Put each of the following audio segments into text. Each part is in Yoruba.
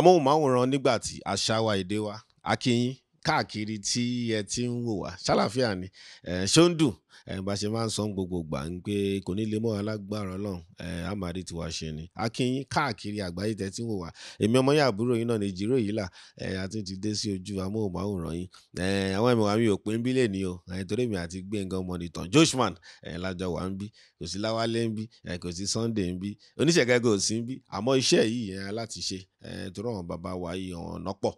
amóhùnmáwòrán nígbàtí àṣà wa èdè wa a kí yín káàkiri tí ẹ ti ń wò wá ṣàlàfíà ni ṣó ń dùn bá ṣe máa ń sọ gbogbo gbà ń pé kò ní lè mọ́ alágbára ọlọ́run amadi tiwa ṣe ni akínyìn káàkiri àgbáyé tẹ tí ń wò wá èmi ọmọ yà àbúrò yín náà ní ìjírò yìí là àti ti dé sí ojú amóhùnmáwòrán yín àwọn ẹ̀mí wa mi ò pé bí lè ní o torí mi àti gbẹ̀ngàn ọmọ nìtàn joshman lájọ wà ń bí kò sí láwálé ń bí kò sí sunday ń bí oníṣẹ̀kẹ́ kò sí ń bí àmọ́ iṣẹ́ yìí yẹn láti ṣe tó rọ̀ bàbá wa yìí ọ̀nà pọ̀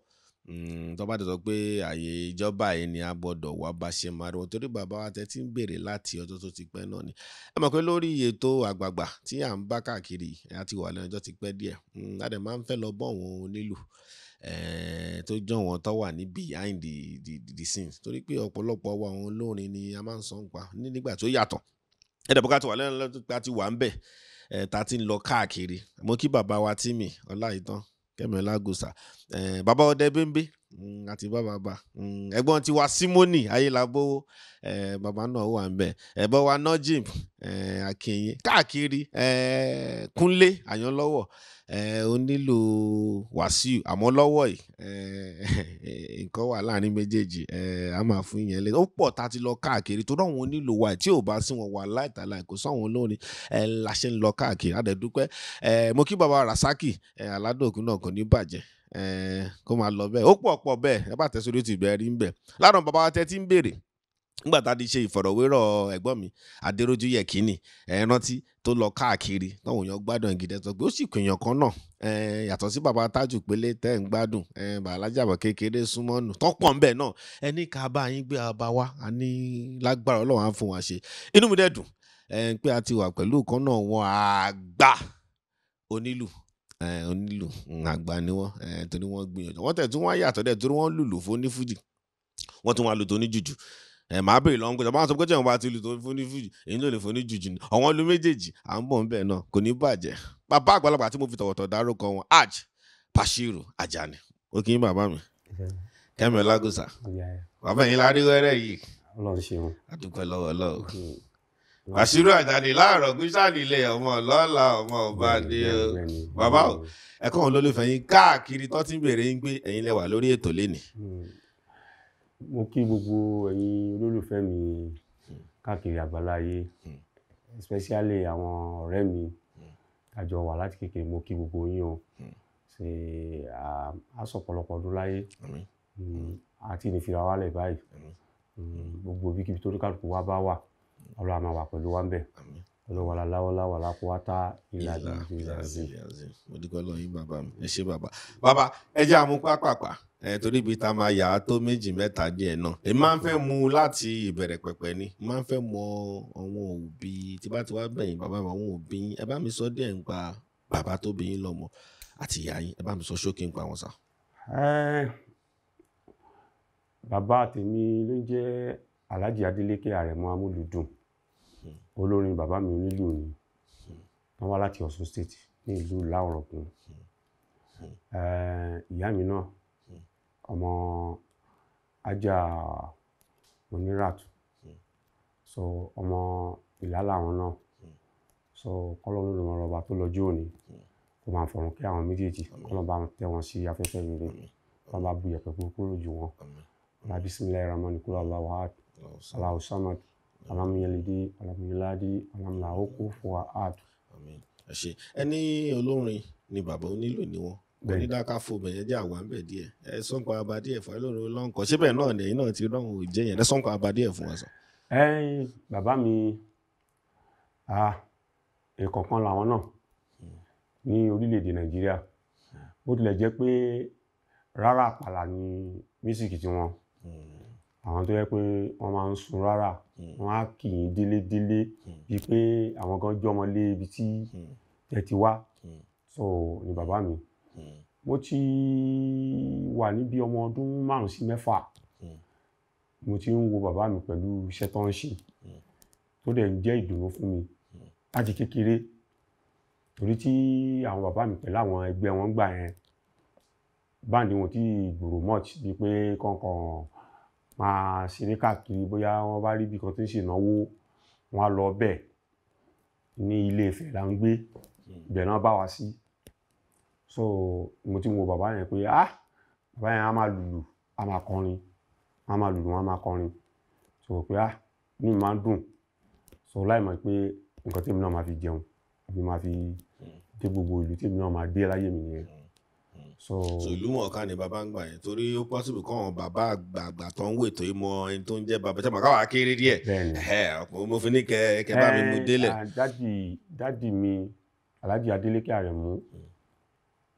Mm, tó bá dọ̀tọ̀ pé àyè ìjọba yìí ni a gbọ́dọ̀ wá bá ṣe máa rọ torí bàbá wa tẹ́ ti ń béèrè láti ọjọ́ tó ti pẹ́ náà ni ẹ mọ̀ pé lórí ètò àgbààgbà tí à ń bá káàkiri a ti wà lẹ́nu ọjọ́ ti pẹ́ díẹ̀ mm, a máa ń fẹ́ lọ bọ́ wọn onílù eh, tó jọ wọn tó wà ní behind the the the scenes torí pé ọ̀pọ̀lọpọ̀ wa àwọn olórin ni a máa ń sọ nípa nígbà tó yàtọ̀ ẹ dẹ̀ bọ́ ká ti wà lẹ́nu ọjọ́ ti kẹ́mi ọlágùsà bàbá ọdẹ bímbí Mm, àti bàbàbà mm, ẹ̀gbọ́n tiwa simoni ayélabówó bàbá náà wà ń bẹ ẹbọ wa nojim akínyìn káàkiri kúnlé àyànlọ́wọ́ onílù wàsíù àmọ́ lọ́wọ́ yìí nǹkan wà láàrin méjèèjì a máa fún yẹn lé ó pọ̀ tá a ti lọ káàkiri tó dáwọn onílù wa tí ò bá sí wọn wà láìtàlá kò sáwọn olórin la ṣe ń lọ káàkiri àdẹ̀dúpẹ́ mo kí bàbá rasaki aládòkú náà kò ní bàjẹ́ Eh, kó máa lọ bẹ́ẹ̀ ó pọ̀ pọ̀ bẹ́ẹ̀ ẹ bá tẹ̀sí orí tìbẹ̀ rí ń bẹ̀ lára bàbá wa tẹ́ ti ń béèrè nígbà tá a ti ṣe ìfọ̀rọ̀wérọ̀ ẹ̀gbọ́n mi adéròjú yẹ̀kínì ẹ̀rántí tó lọ káàkiri táwọn èèyàn gbádùn ìgìdẹ́ sọ pé ó sì pèèyàn kan náà yàtọ̀ sí bàbá tájù pélé tẹ́ ń gbádùn bàlájàbọ̀ kékeré súnmọ́nù tọ́pọ̀ ń bẹ̀ náà ẹni ká bá yín gbé abá wa a ní lágbára ọlọ́run á fún wa ṣe inú mi dẹ̀ dùn pé a ti wà pẹ̀lú kan náà wọn àgbà onílù onílù àgbà ni wọ́n torí wọ́n gbìyànjú wọ́n tẹ̀ tí wọ́n yàtọ̀ dẹ̀ torí wọ́n lùlù fún onífújì wọ́n tún wá lù tó ní jùjù màá bèrè lọ́wọ́ pé ọmọ sọ pé jẹun bá ti lù tó fún ní èyí ló lè fún ní ni ọ̀wọ́n lu méjèèjì à ń bọ̀ ń bẹ̀ náà kò ní bàjẹ́ bàbá àgbàlagbà tí mo fi tọ̀wọ̀tọ̀ dárúkọ wọn aj Bashiru Ajani ó kí n bàbá mi Kẹ́mi Ọlágúsà bàbá yín lárí wẹ́rẹ́ yìí Ọlọ́run ṣeun a àṣírí àjàdì láàárọ̀ gúúsàdìlẹ̀ ọmọ ọlọ́lá ọmọ ọba ni o bàbá o ẹ̀kọ́ wọn lólùfẹ́ yín káàkiri tó ti ń bèrè yín pé ẹ̀yin lẹ́wà lórí ètò lénìí. Hmm. mo kí gbogbo ẹ̀yin olólùfẹ́ mi káàkiri àgbáláyé hmm. especially àwọn ọ̀rẹ́ mi àjọ hmm. wà láti kékeré mo kí gbogbo yín o ṣe àsọpọ̀lọpọ̀ ọdún láyé àti ìnìfìràwálẹ̀ báyìí gbogbo bí kíbi tó ní kálukú wá bá wà. Mm ọlọ́wà máa wà pẹ̀lú wa ń bẹ̀ ọlọ́wà láwọ́lá wà lápọ́wátá ìlà ìlàzí. mo dúpẹ́ lọ yín bàbá mi ẹ ṣé bàbá bàbá ẹ jẹ́ àmú pápápá ẹ torí ibi tá a máa yà á tó méjì mẹ́ta díẹ̀ náà èmi máa ń fẹ́ mu láti ìbẹ̀rẹ̀ pẹ̀pẹ̀ ni máa ń fẹ́ mọ àwọn òbí tí bá ti wá bẹ̀yìn bàbá mi àwọn òbí ẹ bá mi sọ díẹ̀ nípa bàbá tó bí yín lọ́mọ àti ìyá yín ẹ bá mi sọ ṣókí nípa wọn sá. bàbá tèmi ló jẹ́ Alhaji Adeleke Arẹ̀mọ Amúlùdùn Hmm. olórin bàbá mi onílù ni hmm. wọ́n wá láti Ọ̀ṣun state ní ìlú láòrọ̀kùn hmm. eh, ìyá mi náà ọmọ ajá oníràtù so ọmọ ìlà làwọn náà so kọ́lọ́run ló rọba tó lọ́jọ́ òní kó máa fọ̀rùn kí àwọn méjèèjì kọ́lọ́run bá tẹ́ wọn sí afẹ́fẹ́ rere wọn bá bu yẹ̀pẹ̀ kúrò jù wọn ọlá bísímilẹ̀ ramani kúrò aláwọ̀ aláwọ̀ samad alamiyelidi alamiyeladi alamilahoko fún aad. ẹ ṣe ẹni olórin ni bàbá onílù ni wọn onídàákàfọ bẹ̀yẹn jẹ́ àwọn àbẹ̀ díẹ̀ ẹ sọ́nkọ abadíẹ̀ fún ẹlòmíràn lọ́nkọ síbẹ̀ náà ni ẹ̀yin náà ti rán òun jẹ́ yẹn ẹ sọ́nkọ abadíẹ̀ fún wa sọ. ẹ bàbá mi ẹ̀kọ̀kan làwọn náà ní orílẹ̀-èdè nàìjíríà hmm. bó tilẹ̀ jẹ́ pé rárá àpàlà ni mísìkì tiwọn hmm àwọn tó yẹ pé wọ́n máa ń sun rárá hmm. wọ́n á kì í délédélé hmm. bíi pé àwọn kan jọmọ lé ibi tí hmm. ẹ ti wá so ni bàbá mi mo ti wà níbi ọmọ ọdún márùn sí mẹ́fà mo ti ń wo bàbá mi pẹ̀lú iṣẹ́ tó ń ṣe tó dẹ̀ ń jẹ́ ìdùnnú fún mi láti kékeré torí tí àwọn bàbá mi pẹ̀lú àwọn ẹgbẹ́ wọn gbà yẹn báńdì wọn ti gbòòrò much bíi pé kọ̀ọ̀kan máa ṣeré káàkiri bóyá wọ́n bá rí ibi kan tó ń ṣènáwó wọ́n á lọ bẹ́ẹ̀ ní ilé Ifẹ̀ là ń gbé ibẹ̀ náà bá wa sí so mo ti wo bàbá yẹn pé ah bàbá yẹn á máa lùlù á máa kọrin á máa lùlù á máa kọrin so pé ah ní mi máa ń dùn so láì mọ̀ pé nǹkan tèmi náà máa fi jẹun àbí máa fi dé gbogbo ìlú tèmi náà máa dé láyé mi nìyẹn so ìlúmọ̀ọ́ká ni bàbá ń gbà yẹn torí ó pọ́sibù kọ́ àwọn bàbá àgbààgbà tó ń wètò ìmọ̀ ẹni tó ń jẹ́ bàbá tẹ́lẹ̀ káwá kéré díẹ̀ mo fi ní kẹ kẹ bá mi mú délẹ̀. dádì dádì mi alhaji adeleke aremu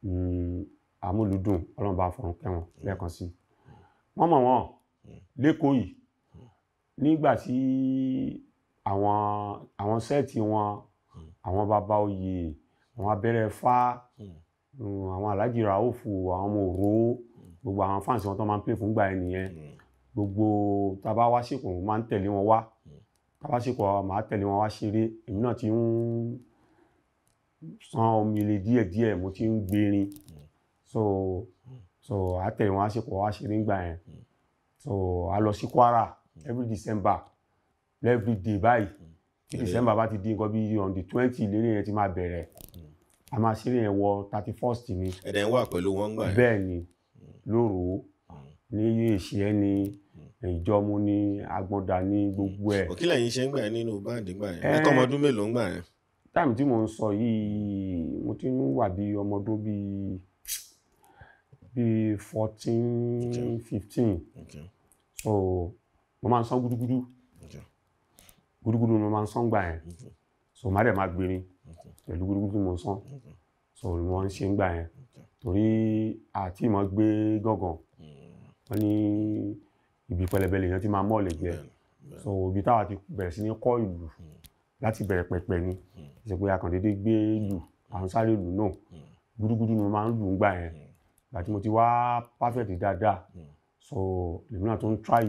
hmm. hmm, amúlùdùn ọlọ́run bá fọ̀run kẹ́wọ̀n hmm. lẹ́ẹ̀kan sí wọ́n mọ̀ wọ́n lẹ́kọ̀ọ́ yìí nígbà tí àwọn sẹ́ẹ̀tì wọn àwọn bàbá oyè àwọn abẹ́rẹ́ fáá Mm, àwọn Alhaji Raouf àwọn ọmọ òró gbogbo àwọn fáǹsì wọn tó máa ń pè fún gbà ẹ nìyẹn mm. gbogbo tábà wá ṣèkò wọn máa ń tẹ̀lé wọn wá mm. tábà ṣèkò máa tẹ̀lé wọn wá ṣeré èmi náà ti ń san omi le díẹ̀díẹ̀ mo ti ń gbérin so so àtẹ̀lé wọn wá ṣèkò wá ṣeré ńgbà yẹn so a lọ sí Kwara every December every day báyìí tí December bá ti di nǹkan bí on the twenty lérè yẹn ti máa bẹ̀rẹ̀ a máa ṣeré yẹn wọ thirty first ni. ẹ̀dẹ̀ ń wà pẹ̀lú wọn gbà yẹn. bẹ́ẹ̀ ni hmm. lóru hmm. ní èsì ẹ ní hmm. ìjọmú ní agbọ́dá ní gbogbo ẹ̀. òkè lẹ́yìn iṣẹ́ ń gbà yẹn nínú báńdì gbà yẹn ẹ̀kọ́ ọmọdún mélòó ń gbà yẹn. táìmù tí mò ń sọ yìí mo ti ń wà bí ọmọdún bíi bíi fourteen fifteen so mo máa ń sán gúdúgúdú gúdúgúdú mo máa ń sán gbà yẹn so màá dẹ̀ máa gbérin pẹ̀lú gúrúgúrú tí mo sàn wọ́n ń ń gbà yẹn torí àti ìmọ̀ gbé gángan hmm. wọ́n ní ibi pẹlẹbẹ lèèyàn ti máa mọ́ọ̀lẹ̀ jẹ so ibi táwa ti bẹ̀rẹ̀ sí ní kọ́ ìlú hmm. láti bẹ̀rẹ̀ pẹpẹ ni hmm. ṣe pé akàndédé gbé ìlú àwọn sáré ìlú náà gúdúgúdú ni máa ń lù ń gbà yẹn gbà mo ti wá perfect dáadáa so lèmi náà tó ń try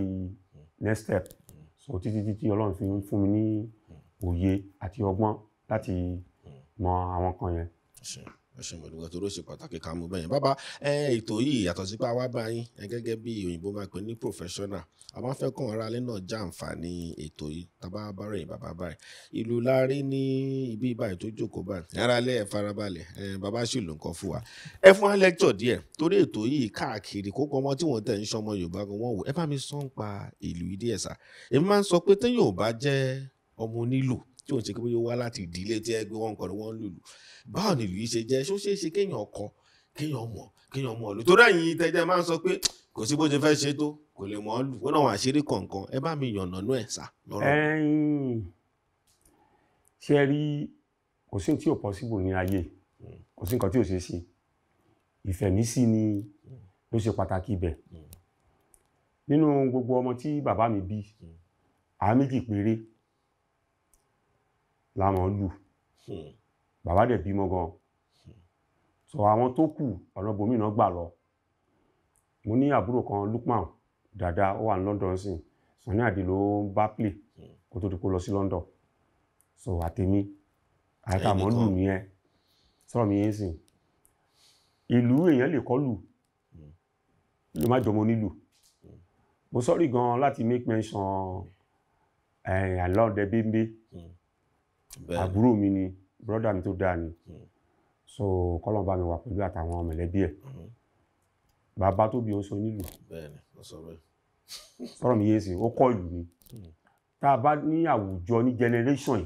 next step so títí títí ọlọ́run fi ń fún mi ní òye àti ọgbọ́n láti hmm. mọ àwọn kan yẹn. ẹ ṣe mo dúpẹ́ torí ó ṣe pàtàkì ká mú bẹ́yẹn bàbá ètò yìí yàtọ̀ sí pé àwa bá yín gẹ́gẹ́ bí òyìnbó máa pè ní professional a máa fẹ́ kàn ara lé náà já àǹfààní ètò yìí tábà bára yìí bàbá báyìí ìlú láàrin ní ibi báyìí tó jókòó báyìí ara lẹ́ ẹ̀ farabalẹ̀ bàbá sì ló ń kọ́ fún wa ẹ fún wa lẹ́kítọ̀ díẹ̀ torí ètò yìí káàkiri kókó ọmọ tí wọ́n tẹ̀ ń sọmọ Yorùbá gan wọ́n wò ẹ bá mi sọ pa ìlú ìdí èmi máa ń sọ pé téèyàn ò bá jẹ́ ọmọ onílù tí òun ṣe pé ó wá láti ìdílé tí ẹ gbé wọn kọrin wọn lùlù báwo ni ìlú yìí ṣe jẹ́ ṣó ṣeé ṣe kéèyàn kọ kéèyàn mọ̀ kéèyàn mọ̀ lù tó dẹ̀yìn tẹ́jẹ́ máa ń sọ pé kò sí bó ṣe fẹ́ ṣe tó kò lè mọ̀ ọ́ lù ó náà àṣírí kọ̀ọ̀kan ẹ bá mi yànnà nú ẹ̀ sá lọ́rọ̀. ṣe rí kò sí tí ò possible ní ayé hmm. kò sí nǹkan tí ò ṣe ṣe ìfẹ̀mísí ni ló ṣe pàtàkì ibẹ̀ hmm. nínú gbogbo ọmọ tí bàbá mi bí hmm. àá méjì péré láwọn lù hmm. bàbá dẹ̀ bímọ gan hmm. so àwọn tó kù ọ̀nà bòmínà gbà lọ mo ní àbúrò kan Lukman dada ó wà ní London sí Sunny Adé ló ń bá play hmm. kó tó di kó lọ sí London so àtẹ̀mí àtàmọ́ lù nìyẹn sọ̀rọ̀ mi yẹn sìn ìlú èèyàn lè kọ́ lù ló má jọmọ nílù mo sọ́rí gan láti make mention eh, àlọ́ọ̀dẹ bẹ́ẹ̀bẹ́ àbúrò mi ni brọ́dà mi tó dáa ni hmm. so kọ́lọ́n bá mi wà pẹ̀lú àtàwọn mọ̀lẹ́bí ẹ̀ hmm. bàbá tó bí ó sọ nílùú sọ̀rọ̀ mi yé sí ó kọ́ ìlú ni hmm. tá a bá ní àwùjọ ní generation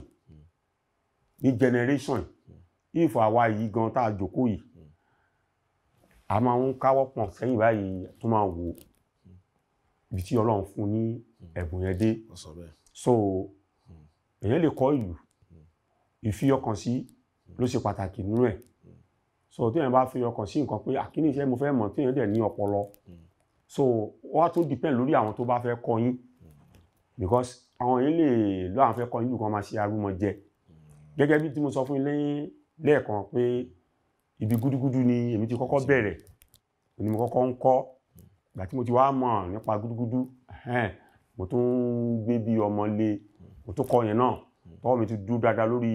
ní generation yìí àwa yìí gan tá a jókòó yìí a máa ń káwọ́ pọ̀n sẹ́yìn báyìí tó máa wò ibi tí ọlọ́run fún ní ẹ̀bùn yẹn dé so èèyàn lè kọ́ ìlú ìfi ọkàn sí ló ṣe pàtàkì nínú ẹ̀ so téèyàn bá fi ọkàn sí nǹkan pé àkíní iṣẹ́ mo fẹ́ mọ̀ téèyàn dẹ̀ ní ọpọlọ so wá tó depend lórí àwọn tó bá fẹ́ kọ́ yín because àwọn yìí lè lọ àwọn fẹ́ kọ́ yín nǹkan máa ṣe arúmọ jẹ gẹ́gẹ́ bí tí mo sọ fún ilé lẹ́ẹ̀kan pé ibi gúdúgúdú ni èmi ti kọ́kọ́ bẹ̀rẹ̀ ni mo kọ́kọ́ ń kọ́ ìgbà tí mo ti wá mọ̀ nípa gúdúgúdú mo tún gbé bí ọmọ le mo tún kọ́ yẹn náà tọ́wọ́ mi ti dúró dáadáa lórí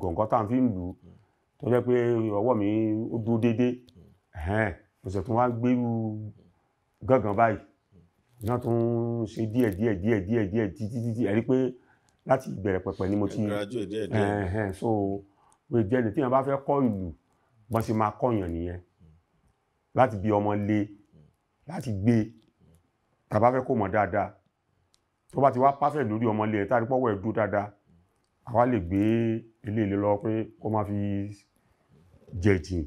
gọ̀ǹgọ́ tá fi ń lù tó jẹ́ pé ọwọ́ mi ó dúró déédéé ẹ̀hẹ́n mo sì wá gbérú gángan báyìí iná tó ń ṣe díẹ̀ díẹ̀ díẹ̀ díẹ̀ díẹ̀ títí títí ẹ̀rí pé láti ìbẹ̀rẹ̀ pẹ̀pẹ̀ ni mo ti ẹ̀hẹ́n so pé jẹ́ ní tíyẹn bá fẹ́ kọ́ ìlú bọ́n ṣe máa kọ́yàn nìyẹn láti bí ọmọ le láti gbé tàbá fẹ́ kó mọ̀ dáadáa tó bá ti wá pàfẹ́ lórí ọmọ le ẹ̀ tá a rí pọ́wọ́ ẹ̀ dúró dáadáa àwa lè gbé ilé ilé lọ pé kó máa fi jẹ ìtìyìn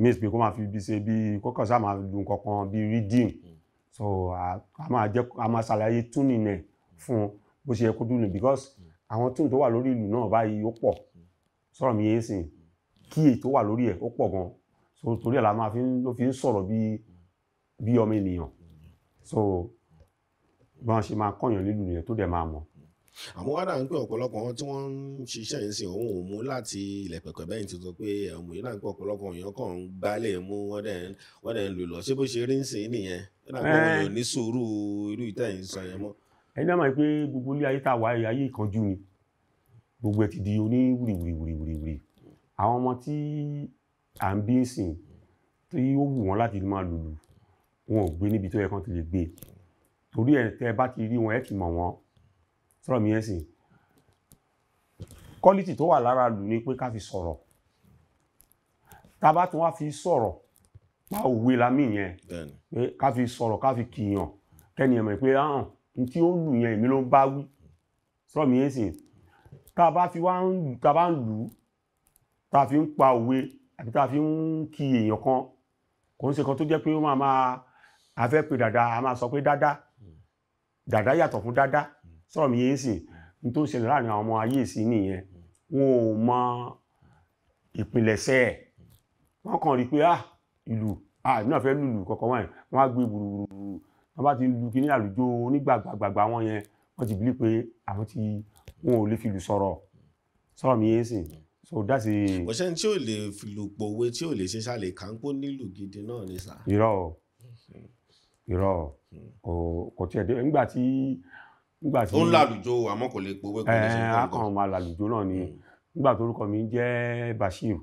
means pé kó máa fi bí ṣe bí kọ́kàn sáà máa dùn kankan bí reading so a máa jẹ́ a máa ṣàlàyé túnì nẹ̀ fún bó ṣe yẹ kó because àwọn túnì tó wà lórí ìlú náà báyìí ó pọ̀ sọ̀rọ̀ mi yẹn sìn kí èyí tó wà lórí ẹ̀ ó pọ̀ gan so torí ẹ̀ la máa ló fi ń sọ̀rọ̀ bí bí ọmọ ènìyàn so bí wọ́n ṣe máa kọ́yàn lílù nìyẹn tó dẹ̀ máa mọ̀ àwọn wádà ń pè ọ̀pọ̀lọpọ̀ wọn tí wọ́n ń ṣiṣẹ́ yìí sí òun ò mú láti ilẹ̀ pẹ̀pẹ̀ bẹ́yìn ti pé ọmọ yìí náà ń pè ọ̀pọ̀lọpọ̀ èèyàn kàn ń gbálẹ̀ mú wọ́n dẹ̀ wọ́n dẹ̀ ń lù lọ ṣé bó ṣe rí ń sìn nìyẹn ẹ̀dá pé wọ́n yóò ní sùúrù irú ìtẹ̀ yìí sọ yẹn mọ́. ẹni náà máa ń pé gbogbo ilé ayé tá a wà ayé ìkanjú ni gbogbo ẹ torí ẹ tẹ bá ti rí wọn ẹ ti mọ̀ wọ́n From mi yẹn sì quality tó wà lára lù ní pé ká fi sọ̀rọ̀ tá tún wá fi sọ̀rọ̀ pa òwe la mí yẹn pé ká fi sọ̀rọ̀ ká fi kìyàn kẹ́ni ẹ̀mọ̀ pé ahàn tí ó lù yẹn èmi ló ń bá wí sọ̀rọ̀ mi yẹn sì tá bá fi wá tá bá ń lù tá fi ń pa òwe àti tá fi ń kí èèyàn kan kò ń ṣe kan tó jẹ́ pé ó máa máa afẹ́ pé dáadáa a máa sọ pé dáadáa dáadáa yàtọ̀ fún dáadáa sọ̀rọ̀ mi yéé sì ní tó ṣẹlẹ̀ láàrin àwọn ọmọ ayé sí nìyẹn wọn ò mọ ìpìlẹ̀ṣẹ̀ ẹ̀ wọ́n kàn rí pé ah ìlú ah ìlú fẹ́ lùlù kọ̀ọ̀kan wọ́n wọ́n á gbé gbùrùgbùrù wọ́n bá ti lu kíní àlùjọ onígbàgbàgbà wọn yẹn wọ́n ti bìlí pé àwọn ti wọn ò lè fi lù sọ̀rọ̀ sọ̀rọ̀ mi yéé sì so that's it. ọ̀sẹ̀ tí ò lè fi lù pòwe tí ò lè ṣe ṣàlè kánpó nílùú gidi náà ni sà. irọ́ irọ́ kò tiẹ̀ dé nígbà tí nígbà tí ó ń lálùjọ àmọ́ kò lè powó kò lè ṣe nǹkan kan náà ni hmm. nígbà tó orúkọ mi jẹ́ Bashir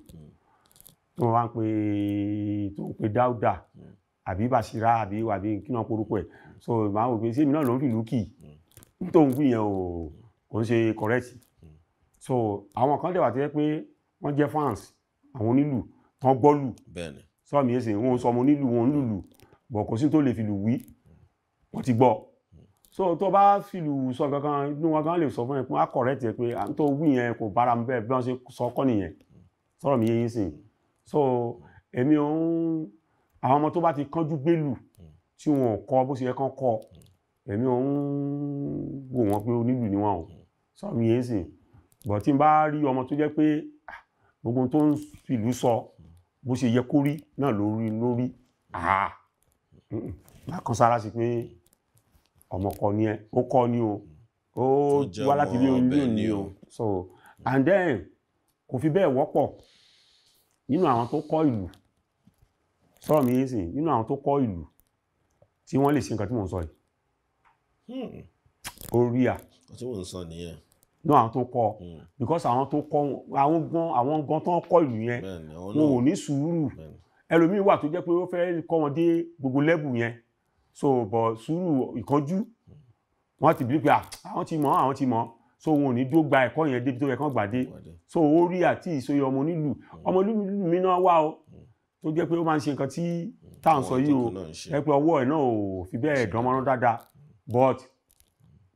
tó wá ń pe tó ń pe Dáúdà hmm. àbí Bashira àbí àbí kí náà porúkọ ẹ̀ hmm. so màá wò pé sí èmi náà ló ń fìlú kì í tó ń wí o kò ń ṣe correct so àwọn kan dẹ̀ wà tó pé wọ́n jẹ́ fans àwọn onílù tán gbọ́lù sọ́ọ̀mì ẹ̀sìn wọn sọ ọmọ onílù wọn lùlù bọ̀ kò sí tó lè fi lù wí wọ́n ti gbọ́ so tó bá fìlù sọ kankan inú wọn kan lè sọ fún ẹ pé wọn ẹ pé à ń tó wí yẹn kò bára mu bẹ́ẹ̀ bí wọ́n ṣe sọ kọ́ nìyẹn sọ̀rọ̀ mi yé sìn so èmi ò ń àwọn ọmọ tó bá ti kánjú gbélù tí wọn ò kọ bó ṣe yẹ kán kọ èmi ò wò wọn pé onílù ni wọn o sọ̀rọ̀ mi yé yín sìn bọ̀ tí n bá rí ọmọ tó jẹ́ pé gbogbo tó ń fìlú sọ bó ṣe yẹ kó rí náà lórí lórí àá má sára sí pé ọmọ kan ni ẹ ó kọ́ ni o ó wá láti ilé olóyún ni o so and then kò fi bẹ́ẹ̀ wọ́pọ̀ nínú àwọn tó kọ́ ìlú sọ̀rọ̀ mi yín sìn nínú àwọn tó kọ́ ìlú tí wọ́n lè ṣe nǹkan tí mò ń sọ yìí hmm. orí à tí mò ń sọ nìyẹn ní àwọn tó kọ́ hmm. because àwọn tó kọ́ àwọn gan àwọn gan tó ń kọ́ ìlú yẹn wọn ò ní sùúrù ẹlòmíín wà tó jẹ́ pé ó fẹ́ kọ́ wọn dé gbogbo lẹ́bù yẹn so bọ̀ sùúrù ìkánjú wọ́n ti bí pé ah, àwọn ti mọ̀ àwọn ti mọ̀ so wọn ò ní dó gba ẹ̀kọ́ yẹn débi tó yẹ kán gbàdé so ó rí So ìsoyè ọmọ onílù hmm. ọmọ onílù mi náà wá o hmm. tó jẹ́ pé ó máa ń ṣe nǹkan tí tá à ń sọ hmm. yìí o ẹ pé ọwọ́ ẹ̀ náà ò fi bẹ́ẹ̀ dánmọ́rán dáadáa but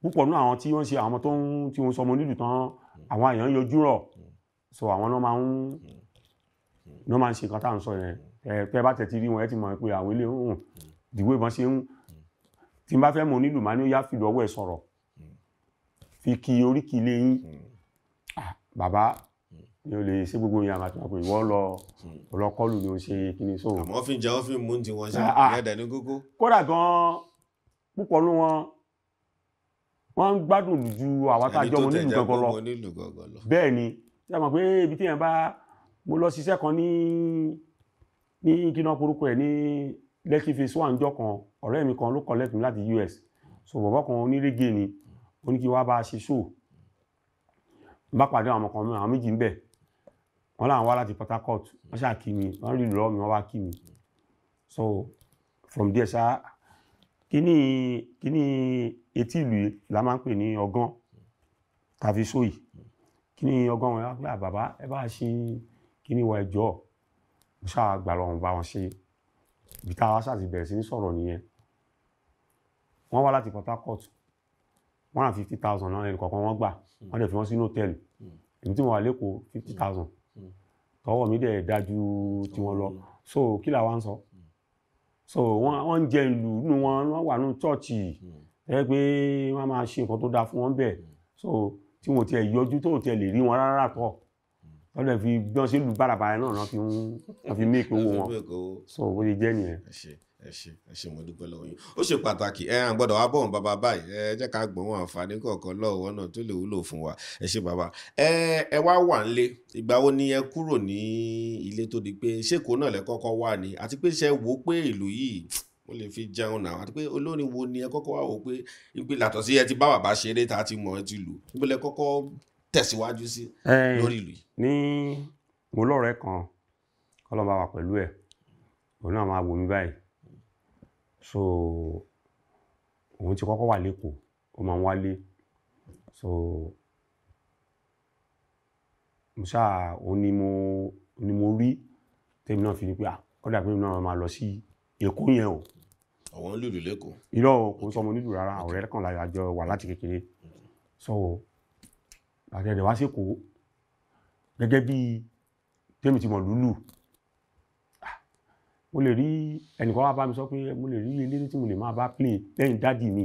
púpọ̀ náà àwọn tí wọ́n ṣe àwọn tó ń tí wọ́n sọ ọmọ onílù tán àwọn èèyàn yọjú rọ̀ so àwọn náà máa ń No máa ń ṣe nǹkan tá à ń sọ yẹn ẹ pé bá tẹ̀ ti rí wọn ẹ ti mọ̀ pé àwọn ilé dìwé bọ́n ṣe ń hmm. tí n bá fẹ́ mọ̀ nílùú máa ní ó yá fìlú ọwọ́ ẹ̀ sọ̀rọ̀ hmm. fi kí oríkì ilé yín hmm. ah, bàbá ni o lè ṣe gbogbo yẹn àmàtí wọn pé ìwọ lọ ọlọkọlù ni o ṣe kíni sóhun. àmọ́ fi ń jẹ́ wọ́n fi ń mú ti wọn ṣe ní ní gógó. kódà gan púpọ̀ nú wọn wọ́n ń gbádùn ju àwọn àtàjọ ọmọ nílùú gangan lọ bẹ́ẹ̀ ni ṣé àmọ́ pé ibi tí yẹn bá mo lọ ṣiṣẹ́ kan ní ní kí porúkọ ẹ̀ ní lẹ́kì phase one jọ kan ọ̀rẹ́ mi kan ló collect mi láti US so bọ̀bọ̀ kan onírègè ni ó ní kí wá bá a ṣe show bá pàdé àwọn ọmọkan mìíràn àwọn méjì ń bẹ̀ wọ́n láwọn wá láti Port Harcourt wọ́n ṣáà kí mi wọ́n rí lọ́ọ́ mi wọ́n wá kí mi so from there ṣá kíní kíní etí ìlú la máa ń pè ní ọgán tàfi sóyì kíní ọgán wọn wá pé àbàbá ẹ bá ṣe kíní wọ ẹjọ́ ṣáà gbà lọ́rùn bá wọn ṣe Bita táwa ṣáà ti bẹ̀rẹ̀ sí ní sọ̀rọ̀ nìyẹn wọ́n wá láti Port Harcourt one fifty thousand náà ẹnì kọ̀ọ̀kan wọ́n gbà hmm. wọ́n dẹ̀ fi wọ́n sínú hòtẹ́ẹ̀lì hmm. èmi tí mo wà lẹ́kọ̀ọ́ fifty hmm. thousand tọwọ́ mi dẹ̀ dájú tiwọn lọ so kí làwa ń sọ so wọ́n ń jẹ ìlú nínú wọn wọ́n wà nínú chọ́ọ̀chì ẹ pé wọ́n máa ṣe nǹkan tó dáa fún wọn bẹ́ẹ̀ so tí wọn ò tiẹ̀ yọjú tó ò lè rí wọn rárá tọ̀ wọ́n lè fi bí wọ́n ṣe lù bárabàrà náà náà fi ń wọ́n fi méèkì owó wọn so bó ṣe jẹ́ nìyẹn. ẹ ṣe ẹ ṣe mo dúpẹ́ lọ́wọ́ yín ó ṣe pàtàkì ẹ à ń gbọ́dọ̀ wá bọ̀wọ̀n bàbá báyìí ẹ jẹ́ ká gbọ́n wọn àǹfààní kọ̀ọ̀kan lọ́wọ́ náà tó lè wúlò fún wa ẹ ṣe bàbá ẹ ẹ wá wà nílé ìgbà wo ni ẹ kúrò ní ilé tó di pé ṣéko náà lẹ kọ́kọ́ wà ní àti pé ṣe wò pé ìlú yìí mo lè fi jẹun náà àti pé olórin wo ni ẹ kọ́kọ́ wà wò pé ìpìlàtọ̀ sí ẹ ti bá bàbá ṣeré ta ti mọ̀ ẹ ti lù ìpìlẹ̀ kọ́kọ́ tẹ̀síwájú sí lórí ìlú yìí. ní mo lọ́rẹ̀ẹ́ kan ọlọ́ba wà pẹ̀lú ẹ̀ òun náà máa wò báyìí so òun ti kọ́kọ́ wà lẹ́kọ̀ọ́ ó máa ń wálé so mo ṣáà òun ni mo ni mo rí tèmi náà fi ni pé kọ́dà pé mi náà máa lọ sí Èkó yẹn o. àwọn lùlù lẹ́kọ̀ọ́. irọ́ o sọ ọmọ nílùú rárá ọ̀rẹ́ kan láyọ̀ àjọ wà láti kékeré so àti ẹ̀dẹ̀ wá sí kò gẹ́gẹ́ bí tèmi ti mọ̀ lúlù ah, mo lè rí ẹnìkan wá bá mi sọ pé mo lè rí ilé tí mo lè máa bá play lẹ́yìn dádì mi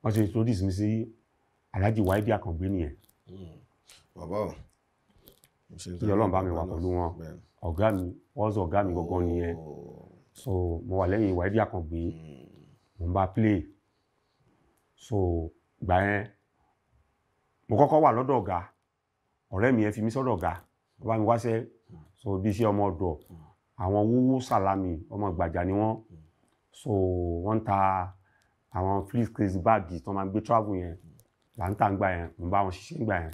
wọ́n ṣe introduce mi sí aláàjì wáìdí àkàngbé hmm. oh. so mo wà lẹ́yìn wáìdí àkàngbé mo hmm. ń so gbà yẹn mo kọ́kọ́ wà lọ́dọ̀ ọ̀gá ọ̀rẹ́ mi yẹn fi mí sọ́dọ̀ ọ̀gá bàbá mi wáṣẹ́ so bí iṣẹ́ ọmọ ọ̀dọ̀ àwọn wúwú sàlámì ọmọ gbàjà ni wọ́n so wọ́n ń ta àwọn fleece crazy báàgì tó máa ń gbé travel yẹn là ń tà ń gbà yẹn ń bá wọn ṣiṣẹ́ ń gbà yẹn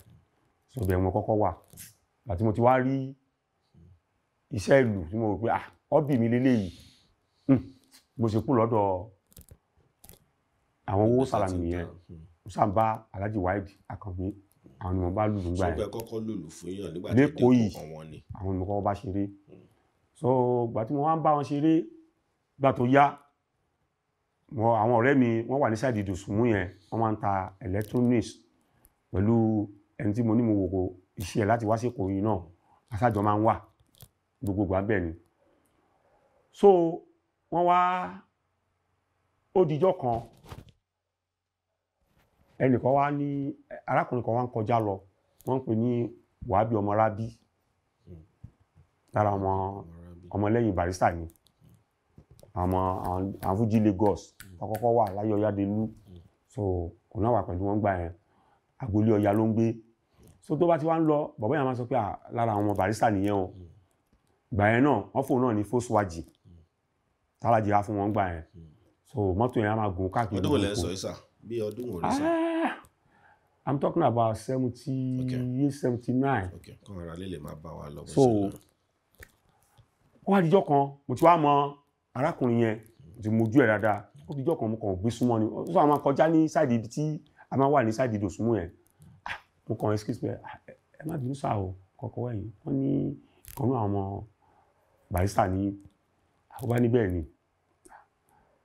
so bẹ́ẹ̀ mo kọ́kọ́ wà àti mo ti wá rí iṣẹ́ ìlú tí mo rò pé ah ọ́bì mi leléyìí hmm. mo ṣe kú lọ́dọ̀ àwọn owó sàlámì yẹn sàǹbà alhaji wáìdì àkànbí àwọn ọmọ bá lùlù gbà yẹn. sọgbẹ́ àwọn ọmọ kọ́kọ́ bá ṣeré hmm. so gbà tí mo wá ń bá wọn ṣeré gbà tó yá àwọn ọ̀rẹ́ mi wọ́n wà ní sáìdì ìdòsùnmú yẹn wọ́n máa ń ta electronics pẹ̀lú ẹni tí mo ní mo wò iṣẹ́ ẹ̀ láti wá sí èkó náà aṣáájọ máa ń wà gbogbogbò abẹ́ ni so wọ́n wá ó dijọ́ kan ẹnìkan wá ní arákùnrin kan wá ń kọjá lọ wọ́n pè ní wàábí ọmọ rábí ọmọlẹ́yìn barista ni àmọ́ àwọn fújì Lagos àkọ́kọ́ wà láyé ọ̀yádelú so kò náà wà pẹ̀lú wọn gbà yẹn agboolé ọ̀yá ló ń gbé so tó bá ti wá ń lọ bàbá yẹn sọ pé lára ọmọ barista nìyẹn o gbà yẹn náà wọ́n fòun náà ní fóṣùwájì tálájì á fún wọn gbà yẹn so mọ́tò yẹn á máa gùn káàkiri bí ọdún wo rẹ sá. Ah, i'm talking about seventy eight seventy nine. kọ́ ara lè lè máa bá wa lọ. so wọ́n adijọ́ kan mo ti wá mọ arákùnrin yẹn ti mojú ẹ̀ dáadáa ó fi jọ́ kan mo kàn gbé súnmọ́ ni ó sọ àwọn akọjá ní sáìdì ibi tí a máa wà ní sáìdì ìdòsúnmọ́ yẹn ah, mo kàn excuse me ah, ẹ má bínú sáà o kọ̀ọ̀kọ̀ wẹ̀yìn wọ́n ní ìkànnú àwọn ọmọ barista ní àwọn bá níbẹ̀ ni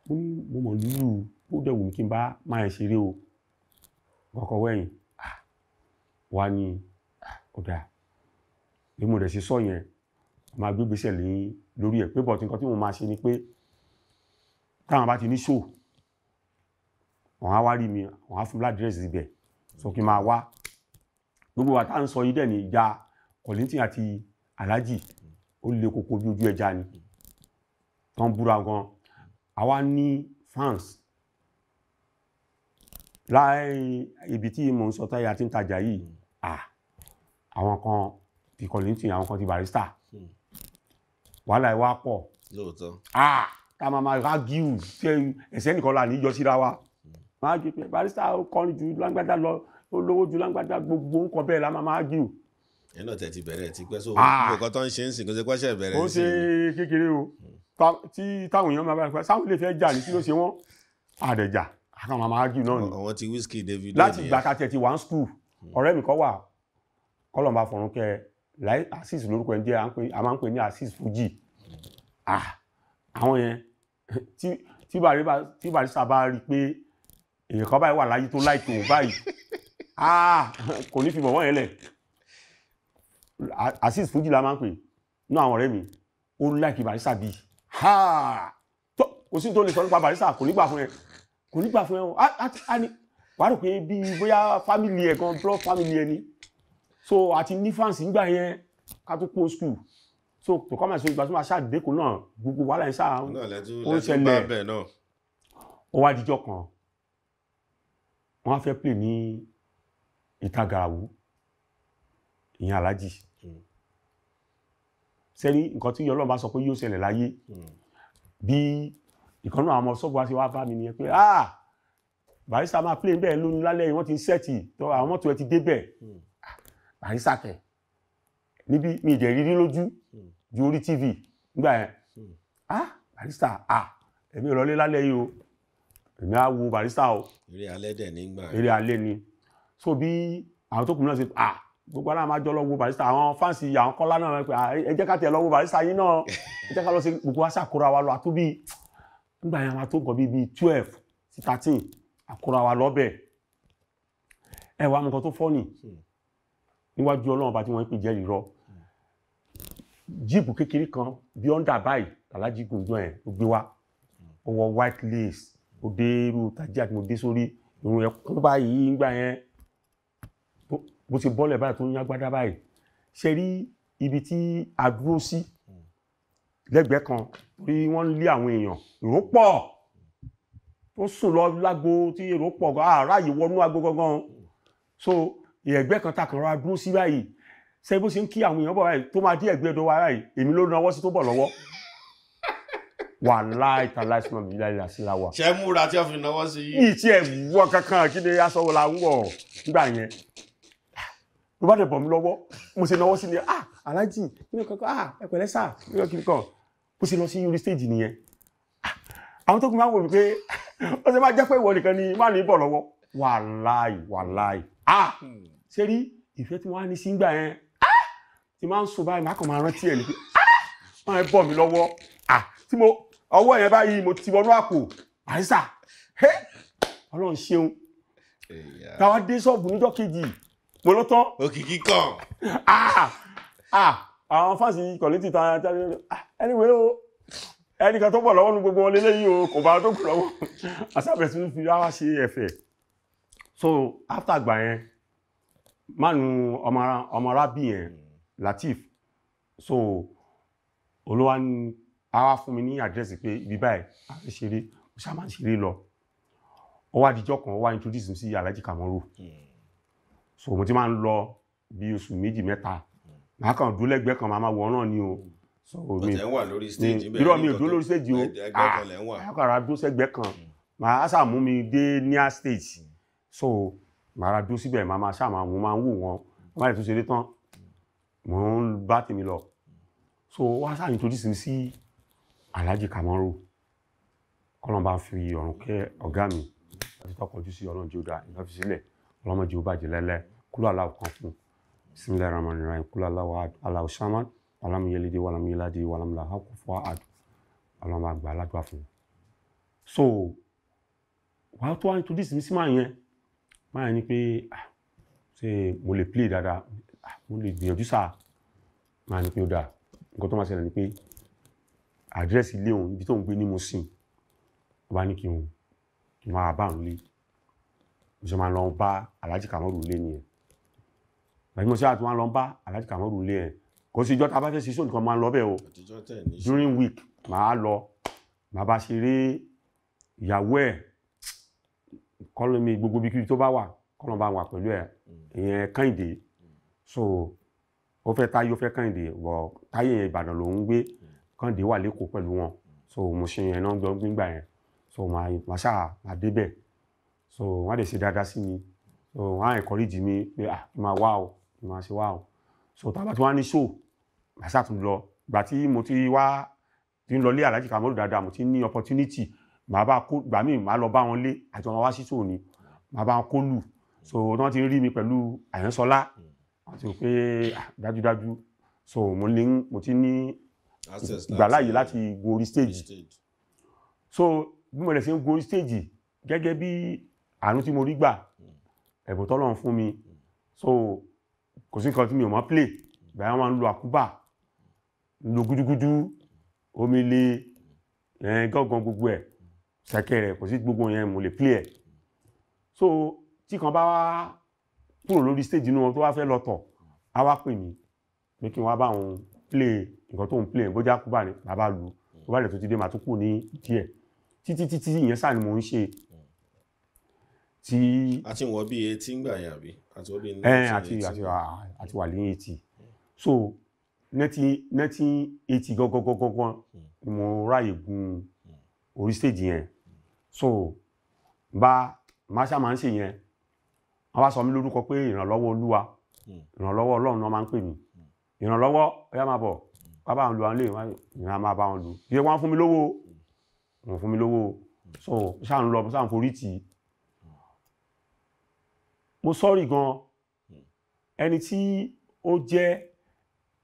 mo ní mo mọ̀ lúlù ó dẹ̀ wù mí kí n bá máa ẹ̀ ṣeré o kọ́kọ́ wẹ̀yìn ah, wá ní ọ̀dà ah, bí mo rẹ̀ ṣe sọ yẹn máa gbé gbèsè lé lórí ẹ̀ pé bọ̀tí nǹkan tí mo máa ṣe ni pé táwọn bá ti ní ṣòó wọ́n á wá rí mi wọ́n á fún koko bí ojú ẹja ni tó ń fans láàrin ibi tí mo ń sọ táyà tí ń tajà yìí hmm. àwọn kan ti Kollington àwọn kan ti Barrister hmm. wàhálà ìwà pọ̀ lóòótọ́ ká máa máa rágíù ẹsẹ̀ nìkan la níjọ síra wa hmm. máa jẹ pé Barrister kọrin ju lágbádá lọ olówó ju lágbádá gbogbo nǹkan bẹ́ẹ̀ la máa máa rágíù ẹ náà tẹ̀ ti bẹ̀rẹ̀ ti pẹ́ so nǹkan tó ń ṣe ń sìn kó ṣe pẹ́ṣẹ̀ bẹ̀rẹ̀ sí i. ó ṣe kékeré o tí táwọn èèyàn máa bá ẹ pẹ́ sáwọn ilé fẹ́ jà ní kí ló ṣe wọ́n àdẹ̀jà àkàn màmá argue náà ni àwọn ti whisky david láti ìgbà ká tiẹ̀ ti wà ń school hmm. ọ̀rẹ́ mi kọ́ wà kọ́lọ̀mbà fọ̀rún kẹ láì asis lórúkọ ẹni jẹ́ a máa ń pè ní asis fuji hmm. ah, àwọn yẹn tí barista bá rí pé èèyàn kan báyìí wà láyé tó láì tó báyìí ah, kò ní fi bọ̀wọ́ yẹn lẹ̀ asis fuji la máa ń pè náà àwọn ọ̀rẹ́ mi ó láìkí barista bíi kò sí tó lè sọ nípa barista kò nígbà fún yẹn kò ní gbà fún ẹ̀wọ̀n ní wàá pé bí bóyá fámìlì ẹ̀ gan blood family ẹ̀ so àti ní fans nígbà yẹn ká tó pọ̀ school so tó kọ́ máa ṣe ìgbà tó máa ṣàdékò náà gbogbo wàhálà yẹn ṣáà ó ń ṣẹlẹ̀ ó wá dijọ́ kan wọ́n á fẹ́ play ní ìta gàràwú ìyẹn alájì sẹ́ni hmm. nǹkan tí Ọlọ́run bá sọ pé yóò ṣẹlẹ̀ láyé hmm. bí ìkànnà àwọn ọmọ sọ́ọ̀bù wa ṣe wá ah barista máa play bẹ́ẹ̀ lónìí lálẹ́ yìí wọ́n ti ń sẹ́ẹ̀tì tó àwọn mọ́tò ẹ ti hmm. ah, barista kẹ̀ níbi mi ìdẹ̀ rírí lójú hmm. ju tv nígbà yẹn hmm. ah barista ah èmi ìrọ̀lẹ́ lálẹ́ yìí o èmi á wo barista o. eré alẹ́ dẹ̀ nígbà yẹn eré alẹ́ ni so bí àwọn tó kù náà ṣe ah gbogbo aláwọ̀ máa jọ lọ wo barista àwọn fáǹsì àwọn kọ́lá náà ah, ẹ jẹ́ ká tiẹ̀ lọ wo barista yín náà ẹ jẹ́ ká lọ sí gbogbo aṣàkóra wa lọ àtúbí nígbà yẹn a máa tó nǹkan bíi bíi twelve sí thirteen àkúrà wa lọ́bẹ̀ ẹ wá nǹkan tó fọ́nì níwájú ọlọ́run bá tí wọ́n ń pè jẹ́ irọ́ jíìpù kékeré kan bí ọ́ndà báyìí alájí gùnjọ́ yẹn ló gbé wá ó wọ white lace ó dé irú tají àti mo dé sórí irun yẹn kún báyìí nígbà yẹn bó ṣe bọ́lẹ̀ báyìí tó ń yá gbádá báyìí ṣe rí ibi tí a sí lẹ́gbẹ̀ẹ́ kan bí wọ́n ń lé àwọn èèyàn èrò pọ̀ ó sùn lọ lágbo tí èrò pọ̀ àárá yìí wọnú agbo gangan so ẹ̀gbẹ́ kan takàn ra dúró sí báyìí ṣe bó ṣe ń kí àwọn èèyàn bọ̀ báyìí tó máa dé ẹ̀gbẹ́ ọ̀dọ̀ wa báyìí èmi ló nawọ́ sí tó bọ̀ lọ́wọ́ wà láì ta láì sinmi ìlà ìlà sí la wa. ṣé múra tí wọn fi náwó sí. yìí tí ẹ wọ kankan kí ni aṣọ la ń wọ nígbà yẹn ló bá dẹ̀ bọ̀ mí lọ́wọ́ mo ṣe náwó sí ni ah aláàjì kí ni kankan ah ẹ pẹ̀lẹ́ sà kí ni kankan bó ṣe lọ sí yúrí stage nìyẹn àwọn tó kún máa ń wò mí pé ó ṣe máa jẹ́ pé ìwọ nìkan ni má ní bọ̀ lọ́wọ́ wàláì wàláì ah ṣe rí ìfẹ́ tí wọ́n á ní sí gbà yẹn ah tí máa ń so báyìí má kàn máa rántí ẹ̀ ní pé ah máa bọ̀ mí lọ́wọ́ ah tí mo ọwọ́ yẹn báyìí mo ti wọnú àpò àrísà ẹ ọlọ́run ṣeun táwa dé ṣọ́ọ̀bù níjọ́ kejì mo ló tán òkìkí kan ah ah àwọn fáǹsì kọ̀lẹ́tì tán ah, anyway o ẹnìkan tó pọ̀ lọ́wọ́ nu gbogbo wọn lélẹ́yìí o kò bá tó kù lọ́wọ́ àṣàbẹ̀ sí fi ráwá ṣe ẹ̀fẹ̀ so after àgbà yẹn mánu ọmọ arábì yẹn Latif so olówá ní àwa fún mi ní àdírẹ́sì pé ibi báyìí àfẹ́ ṣeré ó ṣá máa ń ṣeré lọ ó wá dijọ́ kan ó wá introduce mi sí Alhaji Kamoru hmm. so mo ti máa ń lọ bí oṣù méjì mẹ́ta ma kàn dúró lẹ́gbẹ̀ẹ́ kan màá máa wọ̀ọ́ràn ni o so mi irọ́ mi ò dúró lórí stage o ah, àkàrà dúró sẹ́gbẹ̀ẹ́ kan màá sà mú mi dé near stage so màá dúró síbẹ̀ màá máa sà máa mú máa ń wò wọn wọn máa lè tún ṣeré tán mò ń bá tèmi lọ so wá sà introduce mi sí Alhaji Kamaru kọ́nà bá fi ọ̀run kẹ́ ọ̀gá mi láti tọkọjú sí ọlọ́run jẹ́ ó dáa ìlọ́fi sílẹ̀ ọlọ́mọ jẹ́ ó bàjẹ́ lẹ́lẹ́ kúlọ̀ aláwọ̀ kan fún un bisimilahi rahmani rahim kula aláwọ alam yelidi, alámúyẹlẹdẹ wàlámúyẹlẹdẹ wàlámúlá hakú fún ad, alam àgbà aládùá fún so wàá tó wá introduce mi sí máa yẹn máa yẹn ni pé se ah, mo lè play dáadáa ah, mo lè gbìyànjú sáà máa ní pé ó dáa nǹkan tó máa ṣẹlẹ̀ ni pé àdírẹ́sì ilé òun ibi tó ń gbé ní mo sìn wá ní kí n máa bá òun lé mo ṣe máa lọ bá Alhaji Kamoru lé nìyẹn gbàgbọ́n sí àtúwọ́n lọ bá aláàjì kàmọ́rù ilé ẹ̀ kò sí ìjọ tá a bá fẹ́ ṣe sóòtù kan máa lọ bẹ́ẹ̀ o during week màá lọ màá bá ṣe eré ìyàwó ẹ̀ kọ́lọ́ mi gbogbo bí kíbi tó bá wà kọ́lọ́ bá wà pẹ̀lú ẹ̀ ìyẹn kẹ́hìndé so ó fẹ́ táyé ó fẹ́ kẹ́hìndé wọ táyé yẹn ìbàdàn ló ń gbé kẹ́hìndé wà lẹ́kọ̀ọ́ pẹ̀lú wọn so mo ṣe yẹn náà gbọ́ gbígbà yẹn so màá ṣáà màá débẹ̀ so wọ́n á lè ṣe dáadáa sí mi so wọ́n á encourage mi pé ah máa wá o máa ṣe wá o so tàbá tí wọ́n á ní show màṣá tún lọ gbà tí mo ti wá tí ń lọ lé alájì kàmọ́rù dáadáa mo ti ní opportunity màá bá kó gbà míì màá lọ bá wọn lé àti ọmọ wá sí show ni màá bá wọn kó lù so wọ́n ti rí mi pẹ̀lú àyánsọlá àti pé ah, dájúdájú so mo lè ń mo ti ní ìgbàláyè láti gun orí stage so bí mo lè ṣe ń gun orí stage gẹ́gẹ́ bí àánú tí mo rí gbà ẹ̀bùn tọ́lọ́run fún mi so kò sí nǹkan tí mi ò mọ̀ play ìgbà yẹn máa ń lo àkúbà lo gúdúgúdú omi lè ẹ̀ẹ́n gbogbo ẹ̀ ṣẹ̀kẹ̀ rẹ̀ kò sí gbogbo yẹn mo lè play ẹ̀ so tí kan bá wá kúrò lórí stage inú wọn tó wá fẹ́ lọ tọ̀ á wá pè mí pé kí n bá òun play nǹkan tó ń play bójá àkúbà ni bàbá lu tó bá lè tó ti dé màá tó kù ní díẹ̀ títí títí ìyẹn sáà ni mò ń ṣe tí. a ti wọ bí etí ń gbà yẹn àbí àti hmm. àti wà lẹ́yìn eighty so nineteen eighty gangan ni mo ráàyè gun orí stage yẹn so bá marshal máa ń ṣe yẹn wọ́n bá sọ mí lórúkọ pé ìrànlọ́wọ́ olúwa hmm. ìrànlọ́wọ́ ọlọ́run náà máa ń pè mí hmm. ìrànlọ́wọ́ ọyá máa bọ̀ bàbá àwọn lu àwọn ilé ìran máa bá wọn lu yẹ wọn fún mi lówó fún mi lówó so ṣáà ń lọ ṣáà ń forí tì mo sọ́rí gan hmm. ẹni tí ó jẹ́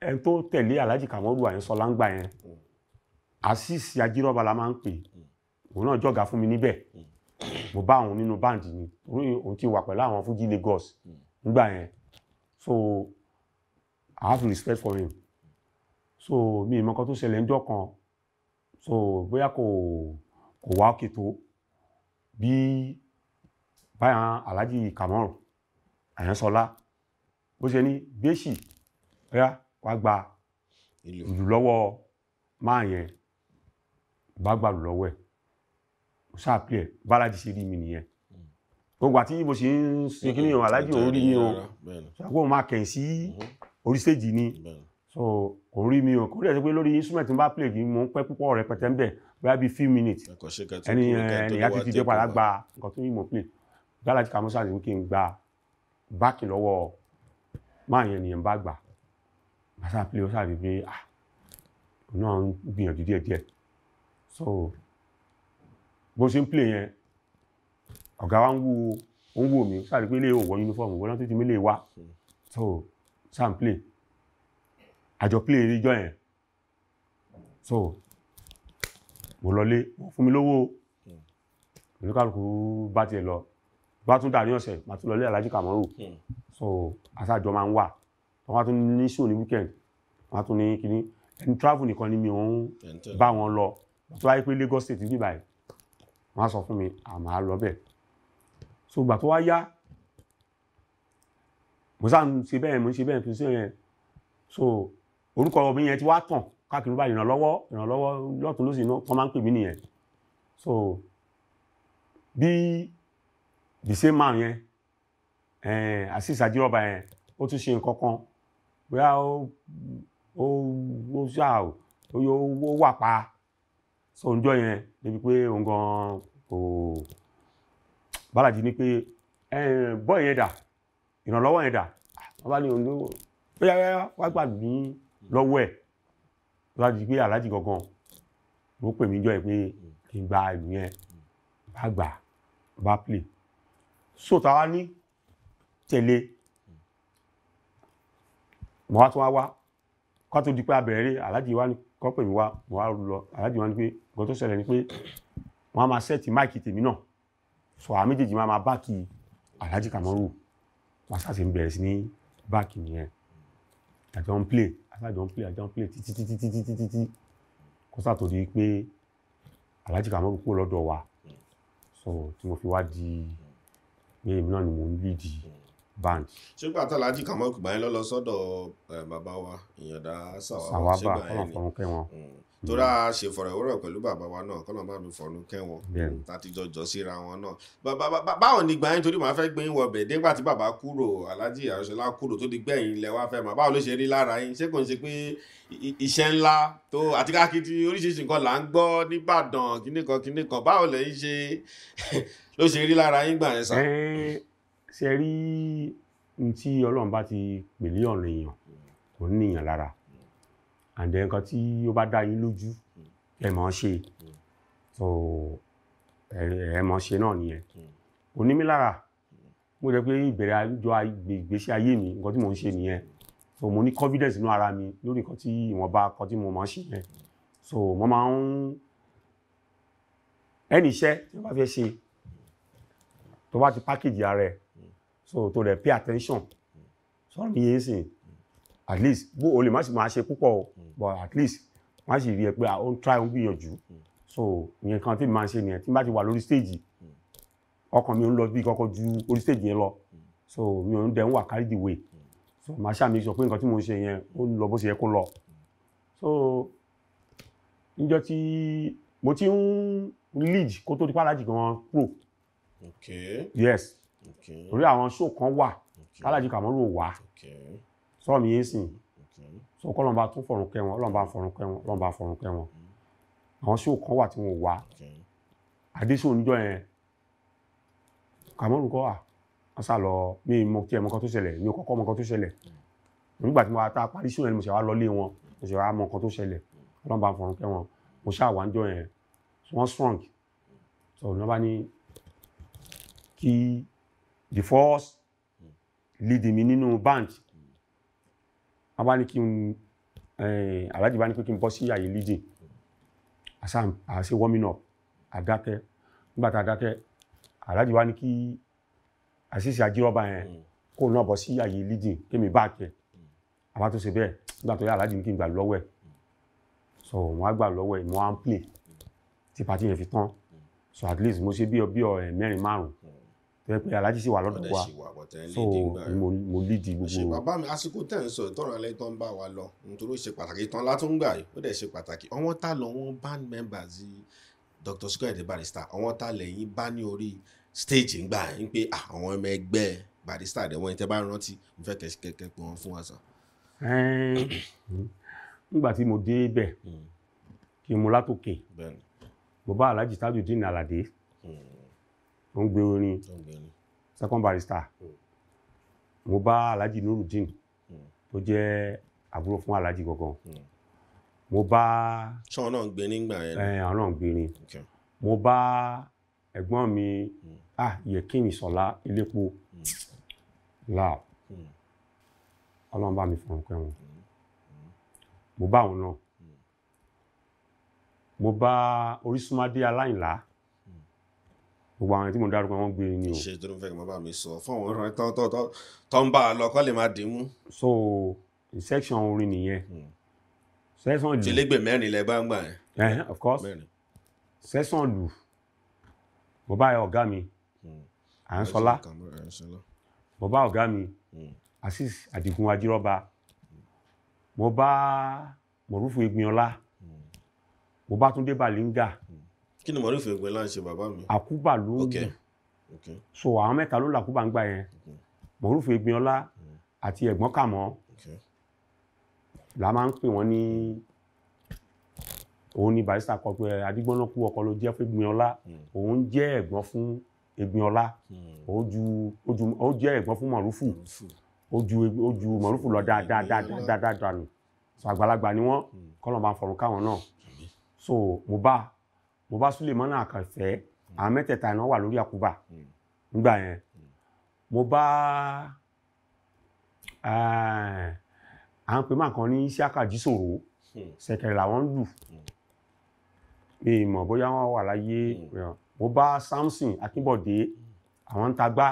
ẹni tó tẹ̀lé Alhaji Kamoru Àyànsọ́lá ńgbà yẹn hmm. Azeez Ajírọ́ba la máa ń pè hmm. òun náà jọ̀gá fún mi níbẹ̀ mo bá òun nínú báǹdì ni orí òun ti wà pẹ̀lú àwọn Fuji Lagos ńgbà yẹn so I have respect for him so mi ìmọ̀ kan tó ṣẹlẹ̀ ńjọ́ kan so bóyá kò kò wá òkè tó bí báyà Alhaji Kamoru àyánsọlá bó ṣe ní gbèsì rá wàá gba ìlú lọ́wọ́ máa yẹn bá gbà lù lọ́wọ́ ẹ̀ mo ṣáàpì ẹ̀ bálájì ṣe rí mi nìyẹn gbogbo àti mo ṣe ń ṣe kí ni ìwọ̀n alájì òun rí mi o ṣàkóso máa kẹ̀yìn sí mhm. orí stage ni so kò rí mi o kò rí ẹ̀ pé lórí instrument n bá play kì mo ń pẹ́ púpọ̀ rẹpẹtẹ ń bẹ̀ bóyá bíi few minutes ẹni ẹni ìyá ti ti dé padà gba nǹkan tó yìí mo play bálájì kàmúṣà ni kí n gba báàkì lọ́wọ́ máa yẹn nìyẹn bá gbà bàtà play ó sàrí pé ah náà ń gbìyànjú díẹ̀díẹ̀ so bó ṣe ń play yẹn ọ̀gá wa ń wú ó ń wò mí sáré pé ilé òwò yunifọ́ọ̀mù wọ́n tó ti mí wá so sam play àjọ play rí jọ yẹn so mo lọlé wọ́n fún mi lówó oníkàlùkù bá tiẹ̀ lọ bá tún dàrí ọ̀sẹ̀ màá tún lọlé alájí kàmọ́rù hmm. so àṣàjọ máa ń wà wọ́n wá tún ní show ní weekend wọ́n á tún ní kíní ẹni travel nìkan ni mi ò ń bá wọn lọ tó wáyé pé Lagos State níbà yìí wọ́n sọ fún mi àmà á so gbà tó wá yá mo sáà ń ṣe bẹ́ẹ̀ mo ń ṣe bẹ́ẹ̀ tó ṣe yẹn so orúkọ mi yẹn ti wá tàn káàkiri bá ìrànlọ́wọ́ ìrànlọ́wọ́ lọ́tún lọ́sìn náà wọ́n máa ń pè mí nìyẹn so bí the same man yẹn asis eh, ajiroba yẹn ó tún ṣe nǹkan kan bóyá ó ó ó ṣá ó ó wà pa so ǹjọ́ yẹn débi pé òun gan kò bàlàjì ni pé eh, bọ́ yẹn dà ìrànlọ́wọ́ yẹn dà wọ́n bá ní òun ló bóyá wá gbàgbé lọ́wọ́ ẹ̀ láti pé aláàjì gangan ló pè mí jọ ẹ pé kí n gba ìlú yẹn bá gbà bá play sóta wá ní tẹ̀lé mọ̀ wá tún wá wá kọ́ tó di pé abẹ̀rẹ̀ aláàjì wá ní kọ́ pè mí wá mọ̀ wá lọ aláàjì wá ní pé nǹkan tó ṣẹlẹ̀ ni pé wọ́n á máa sẹ́ẹ̀tì máìkì tèmi náà sọ àwọn méjèèjì máa máa báàkì aláàjì kàmọ́rù wọ́n sá ti bẹ̀rẹ̀ sí ní báàkì nìyẹn àjọ ń play àjọ ń play àjọ ń play títí títí títí títí títí kó sá tó di pé aláàjì kàmọ́rù kúrò lọ́dọ̀ wa so tí mo fi wá di ní èmi náà ni mò ń lead band. ṣé pàtó aláàjì kàmọ́ ìgbà yẹn lọ́lọ́ sọ́dọ̀ bàbá wa ìyàndá sàwábà ṣégbà yẹn ni mm. tóra ṣe fọ̀rọ̀wérọ̀ pẹ̀lú bàbá wa náà kọ́nà bá mi fọ̀nù kẹ́wọ̀n láti jọjọ́ síra wọn náà báwo ni gbà yín torí màá fẹ́ gbẹ́yìn wọ̀bẹ̀ nígbà tí bàbá kúrò aláàjì àròṣọlá kúrò tó di gbẹ̀yìn ilẹ̀ wa fẹ́ mà báwo ló ṣe rí lára yín ṣé kò ń ṣe pé iṣẹ́ ńlá tó àti káàkiri oríṣiríṣi nǹkan là ń gbọ́ nìbàdàn kíníkan kíníkan báwo lẹ́yìn ṣe ló ṣe rí lára yín gbà yẹn sá. ṣe rí n tí ọlọ́run bá ti pèlè ọ̀nà èèyàn kò ní èèyàn lára àǹdẹ̀ nǹkan tí ó bá dá yín lójú ẹ mọ̀ ṣe so ẹ mọ̀ ọ́ ṣe náà nìyẹn onímílára mo jẹ́ pé ìbẹ̀rẹ̀ àjọ ìgbésí ayé mi nǹkan tí mò ń ṣe nìyẹn so mo ní confidence inú ara mi lórí nǹkan tí ìwọ̀nba kan tí mo máa ṣe yẹn so mo máa ń ẹnì iṣẹ́ tí wọ́n bá fẹ́ ṣe tó bá ti package ara so tó rẹ̀ pay attention So mi yéé sìn at least bó o lè má sì máa ṣe púpọ̀ but at least má sì rí ẹ pé ó ń try ó ń gbìyànjú so ìyẹn kan tí mo máa ń ṣe nìyẹn tí n bá ti wà lórí stage ọkàn mi ò ń lọ bí kọ́kọ́ ju orí stage yẹn lọ so mi ò ń dẹ̀ ń wà carry the way so màá ṣàmì sọ pé nǹkan tí mo ń ṣe yẹn ó ń lọ bó ṣe yẹ kó lọ so níjọ́ tí mo ti ń lead kó tó di pàlájì gan-an kúrò Okay. yes torí àwọn ṣó kan wà kálájú kàmọ́rù ò wá sọ́ọ̀mù yẹn sìn so kọ́lọ́mbà tún fọ̀rùn kẹ́ wọn ọlọ́mbà fọ̀rùn kẹ́ wọn ọlọ́mbà fọ̀rùn kẹ́ wọn mm. àwọn ṣó kan wà tí wọn ò wá àdéṣe oníjọ yẹn kàmọ́rù kọ́ wà wọ́n sá lọ mí mọ tí ẹ mọ kan tó ṣẹlẹ̀ mi ò kọ́kọ́ mọ kan tó ṣẹlẹ̀ nígbà tí mo ta parí ṣó yẹn mo ṣe wá lọ lé wọn mo ṣe wá mọ kan tó ṣẹlẹ̀ ọlọ́mbà fọ̀rùn kẹ́ wọn mo ṣáà wá ń jọ yẹn wọ́n strong so ní wọ́n bá ní kí the first lead mi nínú band wọ́n bá ní kí n eh, aláàjì bá ní pé kí n bọ́ sí àyè leading asam àṣẹ warming up àdákẹ́ nígbàtà àdákẹ́ aláàjì bá ní kí àṣìṣe àjírọ́bà yẹn hmm. kó náà bọ́ sí àyè leading kémi bá kẹ àbá tó se bẹ́ẹ̀ nígbà tó yá aláàjì ní kí n gbà lọ́wọ́ ẹ̀ so wọ́n á gbà lọ́wọ́ ẹ̀ mo á tí pàtí yẹn fi tán so at least mo ṣe bí ọ bí ọ eh, ẹ̀ mẹ́rin márùn-ún tẹ́ pé aláàjì sì wà lọ́dọ̀ wa so mo lead gbogbo. ṣe bàbá mi àsìkò tẹ̀ ń sọ ìtọ́rọ̀ alẹ́ tán bá wa lọ nítorí ó ṣe pàtàkì ìtàn látún gbà yìí ó dẹ̀ ṣe pàtàkì àwọn tá lọ wọn band members Dr. Sikiru Barrister àwọn tá lẹ́yìn bá ní orí stage ń gbà yín pé ah, àwọn ọmọ ẹgbẹ́ Barrister dẹ̀ wọ́n yín tẹ́ bá rántí mo fẹ́ kẹ̀kẹ́ pọ̀ wọn fún wa sàn. nígbà tí mo dé bẹ̀ hmm. kí n mú látòkè bàbá aláàjì Tajudeen ó ń gbé orin second barrister hmm. mo bá alhaji nurudeen hmm. tó jẹ́ àbúrò fún alhaji gangan hmm. mo bá. ṣé náà gbé nígbà yẹn. ẹ eh, àwọn náà mo bá ẹ̀gbọ́n mi ah yẹkínì sọlá ilépo la Ọlọ́run bá mi fọwọn pẹ wọn mo bá àwọn náà mo bá orísunmádé aláìnlá. Mm gbogbo àwọn tí mo dárúkọ wọn gbé e ni o. ṣe tó ń fẹ́ kí bá mi sọ fún àwọn ọ̀rọ̀ tó tó tó ń bá a lọ kọ́ lè má dìímú. so section orin nìyẹn. Hmm. section lu jẹlẹgbẹ mẹ́rin lẹ bá ń gbà yẹn. ẹ of course section lu bọ́bá ọ̀gá mi à ń sọlá bọ́bá ọ̀gá mi hmm. asis adigun ajírọ́ba mo bá mọ̀rúfù Egbinọlá hmm. mo bá Túndé Bàlíńgà. Mm kí ni Moruf Egbẹ́lá ń ṣe bàbá mi. àkúbà ló ń gùn so àwọn mẹ́ta ló làkúbà ń gbà yẹn Moruf Egbẹ́lá mm. àti ẹ̀gbọ́n kàmọ́ la máa ń pè wọ́n ní òun ni barista kọ pé adigbọ́nà kú ọkọ ló jẹ́ fún Egbẹ́lá mm. òun jẹ́ ẹ̀gbọ́n fún Egbẹ́lá mm. ó jẹ́ ẹ̀gbọ́n fún Morufu ó ju Morufu lọ dáadáa so àgbàlagbà ni wọ́n kọ́lọ̀ máa fọ̀rùn káwọn náà so mo bá bùbá Sulemana Àkànfẹ́ àwọn mẹ́tẹ̀ẹ̀ta iná wà lórí àkúbà hmm. nígbà yẹn hmm. mo bá eh, à ń pè máa kan ní Isiaka Jisoro hmm. ṣẹ̀kẹ̀rẹ̀ làwọn ń lù mi mọ̀ bóyá wọ́n wà láyé mo bá Samson Akínbọ̀dé àwọn ń tagbá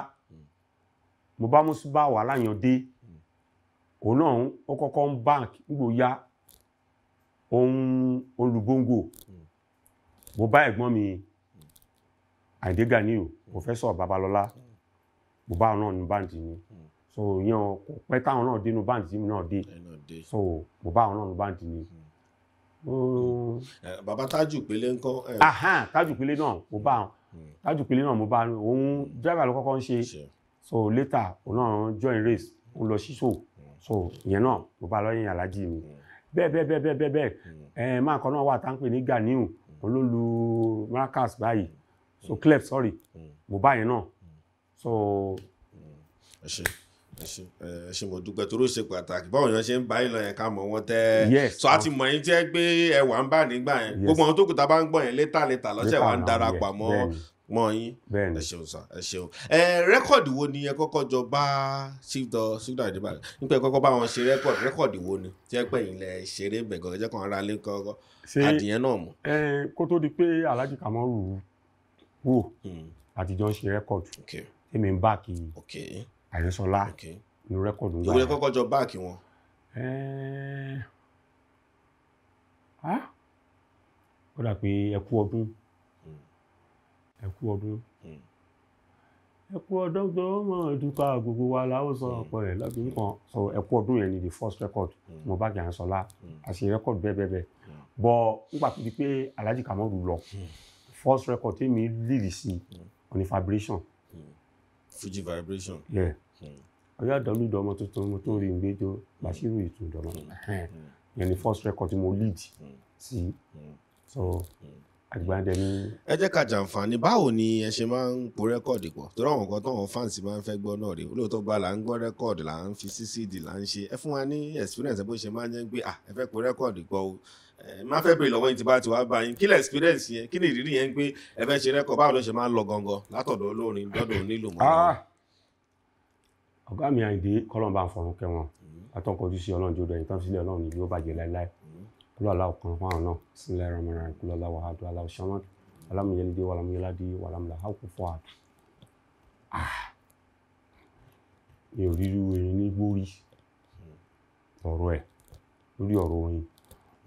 mo bá Músíbà wà láyàndé òun náà ó kọ́kọ́ ń bank nígbò ohun olùgbòǹgò. Mm mo bá ẹ̀gbọ́n mi Àyìndé Ganiyu pòfẹ́sọ̀ Babalọ́lá mo bá àwọn náà ní báǹdì ni so ìyẹn kò pẹ́ táwọn náà dénú báǹdì tí mi náà dé so mo bá àwọn náà ní báǹdì ni. bàbá tájù pélé ń kọ́. tájù pélé náà mo bá àwọn hmm. tájù pélé náà mo bá òun dírẹ́bà ló kọ́kọ́ ń ṣe so later òun náà join race òun lọ sí so hmm. so ìyẹn náà mo bá lọ́yìn aláàjì mi hmm. bẹ́ẹ̀ bẹ́ẹ̀ bẹ́ẹ̀ bẹ́ẹ̀ bẹ́ẹ̀ ẹ̀ máa kọ́ náà wà tá à ń pè ní Ganiyu olólu maracas báyìí so clef sorry bùbá yẹn náà so. ẹ ṣe ẹ ṣe ẹ ṣe mo dúpẹ́ torí ó ṣe pàtàkì báwo yẹn ṣe ń bá ìlọ yẹn ká mọ̀ wọ́n tẹ́ so a ti mọ̀ yín jẹ́ pé ẹwà ń bà nígbà yẹn gbogbo àwọn tó kù tá a bá ń gbọ́ yẹn létà létà lọ́sẹ̀ wa ń darapọ̀ mọ́ mọ́ yín ẹ ṣeun sá ẹ ṣeun ẹ rẹ́kọ̀dì wo ni ẹ kọ́kọ́ jọ bá sídọ̀ sídọ̀ àdìbà nípa ẹ kọ́kọ́ bá wọn ṣe rẹ́kọ̀dì rẹ́kọ̀dì wo ni tí ẹ pẹ́ ilẹ̀ ṣeré bẹ̀gàn ẹjẹ́ kan ara lé kọ́kọ́ adìyẹn náà mọ̀. ẹ kó tó di pé Alhaji Kamoru wò hmm. àtijọ́ ń ṣe rẹ́kọ̀dì èmi ń bá kì í ní rẹ́kọ̀dì ń gbà. ìwé kọ́kọ́ jọ báàkì wọn. ó dà pé ẹ kú ọdún ẹ kú ọdún hmm. ẹ kú ọdún tó mọ ìdúpà gbogbo wa láwọn sọ hmm. ọ̀pọ̀ rẹ̀ lọ́dún kan so ẹ kú ọdún yẹn ni the first record mo bá Gani Sọlá àṣẹ record bẹ́ẹ̀ bẹ́ẹ̀ bẹ́ẹ̀ bọ́ nípa pípi pé Alhaji Kamoru lọ hmm. first record tèmi lílì sí oní vibration. Fuji vibration. Yeah ọjọ́ àdọ́lù dọ́mọ tuntun mo tó rí ìgbẹ́jọ́ Bashiru ìtùdọ́mọ yẹn ni first record tí mo lead sí so àgbàdẹ ní. ẹ jẹ́ ká jàǹfààní báwo ni ẹ ṣe máa ń po rẹ́kọ̀dì pọ̀ torí àwọn nǹkan táwọn fans máa ń fẹ́ gbọ́ náà rèé olóòótọ́ bá là ń gbọ́ rẹ́kọ̀dì là ń fi ccd là ń ṣe ẹ fún wa ní experience bó ṣe máa ń jẹ́ pé à ẹ fẹ́ po rẹ́kọ̀dì pọ̀ o ẹ má fẹ́ bèrè lọ́wọ́ yín ti bá ti wá bá yín kí lẹ́ experience yẹn kí ni ìrírí yẹn pé ẹ fẹ́ ṣe rẹ́kọ̀ báwo ló ṣe máa ń lọ gangan látọ̀dọ̀ olórin kulala ọ̀kan fún àwọn náà sílẹ̀ ramara kulala wàhálà aláwọ̀sánmọ́tò alámúyẹlẹdẹ wàlámúyẹlẹdẹ wàlámúlà hákù fún àdù. mi ò ríru erin ní gbórí ọ̀rọ̀ ẹ̀ lórí ọ̀rọ̀ orin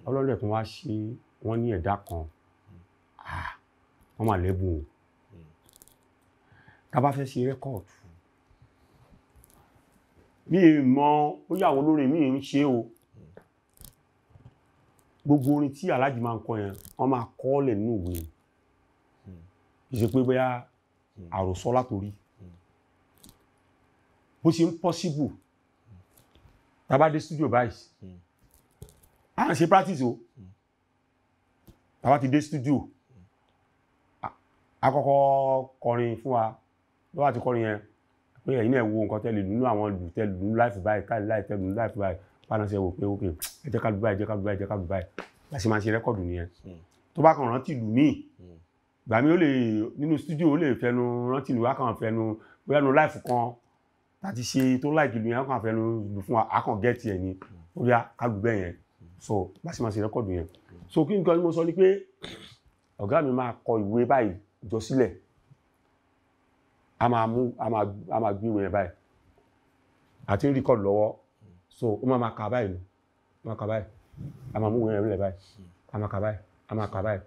ọlọ́dẹ̀ tó wá ṣe wọ́n ní ẹ̀dá kan ah! wọ́n mà lẹ́bùn o tá bá fẹ́ ṣe rẹ́kọ̀dù mi ì ó yàwó lórí mi ń ṣe o gbogbo orin tí aláàjì máa ń kọ yẹn wọ́n máa kọ ọ́ lẹ̀ nínú ìwé yẹn pé bóyá àròsọ látòrí bó ṣe ń pọ́síbù tá studio báyìí à ń ṣe practice o tá studio àkọ́kọ́ kọrin fún wa lọ́wọ́ àti kọrin yẹn pé ẹ̀yin náà wo nǹkan tẹ́lẹ̀ nínú àwọn ìlú tẹ́lẹ̀ nínú láìfù báyìí káàlì láìfù báyìí báwọn ṣe wò pé ok ẹ jẹ́ ká lu báyìí ẹ jẹ́ ká lu báyìí ẹ jẹ́ ká lu báyìí bá ṣe máa ṣe rẹ́kọ̀dù nìyẹn hmm. tó bá kàn rántí ìlú míì hmm. gbà mí ó lè nínú stúdíò ó lè fẹnu rántí ìlú akàn fẹnu bóyá nu láìfù kan láti ṣe tó láìkì ìlú yẹn akàn fẹnu lù fún akàn gẹ́ẹ̀tì ẹ̀ ni hmm. ó yá ká lu yẹn so bá ṣe máa ṣe rẹ́kọ̀dù yẹn so kí nǹkan mo sọ ni pé ọ̀gá mi máa kọ ìwé báyìí jọ sílẹ̀ a máa mú a máa gbé ìwé yẹn báyìí àti ń rìkọ̀dù lọ́wọ́ so ó máa ma kà báyìí ni ó máa kà báyìí a máa mú wọn ẹ̀rìn lẹ̀ báyìí a máa kà báyìí a máa kà báyìí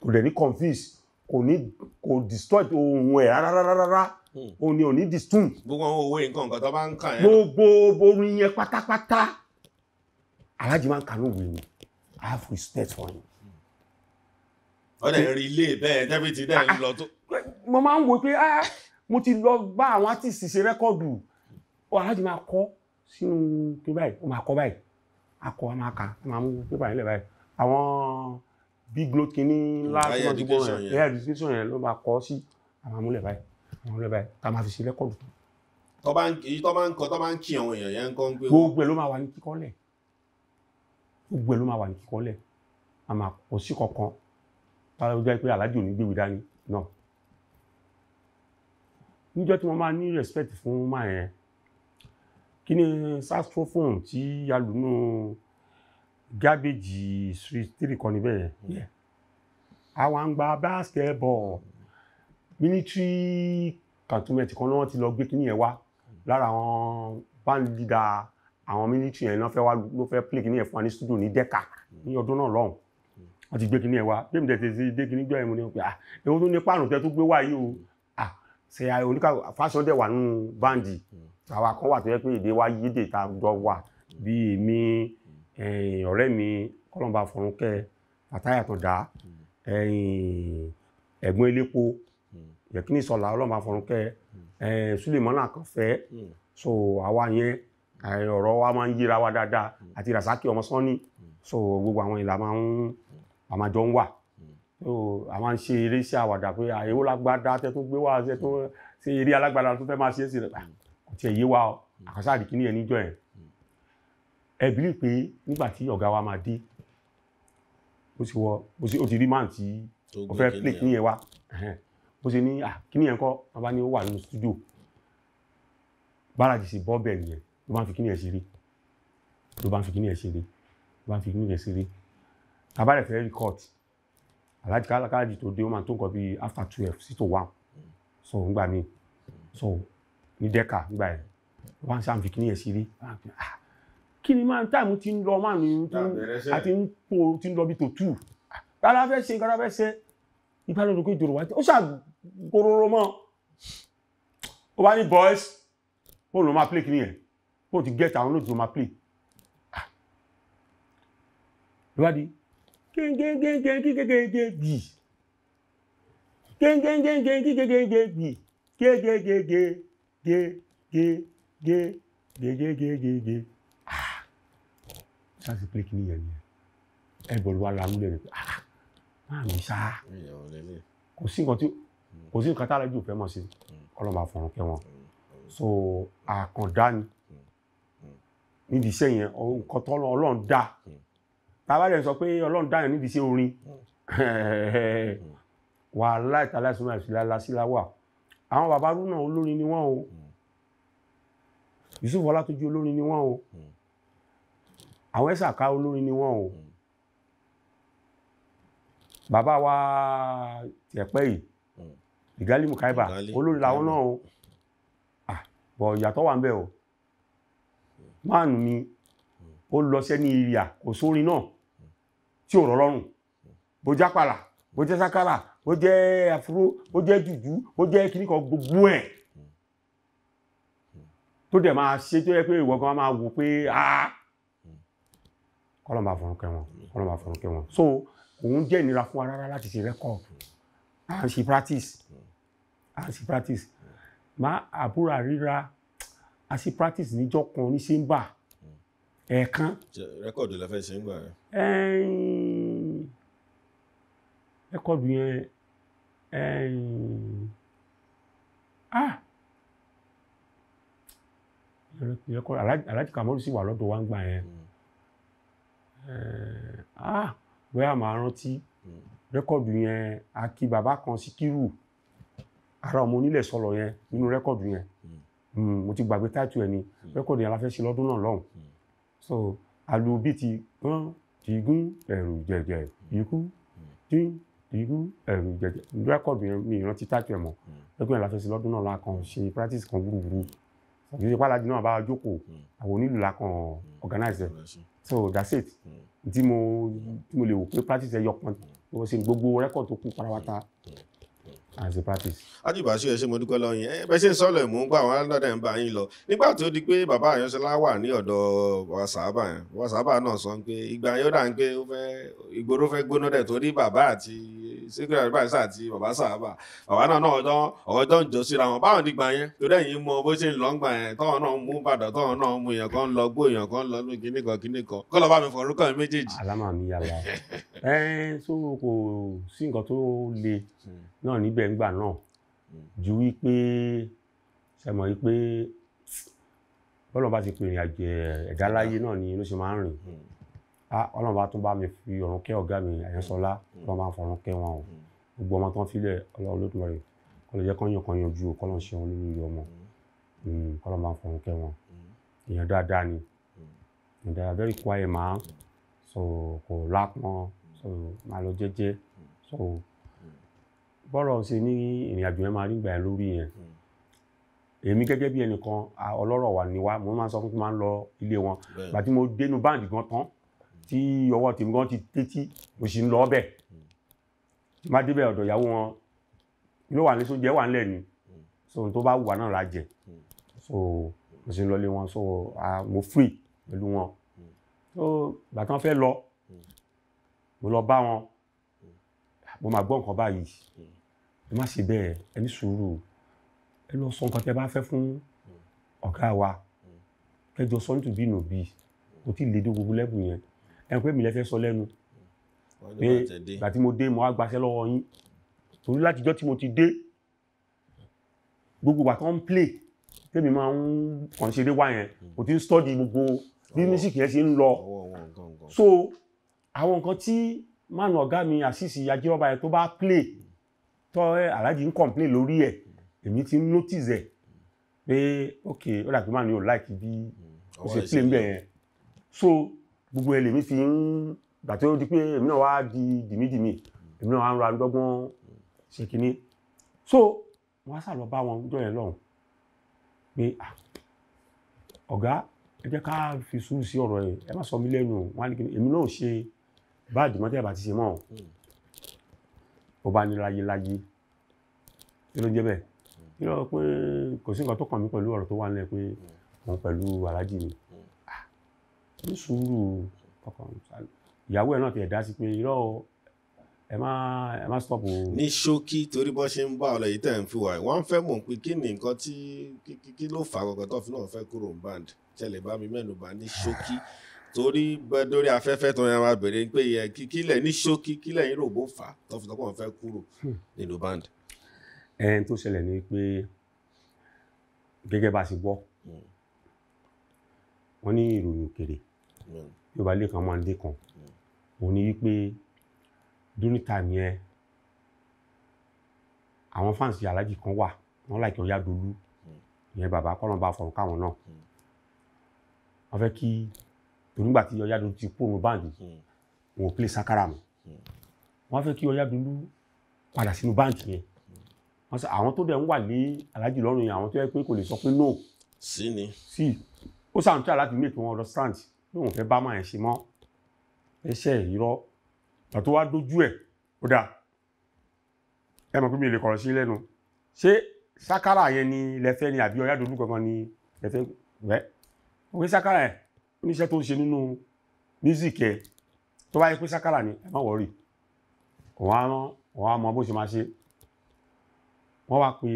kò dẹ̀ ní confuse kò ní kò distort ohun ẹ̀ rárárárá òun ni ò ní distun. gbogbo àwọn owó nǹkan nǹkan tó bá ń kà yẹn. gbogbo orin yẹn pátápátá alájí máa ń kà lóògùn yìí I have respect for him. ọ̀dẹ̀ rí ilé bẹ́ẹ̀ dẹ́bìtì dẹ́ ń lọ tó. mo máa ń wo pé ah, mo ti lọ bá àwọn artist ṣe rẹ́kọ̀dù alájí máa kọ́ sínú pé báyìí ó máa kọ báyìí akọ a máa kà a máa mú pépà yẹn báyìí àwọn big note kìíní ńlá tí wọ́n ti education yẹn ló máa kọ́ sí a máa mú lẹ̀ báyìí a máa mú lẹ̀ báyìí tá a máa fi ṣe lẹ́kọ̀ọ̀dù tó. tó bá ń èyí tó bá ń kọ tó bá ń kí àwọn èèyàn yẹn ń kọ́ ń pé. gbogbo ẹ̀ ló máa wà ní kíkọ́ lẹ̀ gbogbo ẹ̀ ló máa wà ní kíkọ́ lẹ̀ a máa kọ sí kankan tàbí ojú pé aláàjì ò ní gbéwì dání náà níjọ́ tí wọ́n máa ní respect fún kí ni saxophone tí alùnú gábéjì street three kan níbẹ̀ yẹn àwọn àgbà basketball military cantonment kan náà ti lọ gbé kí ni yẹn wá lára àwọn band leader àwọn military yẹn náà fẹ́ wá ló fẹ́ play kí ni yẹn fún wa ní studio ní dẹ́ka ní ọdún náà lọ́hùn wọ́n ti gbé kí ni yẹn wá bí mi tẹ̀sí dé kí ni gbọ́ ẹ̀ mo ní pé ah ewu tó ní páànù tẹ́ tó gbé wá o ah ṣe oníkà fashion dẹ̀ wà nù báńdì. Mm àwa kan wà tó yẹ pé èdè wa yídè tá a jọ wà bí èmi ọ̀rẹ́ mi kọ́lọ́mbà fọ̀rúnkẹ́ àtàyàtọ̀ dá ẹ̀gbọ́n elépo yẹ̀kíní sọ̀la ọlọ́mbà fọ̀rúnkẹ́ Sulemana Àkànfẹ́ so àwa yẹn ọ̀rọ̀ wa máa ń yíra wa dáadáa àti Rasaki ọmọ Sanni so gbogbo àwọn ìlà máa ń ń wà so a máa ń ṣe eré sí àwàdà pé àyẹ̀wò lágbádá tẹ́ tó gbé wá tẹ́ tí ẹ yé wa ọ àkàsáàdì kí ni ẹ níjọ yẹn ẹ bìlí pé nígbà tí ọ̀gá wa máa dé ó ti rí máà tí ó fẹ́ plé kí ni yẹn wá ó sì ní kí ni yẹn kọ́ wọn bá ní ó wà nínú studio bárajì sì bọ́ bẹ́ẹ̀ nìyẹn ló bá ń fi kí ni yẹn ṣeré ló bá ń fi kí ni yẹn ṣeré ló bá ń fi kí ni yẹn ṣeré tabalẹ̀ fẹ́ record alájí kálájí tó dé ó máa tó nǹkan bíi after twelve sí tó wà mm. so ń gbà mí mm. so ní dẹ́ka gbà ẹ̀ wọ́n sàn fi kíní yẹn sí rí kí ni máa ń táìmù ti ń lọ máa ní àti ń tó ti ń lọ bí tó tù rárá fẹ́ ṣe rárá fẹ́ ṣe ìbálòdòkó ìdòrò wájú ó ṣàgbòròrò mọ́ ó wá ní boys ó lọ máa play kìíní ẹ̀ ó ti get àwọn olóòtú lọ máa play ìwádìí gẹ́gẹ́gẹ́gẹ́gẹ́gẹ́gẹ́ gé gé gé gé gé gé gé gé ah ṣáàṣì pé kí nìyẹn nìyẹn ẹ bọ̀rọ̀ wa la múlẹ̀ rẹ̀ pé ah máa mi sá kò sí nǹkan tí kò sí nǹkan tá a lọ́jọ́ òfẹ́ mọ̀ sí ọlọ́mọ àfọ̀rùn kẹ́ wọn so àkàndá ni nídìí iṣẹ́ yẹn nǹkan tó ọlọ́run dá bàbá rẹ̀ sọ pé ọlọ́run dá yẹn nídìí iṣẹ́ orin wàhálà ìtàlẹ́sùn àìsílẹ̀ lásìláwà àwọn bàbá rúnà olórin ni wọ́n o hmm. Yusuf Ọlátúnjí olórin ni wọ́n o hmm. àwọn ẹ̀sàká olórin ni wọ́n o hmm. bàbá wa tẹ̀pẹ́ yìí ìgálí mùkáíbà olórin làwọn náà o ah, bọ̀ ìyàtọ̀ wà ń bẹ o máàlù mi ó lọ sẹ́ni ìrìà kò sórin náà tí ò rọ̀ lọ́rùn bó jápàlà ó jẹ́ afro ó jẹ́ jùjú ó jẹ́ kíní kan gbogbo ẹ̀ tó dẹ̀ máa ṣe tó yẹ pé ìwọ gan máa wò pé ah kọ́lọ́mà fọ̀rùnkẹ́ wọn so òun jẹ́ ìnira fún wa rárá láti ṣe record and she practice and she practice má àbúrò àríra a ṣe practice níjọ́ kan ní ṣe ń bà ẹ̀ẹ̀kan. record lè fẹ́ ṣe ẹkọdù yẹn ẹyìn ah aláàjì kàmọ́rù sì wà lọ́dọ̀ wa ń gbà yẹn hmm. ah bóyá màá rántí hmm. rẹ́kọ̀dù yẹn akí bàbá kan síkírù ara ọmọ onílẹ̀ sọ̀rọ̀ yẹn nínú rẹ́kọ̀dù yẹn hmm. mo ti gbàgbé táìtù ẹ̀ ni rẹ́kọ̀dù yẹn la fẹ́ ṣe lọ́dún náà lọ́hùn so alu bíi ti gbọ́n ti gún ẹ̀rù jẹ̀jẹ̀ ikú dín irú ẹ̀rù jẹjẹ rẹ́kọ̀dù yẹn mi ìrántí tájú ẹ̀ mọ̀ hmm. lọ́gbọ̀n lọ́dún náà la kàn ṣe practice kan wúruwúru àbí ṣe pálájú náà bá wa hmm. àwọn onílù la hmm. organize so that's it tí mo tí mo lè wò pé practice ẹ yọ pọn tí mo ṣe gbogbo rẹ́kọ̀dù tó kù parawata as a practice. ajibase ẹ ṣé mo dúpẹ́ lọ́yìn ẹ bẹ́ẹ̀ ṣe ń sọ́lọ̀ ìmú pa àwọn aládọ́dẹ ń bá yín lọ nígbà tó di pé bàbá àyànṣẹ́lá wà ní ọ̀dọ̀ wàsáàbà yẹn wàsáàbà náà sọ pé ìgbà yóò dà ń pé ó fẹ́ ìgboro fẹ́ gbóná dẹ̀ torí bàbá àti secret adviser àti bàbá sàábà bàbá náà náà ọjọ́ ọjọ́ ń jọ síra wọn báwọn nígbà yẹn torí ẹ̀yin mọ bó ṣe ń lọ ńgbà yẹn tọ́wọ́n náà mú bàdàn tọ́wọ́n náà mú èèyàn kan lọ gbó èèyàn kan lọ ní kíní kan kíní kan kọ́ lọ́ọ́ bá mi fọ̀rọ̀ kàn méjèèjì. alámà mi yàrá ẹ ẹ so kò sí nǹkan tó le hmm. náà níbẹ̀ níbẹ̀ ńgbà náà ju wípé ṣe mọ̀ wípé bọ́lọ̀ bá ti pè ìrìn àjò ẹ̀dá láyé náà ni ló ṣe máa ń rìn hmm. ọlọ́run bá tún bá mi fi ọ̀run kẹ́ ọ̀gá mi àyẹ́sọlá hmm. ọlọ́run bá ń fọ̀run kẹ́ wọn o hmm. gbogbo ọmọ tó ń filẹ̀ ọlọ́run ló dùn rẹ̀ kọ́ ló jẹ́ kọ́ yàn kan yanjú kọ́ ló ń ṣe wọn lórí ọmọ kọ́ ló máa ń fọ̀run kẹ́ wọn èèyàn dáadáa ni and they very quiet man so kò lápọn so máa lọ jẹ́jẹ́ so bọ́rọ̀ ṣe ní ìrìn àjò yẹn máa rí gbà yẹn lórí yẹn èmi gẹ́gẹ́ bí ẹnìkan ọlọ́rọ̀ wà ní wa mo máa ń sọ fún mi máa ń lọ ilé wọn gbàtí mo dénú báǹdì gan tán tí ọwọ́ tèmi gan ti tẹ́tí mo sì ń lọ ọbẹ̀ tí má débẹ̀ ọ̀dọ̀ ìyàwó wọn ló wà ní sóúnjẹ wà nílẹ̀ ni so tó bá wù náà la so mo sì ń lọ ilé wọn so mo free pẹ̀lú wọn so gbàtán fẹ́ lọ mo lọ bá wọn mo máa gbọ́ nǹkan báyìí ẹ má ṣe bẹ́ẹ̀ ẹ ní sùúrù ẹ lọ sọ nǹkan tí ẹ bá fẹ́ fún ọ̀gá wa kẹjọ sọ nítorí bí nòbí kò tí ì lè dé gbogbo lẹ́bù yẹn ẹ pé mi lẹ fẹ́ sọ lẹ́nu pé ìgbà tí mo dé mo wá gbaṣẹ́ lọ́wọ́ yín torí látijọ́ tí mo ti dé gbogbo ìgbà tó ń play tèmi máa ń kàn ṣeré wá yẹn kò tí ń study gbogbo bí mísìkì yẹn ṣe ń lọ so àwọn nǹkan tí mánu ọ̀gá mi àṣìṣì ajírọ́bà yẹn tó bá play tọ́ eh, aláàjì ń complain lórí ẹ̀ èmi ti ń notice ẹ̀ pé ok ó dàbí màá ní o like bí o mm, ṣe play níbẹ̀ yẹn so gbogbo ẹ̀ lèmi fi ń gbà tó di pé èmi náà wá di dìmídìmí èmi náà wá ń ra lọ́gbọ́n ṣe kínní so wọ́n á sà lọ bá wọn jọ yẹn lọ́hùn pé ọ̀gá ẹ jẹ́ ká fi sùúrù sí ọ̀rọ̀ yẹn ẹ má sọ mí lẹ́nu wọn á ní kí èmi náà ṣe báàdì mọ́tẹ́ àbá ti ṣe mọ́ ọ́n bó bá ní láyé láyé kí ló jẹ́ bẹ́ẹ̀ kí hmm. ló pé kò sí nǹkan tó kàn mí pẹ̀lú ọ̀rọ̀ tó wà nílẹ̀ pé hmm. òun pẹ̀lú aláàjì mi hmm. ah, ní sùúrù ọkàn ìyàwó ẹ̀ náà ti ẹ̀dá sí pé irọ́ ẹ má ẹ má stop o. ní ṣókí torí bó ṣe ń bá ọ̀rọ̀ yìí tẹ̀ ń fi wà wọ́n fẹ́ mọ̀ pé kí ni nǹkan tí kí ló fà á kankan tó fi náà fẹ́ kúrò ń band tẹ̀lé bá mi mẹ́nu bà ní ṣókí torí bẹ́ẹ̀ dórí afẹ́fẹ́ tó yẹn máa bèrè pé yẹn kíkílẹ̀ ní ṣókí kílẹ̀ yín rògbò fà tó fi tọ́kọ̀ fẹ́ kúrò hmm. nínú band. ẹn tó ṣẹlẹ̀ ni pé gẹ́gẹ́ bá a ṣe gbọ́ hmm. wọ́n ní ìròyìn òkèrè bí ó bá lé kan máa ń dé kan hmm. òun ni wípé during time yẹn àwọn fans alájì kan wà wọn láì kí wọn yá dolú ìyẹn bàbá kọ́nà bá fọ̀rọ̀ káwọn náà wọ́n fẹ́ kí torí nígbà tí Ọ̀yádùn ti kú òun báǹdì òun hmm. play sakara mọ́ hmm. wọ́n fẹ́ kí Ọ̀yádùn padà sínú báǹdì yẹn hmm. wọ́n sọ àwọn tó dẹ̀ ń wà ní aláàjì lọ́rùn yẹn àwọn tó yẹ pé kò lè sọ pé no sí ni sí ó sàn tí aláàjì make wọn understand pé òun fẹ́ bá máa yẹn ṣe mọ́ ẹṣẹ́ ìrọ́ ìgbà tó wá dójú ẹ̀ ó dáa ẹ mọ̀ pé mi lè kọ̀rọ̀ sí lẹ́nu ṣé sakara yẹn ni lẹ́fẹ́ ni àbí Ọ̀yádùn gangan ni lẹ́fẹ́ wẹ́ òwe sakara yẹn oníṣẹ́ tó ń ṣe nínú music ẹ̀ tó bá yẹ pé sákàlà ni ẹ má wọ̀rí wọ́n á rán wọ́n á mọ bó ṣe máa ṣe wọ́n wá pe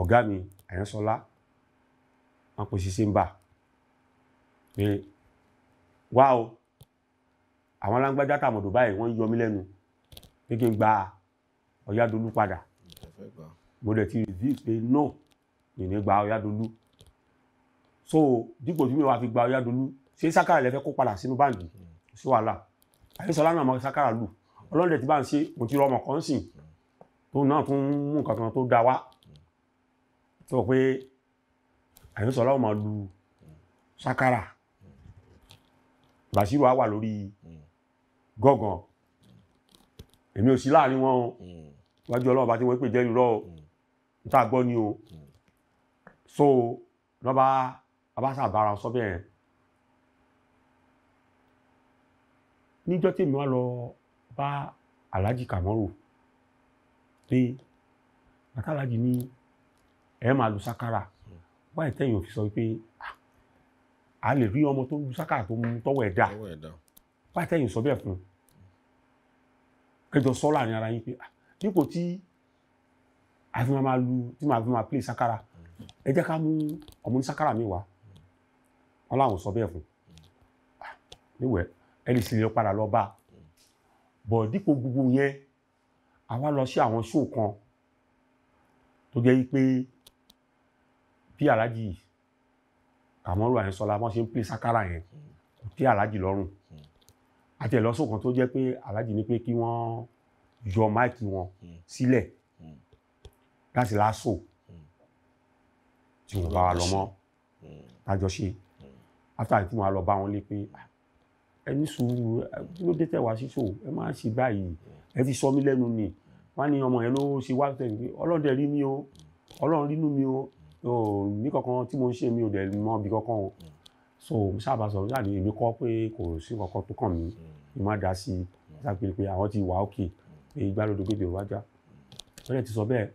ọ̀gá mi àyánsọ́lá wọ́n pe ṣiṣẹ́ ń bà pé wá o àwọn alágbájá tàmọ̀dò báyìí wọ́n yọ mí lẹ́nu pé kí n gba ọ̀yádolú padà mo dẹ̀ ti rí i pé no ìní gba ọ̀yádolú so dípò tí mi wàá fi gba Ọ̀yàdolú ṣé sákàrà lẹ fẹ́ kó padà sínú báǹdì sí wàhálà àyẹ̀sọ́lá náà máa sákàrà lù ọlọ́dẹ tí bá ń ṣe mo ti rọ ọmọ kan sìn tó náà tún mú nǹkan kan tó da wá tó pé àyẹ̀sọ́lá ò máa lu sákàrà Bàṣírù á wà lórí gọ́gàn èmi ò sí láàrin wọn o wájú ọlọ́ọ̀bá tí wọ́n pè jẹ́ irọ́ o níta gbọ́ ni o so lọ́ba abáṣà bára sọ bẹ́ẹ̀ níjọ́ tí mi wá lọ bá aláàjì kàmọ́rò pé àtàlájì ní ẹ máa lu sákàrà wáyé tẹ́yìn òfin sọ pé ah, a lè rí ọmọ tó lu sákàrà tó mú tọ́wọ́ ẹ̀ dà wáyé tẹ́yìn sọ bẹ́ẹ̀ fún kẹjọ sọ láàrin ara yín pé ah, dípò tí a fi máa lu tí màá fi máa play sákàrà ẹ jẹ́ ká mú ọmọ ní sákàrà mi wá wọn làwọn sọ bẹ́ẹ̀ fún ah, níwẹ̀ ẹni sì lè padà lọ bá bọ̀ dípò gbogbo yẹn àwa lọ sí àwọn ṣó kan tó jẹ́ pé bí aláàjì àmọ́lù àyẹ̀sọ́lá wọ́n ṣe ń pè sákàrà yẹn kò tí aláàjì lọ́rùn àti ẹ̀lọ́sùn kan tó jẹ́ pé aláàjì ní pé kí wọ́n yọ máìkì wọn sílẹ̀ láti lásò tí wọ́n bá wa lọ mọ́ lájọṣe. Hmm after tí wọ́n á lọ bá wọn lé pé ah, ẹ ní sùúrù kí ló dé tẹ̀ wá sí ṣòwò ẹ máa ń ṣe báyìí ẹ ti sọ mí lẹ́nu ni wọ́n ní ọmọ yẹn ló ṣe wá tẹ̀ pé ọlọ́dẹ rí mi o ọlọ́run rínú mi o ní kankan tí mo ń ṣe mi ò dẹ̀ mọ́ bí kankan o so sábà sọ̀rọ̀ láti èmi kọ́ pé kò sí kankan tó kàn mí ìmọ̀ dá sí i sápẹ́ pé àwọn ti wà òkè pé igbálódé gbèdè wájà lọ́dẹ̀ ti sọ bẹ́ẹ̀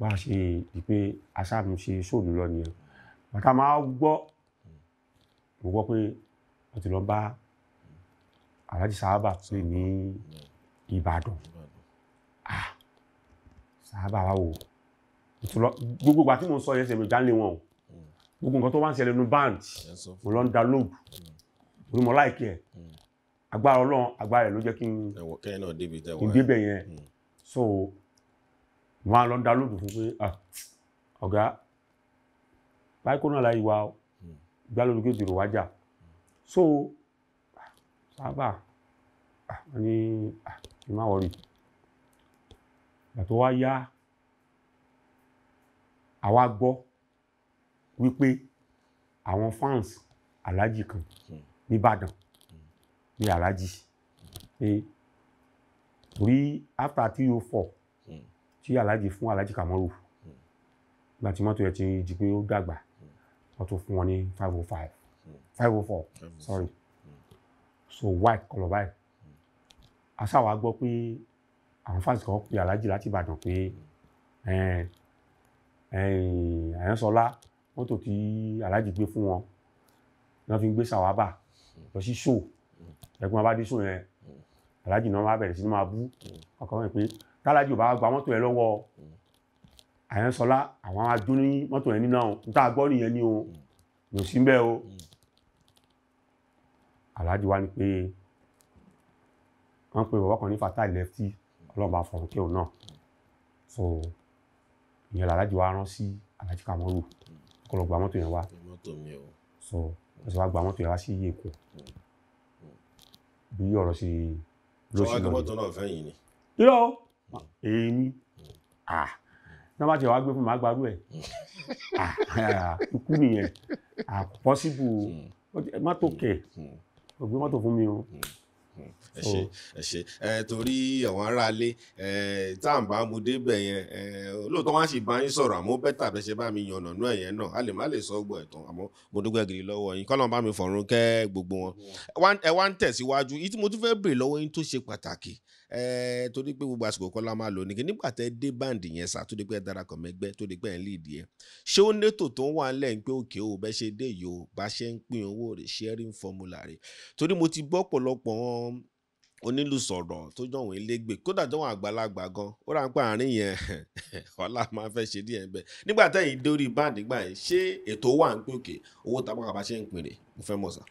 bá a ṣe di pé aṣáàmù ṣe ṣóòlù lọ nìyẹn bàtà máa gbọ́ mo gbọ́ pé wọ́n ti lọ bá aláàjì sáábà tó lè ní ìbàdàn ah sáábà wa wò gbogbo ìgbà tí mo ń sọ yẹn ṣe mi jálè wọn o gbogbo nǹkan tó wá ń ṣẹlẹ̀ nu band mo lọ ń da lóògù orí mo láìkí ẹ̀ agbára ọlọ́run agbára ẹ̀ ló jẹ́ kí n débẹ̀ yẹn hmm. so mo máa lọ ń da lóògù fún pé ọ̀gá báyìí kó náà láyé wa o gbálólógé dèrò wájà so sábà ní ìmáwọ̀rì ìgbà tó wá yá àwa gbọ́ wípé àwọn fans aláàjì kan nìbàdàn ní aláàjì pé torí after three oh four hmm. tí aláàjì fún aláàjì kàmọ́rò hmm. gbàtí mọ́tò ẹ̀ ti di pé ó dàgbà wọ́n tún fún wọn ní five oh five hmm. oh five oh four sorry hmm. so white kọlọ̀ báyìí aṣáwa gbọ́ pé àwọn fásitì kan pe aláàjì láti Ìbàdàn pé hmm. Àyànsọ́lá mọ́tò tí aláàjì gbé fún wọn ni wọ́n fi ń gbé sàwábà lọ sí ṣò ẹ̀gbọ́n abádé ṣò yẹn aláàjì náà máa bẹ̀rẹ̀ sí ní máa bú ọkọ̀ wọn pé tálájì ò bá gba mọ́tò ẹ lọ́wọ́ àyànṣọlá àwọn ajó ní mọ́tò yẹn nínú àwọn níta gbọ́ nìyẹn ní o yóò sí bẹ́ẹ̀ o aláàjì wa ni pé wọ́n pe bàbá kan ní fata lefty ọlọ́ba fọ̀rọ̀kẹ́ òun náà so ìyẹn aláàjì wa rán sí aláàjì kàmọ́rù kó lọ gba mọ́tò yẹn wá so wọ́n sì wá gba mọ́tò yẹn wá sí èkó bí ọ̀rọ̀ sí lọ́sí náà ni irọ́ èyí ah ní wọ́n bá ti wá gbé fún mi àgbàrú ẹ̀ ikú ah, ah, nìyẹn àpọ́síbù ah, hmm. mọ́tò hmm. kẹ̀ ò hmm. mọ́tò fún mi o ẹ ṣe ẹ ṣe ẹ torí àwọn aráalé ẹ tá à ń bá mu débẹ̀ yẹn ẹ olóòótọ́ wá sì bá yín sọ̀rọ̀ àmọ́ bẹ́tà bẹ́ẹ̀ ṣe bá mi yànnà nú ẹ̀yẹn náà a lè má lè sọ ọgbọ̀ ẹ̀tàn àmọ́ mo dúpẹ́ gidi lọ́wọ́ yín kọ́nà bá mi fọ̀run kẹ́ gbogbo wọn ẹ wá ń tẹ̀síwájú yìí tí mo tún fẹ́ bèrè lọ́wọ́ yín Eh, torí pé gbogbo àsìkò kọ́ la máa lò nìkan nígbà tẹ́ dé báǹdì yẹn sá tó di pé ẹ darapọ̀ mẹ́gbẹ́ tó di pé ẹ ń lead yẹn ṣé ó nètò tó ń wà ń lẹ̀ pé òkè o bẹ́ ṣe dé yìí bá ṣe ń pín owó rẹ̀ sharing formula rẹ̀ torí mo ti gbọ́ pọ̀lọpọ̀ wọn onílùsọ̀rọ̀ tó jọ̀wọ́n ilégbè kódà jọ̀wọ́n àgbàlagbà gan ó rà ń pa àárín yẹn ọ̀la máa fẹ́ ṣe díẹ̀ bẹ́ẹ̀ nígbà tẹ́yìn dórí band nígbà yẹn ṣé ètò wà ń pè òkè owó tábàkà bá ṣe ń pin rè mo fẹ́ mọ̀ sá.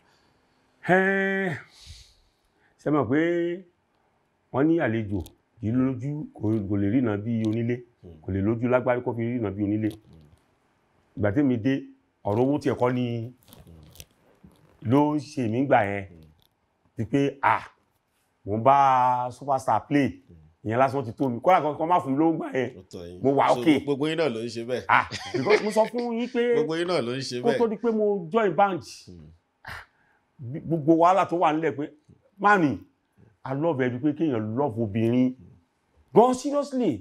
ṣe mọ̀ pé wọ́n ní àlejò yìí lójú kò lè ríran bí onílé hmm. kò lè lójú lágbárí kó fi ríran bí onílé hmm. ìgbà tí mi dé ọ̀rọ̀ owó tiẹ̀ kọ́ ni hmm. ló ṣe mí gbà yẹn ti pé à mo bá superstar play ìyẹn lásán ti tó mi kọ́lá kan má fún mi ló ń gbà yẹn mo wà ókè. gbogbo yín náà ló ń ṣe bẹ́ẹ̀. ah because mo sọ fún yín pé gbogbo yín náà ló ń ṣe bẹ́ẹ̀. kó tó di pé mo join band gbogbo wàhálà tó wà nílẹ̀ pé má a love ẹbí pé kéèyàn love obìnrin gan seriously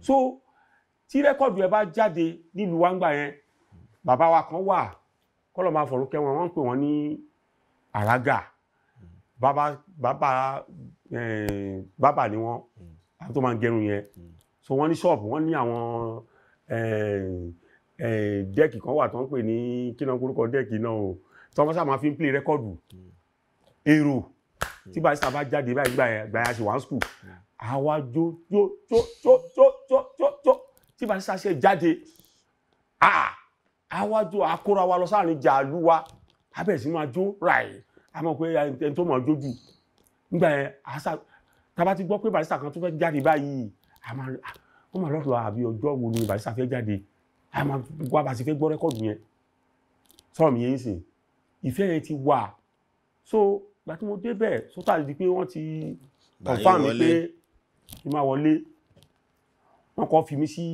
so tí rẹ́kọ̀dù ẹ bá jáde nílùú wa ń gbà yẹn bàbá wa kan wà kọ́lọ̀ máa fọ̀rọ̀ kẹwọn wọ́n ń pè wọ́n ní àràgà bàbá bàbá bàbá ni wọ́n àwọn tó máa ń gẹrun yẹn so wọ́n ní ṣọ́ọ̀bù wọ́n ní àwọn dẹ́ẹ̀kì kan wà tó ń pè ní kí dẹ́ẹ̀kì náà o tọ́mọ́sá máa fi ń play rẹ́kọ̀dù èrò tí barista bá jáde báyìí gbà yẹn gbà yẹn àṣewà school àwa jó jó jó jó jó jó jó jó tí barista ṣe jáde àwa jó àkóra wa lọ sáàrin jàlú wa abẹ́ sí máa jó ráì àmọ́ pé ẹni tó mọ̀ jó nígbà yẹn tábà ti gbọ́ pé barista kan tó fẹ́ jáde báyìí àmọ́ máa lọ́dọ̀ àbí ọjọ́ wo ni barista fẹ́ jáde àmọ́ wá bá fẹ́ gbọ́ rẹ́kọ̀dù yẹn sọ̀rọ̀ mi yẹn sìn ìfẹ́ yẹn ti wà so ìgbà tí mo débẹ̀ sọ́tà di pé wọ́n ti confam mi pé mi máa wọlé wọ́n kọ́ fi mí sí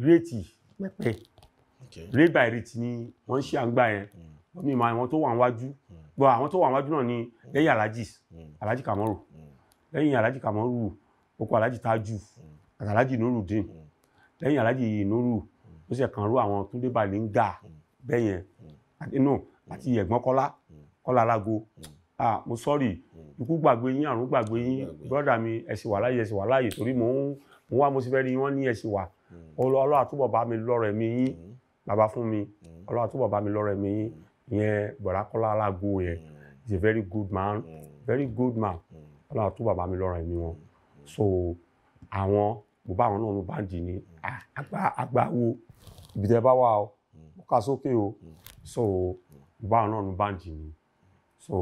ìrètí pẹ́pẹ́ rate by rate ni wọ́n ń ṣe àgbà yẹn hmm. wọ́n mi máa àwọn tó wà wájú gbọ́ hmm. àwọn tó wà wájú náà ni hmm. lẹ́yìn alájì alájì kàmọ́rò lẹ́yìn alájì kàmọ́rò oko alájì tájù àti alájì nurudin lẹ́yìn alájì nuru ó sì kàn rú àwọn túndé balẹ̀ ń gà bẹ́yẹn àti àti ẹ̀gbọ́n kọ́lá ọ̀làlágo ah hmm. mo sọ́ọ̀rì hmm. ikú gbàgbé yín àrùn gbàgbé yín brọ́dà mi ẹ ṣì wà láàyè ẹ ṣì wà láàyè torí mò ń mo wá mo sì fẹ́ rí wọ́n ní ẹ ṣì wà hmm. ọlọ́wà túbọ̀ bá mi lọ́rọ̀ ẹ̀mí yín bàbá fún mi ọlọ́wà túbọ̀ bá mi lọ́rọ̀ ẹ̀mí yín ìyẹn bọ̀dá Kọ́lá Alágo yẹn is a very good man very good man ọlọ́wà túbọ̀ bá mi lọ́rọ̀ ẹ̀mí wọn so àwọn mo bá àwọn náà mo bá ń dì ní agbáwo ibi tẹ bá wà ó kà sókè o so mo bá àwọn náà mo bá ń dì ní so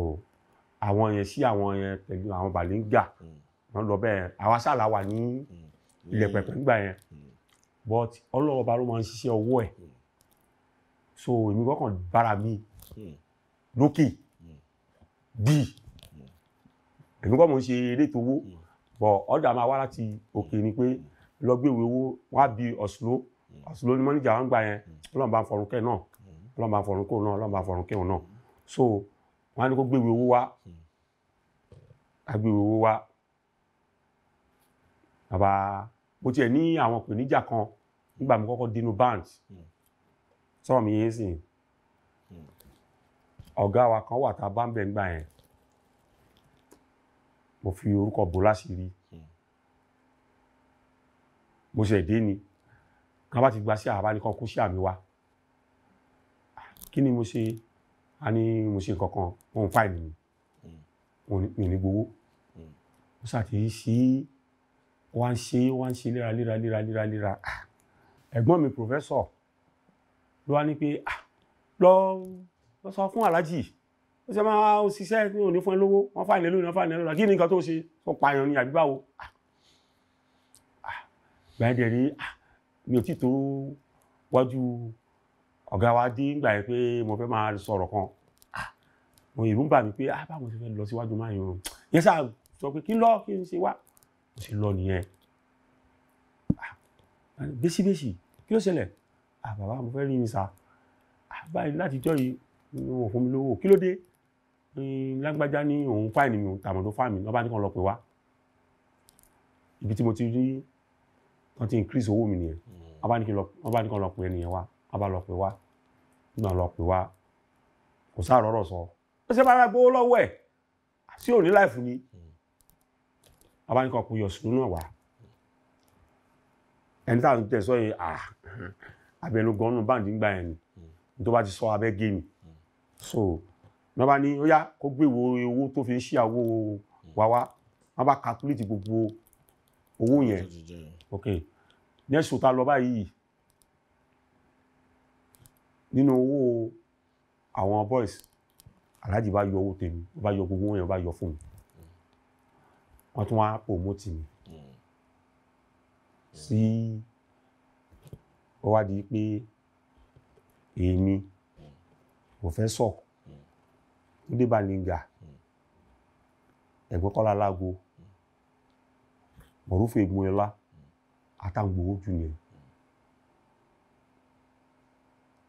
àwọn yẹn sí àwọn yẹn pẹ̀lú àwọn bàlíngà hmm. wọ́n lọ bẹ́ẹ̀ àwa sàlà wà ní hmm. ilẹ̀ pẹ̀pẹ̀ nígbà yẹn hmm. but ọlọ́wọ́ bá ló máa ń ṣiṣẹ́ ọwọ́ ẹ̀ so èmi kọ́kàn bára mi lókè bíi èmi kọ́ mo ń ṣe eré tó wó but ọ̀dà máa wá láti òkè ni pé lọ́gbẹ̀wé owó wá bí ọ̀ṣunló ọ̀ṣunló ni mọ́níjà wọn gbà yẹn ọlọ́run bá ń fọrùn kẹ́ náà ọlọ́run bá ń fọrùn kóun náà ọlọ́run bá ń fọrùn kẹ́hùn náà so wọ́n á ní kó gbèwé owó wá hmm. agbèwé owó wá bàbá mo tiẹ̀ ní àwọn ìpèníjà kan nígbà mi kọ́kọ́ dínú band hmm. sọ́ọ̀ mi yín sìn hmm. ọ̀gá wa kan wà tá ń bẹ̀ ń gbà yẹn mo fi orúkọ bò láṣìírí mo ṣe dé ni kan bá ti gba sí àbánikọ́ kó sí àmì wa ah, kí ni mo ṣe a ní mo ṣe nǹkan kan wọn fà mí mi hmm. ní gbowó hmm. mo ṣàti ṣí wá ń ṣe wá ń ṣe léraléra léraléra léra ẹ̀gbọ́n mi pòfẹ́sọ̀ ló wá ní pé lọ lọ sọ fún aláàjì ó ṣe máa ó ṣiṣẹ́ ní òní fún ẹ lówó wọ́n fà ní lónìí wọ́n fà kí ni nǹkan tó ṣe tó pààyàn ní àbí báwo gbàdẹ̀rí mi ò tí tó wájú ọ̀gá wa dé ńgbà yẹn pé mo fẹ́ máa sọ̀rọ̀ kan mo ìrú ń bà mí pé ah báwo ti fẹ́ lọ síwájú máa yòó yẹn sáà sọ pé kí lọ kí n ṣe wá mo sì lọ nìyẹn bẹ́sibẹ́sì kí ló ṣẹlẹ̀ ah bàbá mo fẹ́ rí mi sá ah báyìí láti jọ́ yìí wọn ò fún mi lówó kí ló dé lágbájá ní òun fáìní mi òun tàmọ̀dó fáìní lọ́ba nìkan lọ pè wá ibi tí mo ti rí wọ́n ti increase owó mi nìyẹn hmm. ọba nìkan lọ pè é wá a bá lọ pè wá náà lọ pè wá kò sáàrọ̀rọ̀ sọ ó ṣe bára gbowó lọ́wọ́ ẹ̀ sí òní láìfù ni a bá ní kan kò yọ sùn náà wá ẹni táà ń tẹ̀ sọ yìí à ah, abẹnú gan-an báńdì ń gbà yẹn ni tó bá ti sọ abẹ́ gé mi so wọ́n bá ní ó yá kó gbé ìwo owó tó fi ń ṣíyàwó wa wá wọ́n bá calculate gbogbo owó yẹn ok next ta lọ báyìí nínú owó àwọn boys aláàjì bá yọ owó tèmi ó bá yọ gbogbo wọn yẹn bá yọ fún mi wọ́n tún wá promote mi hmm. sí ó wá di pé èmi professor hmm. Túndé Bàlíngà hmm. Ẹ̀gbọ́nkọ́lá Lágo Mọ̀rúfẹ́ Egbònyọlá àtàǹgbòho junior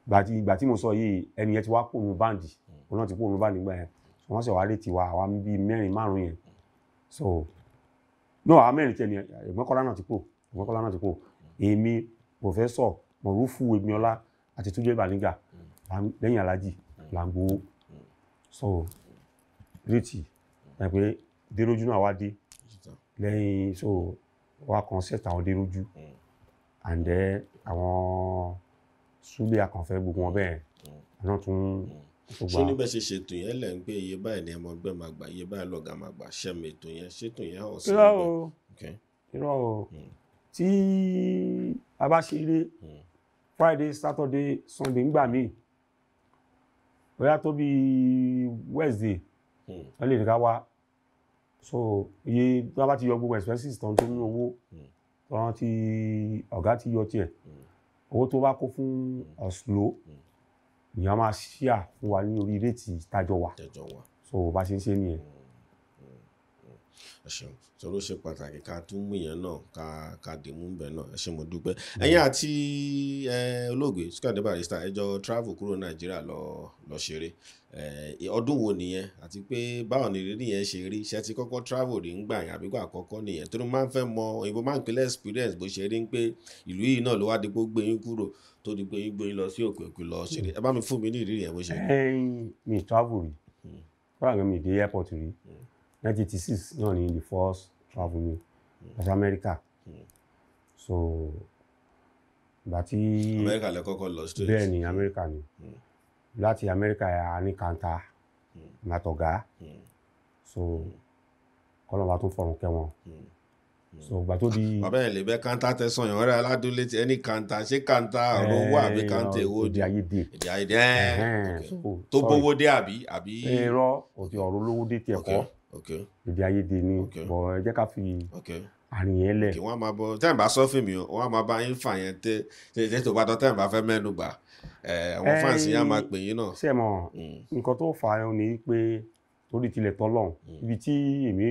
gbàtí ìgbà tí mo sọ yìí ẹni yẹn ti wá pòrun báǹdì òun náà ti pòrun báǹdì gbà yẹn wọ́n sì wá rí tiwa àwa bíi mẹ́rin márùn-ún yẹn so no àwa mẹ́rin tẹ̀ ní ẹ̀gbọ́n kọ́lá náà ti pò ẹ̀gbọ́n kọ́lá náà ti pò èmi pòfẹ́sọ̀ mọ̀rúfù emiọlá àti túnjẹ́ ìbànújà lẹ́yìn alájì là so rìtì ẹ pé dérójú náà wá dé lẹ́yìn so wá kàn sẹ́ta àwọn dérójú and àwọn súlé akànfẹ́ gbogbo wọn bẹ́ẹ̀ mm. náà tún mm. ṣó níbẹ̀ ṣe ṣètò yẹn lẹ̀ ń pé iye báyìí ni ẹmọ ẹgbẹ́ máa gbà iye báyìí lọ́gàá máa gbà ṣẹ́mi yẹn ṣètò yẹn ọ̀ sí ẹgbẹ́. irọ́ o mm. tí a bá ṣe eré Friday Saturday Sunday ńgbà míì bóyá tó bí Wednesday wọ́n lè nìka wá so iye tó bá ti yọ gbogbo expenses tán tó ní owó tán ti ọ̀gá ti yọ tiẹ̀ owó tó bá kó fún hmm. Oslo hmm. èèyàn máa ṣíà fún wa ní orí réètì tájọ wa so bá ṣe ń ṣe nìyẹn. Hmm ẹ ṣeun sọ̀rọ̀ ṣe pàtàkì ká tún mú yẹn náà ká ká dè mú bẹ́ẹ̀ náà ẹ ṣe mo dúpẹ́ mm. ẹ̀yin àti olóògbé Sunday Barrister ẹ jọ travel kúrò Nàìjíríà lọ lọ ṣeré ọdún wo nìyẹn àti pé báwo ni ìrírí yẹn ṣe rí ṣe ti kọ́kọ́ travel rí ń gbà yẹn àbí kó àkọ́kọ́ nìyẹn torí máa ń fẹ́ mọ òyìnbó máa ń pinlẹ̀ experience bó ṣe rí ń pé ìlú yìí náà ló wá dípò gbé yín kúrò tó di pé yín gbé yín lọ sí òkè òkè lọ ṣeré ẹ bá mi fún mi ní ìrírí yẹn bó ṣe rí. mi travel rí fúlàní mm. mi dé airport rí. Mm nineteen eighty náà ni the first travel me as hmm. America, hmm. so ìgbà tí Amẹ́ríkà lẹ kọ́kọ́ lọ straight bẹ́ẹ̀ ni Amẹ́ríkà ni hmm. láti Amẹ́ríkà a ní kanta nàtọ̀gá so kọ́lọ́ba tó fọ̀rùn kẹ́wọn so ìgbà tó di. Ah, bàbá yẹn lè bẹ kanta tẹsán yẹn ọ̀rẹ́ aládùúlé ti ẹni kanta ṣé kanta ọ̀rọ̀ owó àbí kanta èwo di àyèdè èdè àyèdè ẹ tó bówó dé àbí àbí. èrò òtí ọ̀rọ̀ olówó dé tiẹ̀ kọ́ èdè ayédè ni bọ̀ ẹ jẹ́ ká fi àrùn yẹn lẹ̀. kí wọ́n máa bọ tẹ́ ẹ̀ bá sọ fún mi o wọ́n máa bá yín fà yẹn tẹ́ tẹ́ tó bá tọ́ tẹ́ ẹ̀ bá fẹ́ mẹ́nu bà àwọn fáǹsì yẹn máa pè yín náà. ṣé mo hmm. nǹkan tó fà á ni pé torí tilẹ̀ tọ́lọ́hún hmm. ibi tí èmi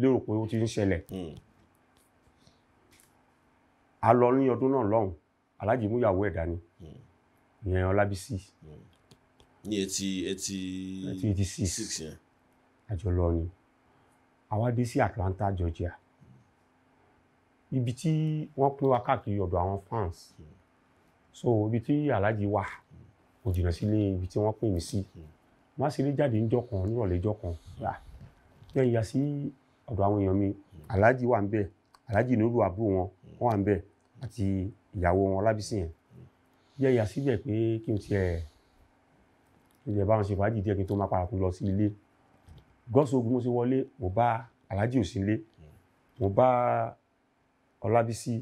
lérò pé ó ti ń ṣẹlẹ̀ hmm. a lọ ní ọdún náà lọ́hùn aláàjì múyàwó ẹ̀ dání ìyẹn ọlábísí ní etí etí eighty six yẹn àjọ lọ ni. Mm àwa dé sí Atlanta Georgia ibi tí wọ́n pín wa káàkiri ọ̀dọ̀ àwọn fans so ibi tí aláàjì wà kò jìnnà sílé ibi tí wọ́n pè mí sí má sì lè jáde níjọ́ kan nírọ̀lẹ́ ìjọ́ kan yẹ ìyá sí ọ̀dọ̀ àwọn èèyàn mi aláàjì wà ń bẹ̀ aláàjì nílùú àbúrò wọn wọn wà ń bẹ̀ àti ìyàwó wọn lábísí yẹn yẹ ìyá síbẹ̀ pé kí n tiẹ̀ kí n tiẹ̀ bá wọn ṣe fàájì díẹ̀ kí n tó máa parakùn lọ sí ilé gọ́ọ̀sì ogun ti wọlé mo bá alhaji òsínlé mo bá ọlábísí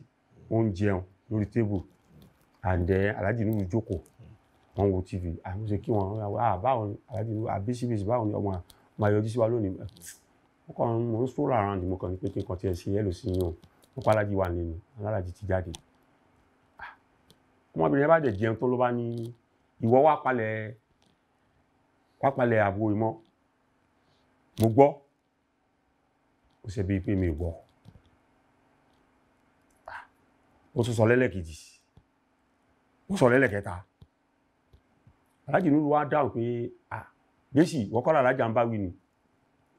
ó ń jẹun lórí tébù and alhaji nínú ìjókòó wọn wo tv àwọn ah, ṣe kí wọn ah, báwọn alhaji nínú abisibisi ah, báwọn ni ọmọ máa yọjú sí wa lónìí mo kàn mo ń sọ̀rọ̀ àrùn mo kàn ní pé kí n kàn tiẹ̀ ṣe yẹ́lò sí yín o mo pa alhaji wà nínú alhaji ti jáde ọmọbìnrin yẹn bá dẹ̀ jẹun tó ló bá ní ìwọ wá palẹ̀ wá palẹ̀ àbúrò ìmọ̀ mo gbọ́ ó ṣe bí pé mi ò gbọ́ ó ah, tún sọ lẹ́lẹ́kejì ó sọ lẹ́lẹ́kẹta alájì nínú wa dáhùn pé gbèsì ah, wọ́kọ́lá alájà ń bá wí ni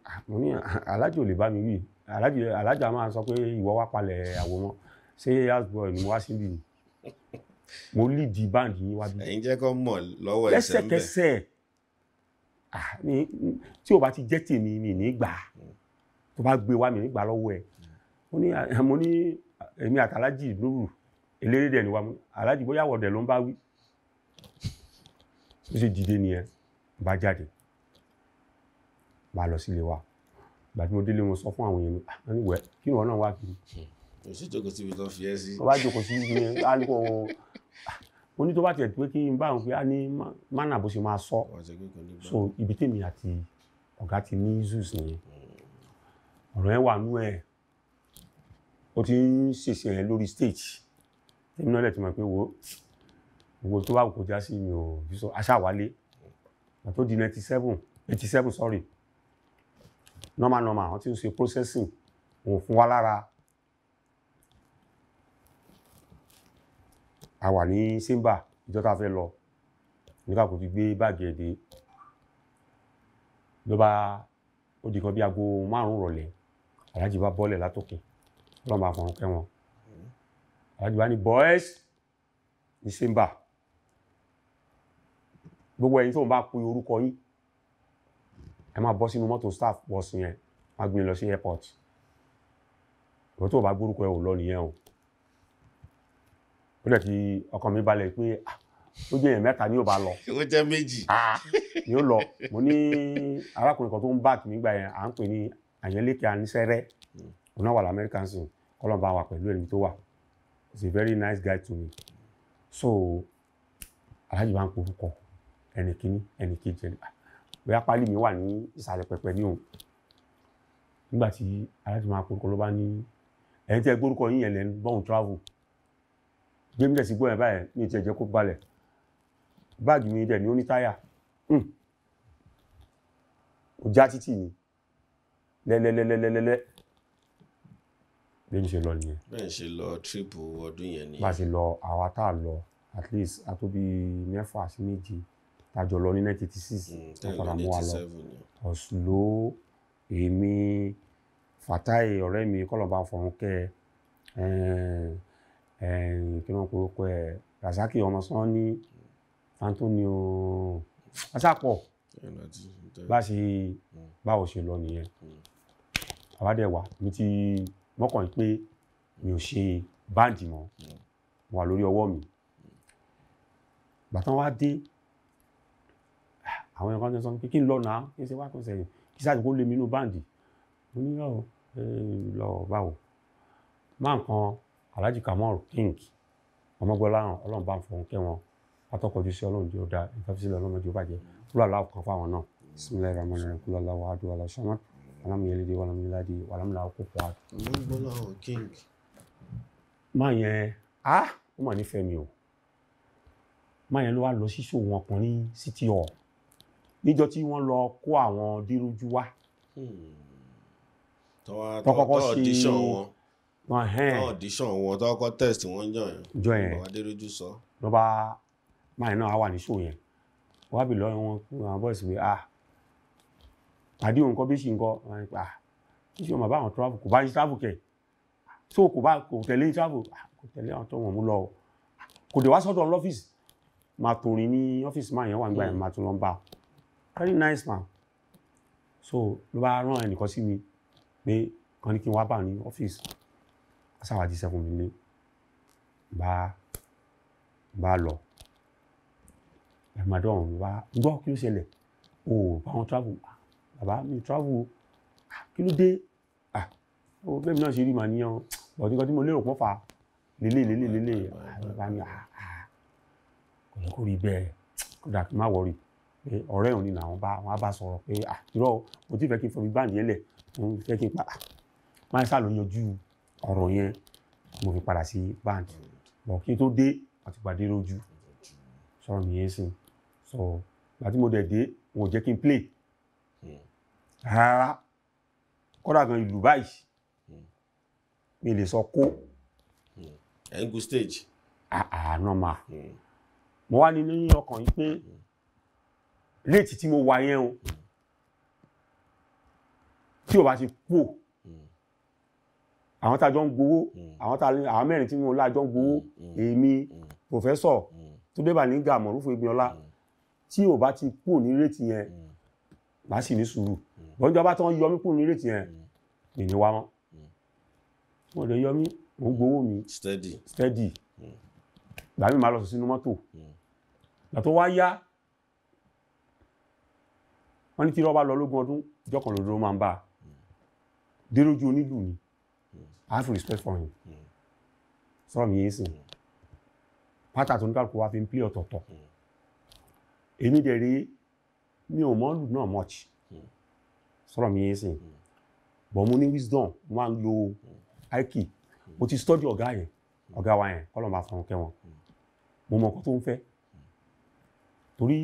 ah, mo ní alájì ò lè bá mi wí alájì alájà máa sọ pé ìwọ wá palẹ̀ àwo mọ́ ṣé yasboy ni mo wá síbí ni mo lead band yín wá bí. ẹ̀yin jẹ́ kó mọ̀ lọ́wọ́ ẹsẹ̀ ń lẹ́sẹ̀kẹsẹ̀ Ah, tí o bá ti jẹ́ tèmi mi nígbà tó bá gbé wá mi nígbà lọ́wọ́ ẹ̀ ó ní ah, mo ní èmi àtàlájì lóru eléré dẹ̀ ni wa mo alájì bóyá wọ̀dẹ̀ ló ń bá wí ó sì dìde nìyẹn bá jáde bá lọ sílé wa ìgbà tí mo délé mo sọ fún àwọn èèyàn ah, wọn ni wẹ kí wọn náà wá kiri. kò sí jókòó síbi tó fi ẹ sí. wọ́n bá jókòó síbi yẹn á ní kò mo ní tó bá tiẹ̀ pé kí n bá òun pé á ni mánà bó ṣe máa sọ so ibi tèmi àti ọ̀gá ti ní zeus nìyẹn ọ̀rọ̀ ẹ̀ wà nú ẹ̀ ó ti ń ṣèṣe ẹ̀ lórí stage tèmi náà lẹ̀ ti mọ̀ pé wo wo tó bá kò já sí mi ò fi sọ aṣáwálé tó di ninety seven eighty seven sorry normal normal wọ́n ti ń ṣe processing òun fún wa lára a wà ní simba ìjọ tá a fẹ́ lọ nígbà kò ti gbé báàgì ẹ̀ dé ló bá ó di kan bí aago márùn-ún rọ̀lẹ́ aláàjì bá bọ́lẹ̀ látòkè lọ́mọ àfọ̀rún kẹwọn aláàjì bá ní boys ní simba gbogbo ẹ̀yin tó ń bá pe orúkọ yín ẹ máa bọ́ sínú mọ́tò staff bọ́ọ̀sì yẹn máa gbé e lọ sí airport ìwọ́n tó bá gbórúkọ ẹ̀ ò lọ nìyẹn o ó dẹ̀ ti ọkàn mi balẹ̀ pé ah, ó jẹ́ èèyàn mẹ́ta ni yóò bá lọ. ó jẹ́ méjì. Ah, ni ó lọ mo ní arákùnrin kan tó ń báàkì nígbà yẹn à ń pè ní àyẹ̀lẹ́kẹ̀ anísẹ́rẹ́ òun náà wà lamẹ́ríkà sùn kọ́lọ́n wà pẹ̀lú ẹni tó wà he's a very nice guy to me so alájì bá ń porúkọ ẹnì kíní ẹnì kejì ẹnì ah, bóyá pálí mi wà ní ìsàlẹ̀ pẹpẹ ní òun nígbà tí alájì máa porúkọ ló bá ní ẹni tí ẹ gbórúkọ yín yẹn lẹ́nu bọ́ùn travel gbémi dẹ̀ sí gbóyàn báyẹn ní ti ẹ̀jẹ̀ kó balẹ̀ báàgì mi dẹ̀ ní ó ní táyà hmm. ó já títì ni lẹ́lẹ́lẹ́lẹ́lẹ́lẹ́ bẹ́ẹ̀ ṣe lọ nìyẹn. bẹ́ẹ̀ ṣe lọ tírípù ọdún yẹn nìyẹn. bá a ṣe lọ àwa tá a lọ at least a tó bí mẹ́fà sí méje tàjọ lọ ní 1986 hmm, tó padà mú wa lọ Oslo èmi Fatai ọ̀rẹ́ mi kọ́lọ̀ bá fọ̀rún kẹ́ ẹ̀ kí wọ́n korúkọ ẹ̀ Rasaki ọmọ sán ní Antonio asapọ̀ bá ṣe báwo ṣe lọ nìyẹn àbádẹ́wà mi ti mọ́kàn pé mi ò ṣe báǹdì mọ́ wà lórí ọwọ́ mi bàtán wá dé àwọn ẹ̀kọ́ sọ pé kí n lọ náà kí n ṣe wá kó sẹ́yìn kí sáà kó lè mí inú báǹdì mo ní lọ báwo máa nǹkan alhaji kamal king ọmọgbọ́lá hàn ọlọ́run bá ń fọhùn kẹ́ wọn atọ́kọ̀jú sí ọlọ́run jẹ́ ọ̀dà ìfẹ́fẹ́sílẹ̀ ọlọ́run jẹ́ bàjẹ́ kúlọ̀ aláwọ̀ kan fáwọn náà bisimilayi rahman rahim kúlọ̀ aláwọ̀ adu alasọ́mọ́ alámiyẹlẹ́dẹ́ wàlámiyẹlẹ́dẹ́ wàlámiyẹlẹ́ àkókò àdó. ọmọgbọ́lá hàn king. máa yẹn á ó mà nífẹ̀ẹ́ mi o máa yẹn ló wá lọ audition wọn tó kọ́ test wọn jọ yẹn jọ yẹn bàbá adérójú sọ. ló bá máa náà wà ní ṣò yẹn wá bì lọ́rọ̀ wọn kí wọn bọ́ọ̀sì pé ah pàdé òun kọ́ bí ṣì ń kọ́ ah kí ṣe wọn bàbá àwọn travel kò bá ṣe travel kẹ̀ so kò bá kò tẹ̀lé travel ah, kò tẹ̀lé àwọn tó wọn mú lọ kò dé wá sọ́dọ̀ lọ́fíìsì máa torin ní ọ́fíìsì máa yẹn wà nígbà yẹn máa tún lọ bá very nice man so ló bá rán ẹnìkan sí mi pé kan ní kí n wá bá ní ọ́fíìsì sáwà jíṣẹ́ fún mi ní bá bá lọ ẹ̀mọ̀dọ́ ọ̀hún wá gbọ́ kí ló ṣẹlẹ̀ o báwọn travel bàbá mi travel kí ló dé o bẹ́ẹ̀ mi náà ṣe rí màá níyàn ọ̀dí kan tí mo lérò pọ́n fa lélẹ̀ lélẹ̀ lélẹ̀ bàbá mi kò yẹ kó rí bẹ́ẹ̀ kódà kí n má wọrí pé ọ̀rẹ́ òun ni làwọn bá wọn bá sọ̀rọ̀ pé irọ́ o ti fẹ́ kí n fọ́ mi báńdì yẹn lẹ̀ òun fẹ́ kí n pa máa ń sá lọ yanjú ọ̀rọ̀ yẹn mo fi padà sí bank bọ̀ kí n tó dé àti pàdé lójú sọ̀rọ̀ mi yẹn sìn so láti mo dẹ̀ dé wọn ò jẹ́ kí n play rárá kódà gan ìlú báyìí mi lè sọ kó. ẹ̀ngù stage. àánú ma hmm. mo wá ní ní ọkàn yìí pé léètì tí mo wà yẹn o tí o bá ti kú àwọn tá a jọ ń gbowó mm. àwọn tá àwọn mẹ́rin tí wọn lájọ ń gbowó mm, mm, èmi pòfẹ́sọ̀ tó débà ní gàmọ rúfo Ìgbìnọlá tí ò bá ti kú ní rétí yẹn má sì ní sùúrù lọ́jọ́ bá tán yọ mí kú ní rétí yẹn mi ní wá mọ́ wọn lè yọ mí mo ń gbowó mi steady steady gbà mí máa lọ sọ sínú mọ́tò gbà tó wá yá wọ́n ní tí rọ́bà lọ lógún ọdún ìjọkànlódún máa ń bá a dérójú onílù ni. I have respect for him. Hmm. sọ̀rọ̀ mi yìí sìn hmm. pátá tó ní kálukú wa fi ń play ọ̀tọ̀ọ̀tọ̀ hmm. èmi dẹ̀ rí mi ò mọ̀ lù náà much sọ̀rọ̀ mi yìí sìn but mo ní wisdom mo máa ń lo IQ mo ti study ọ̀gá yẹn ọ̀gá wa yẹn kọ́lọ̀ máa fọ̀rọ̀ kẹwọn mo mọ̀ nǹkan tó ń fẹ́ torí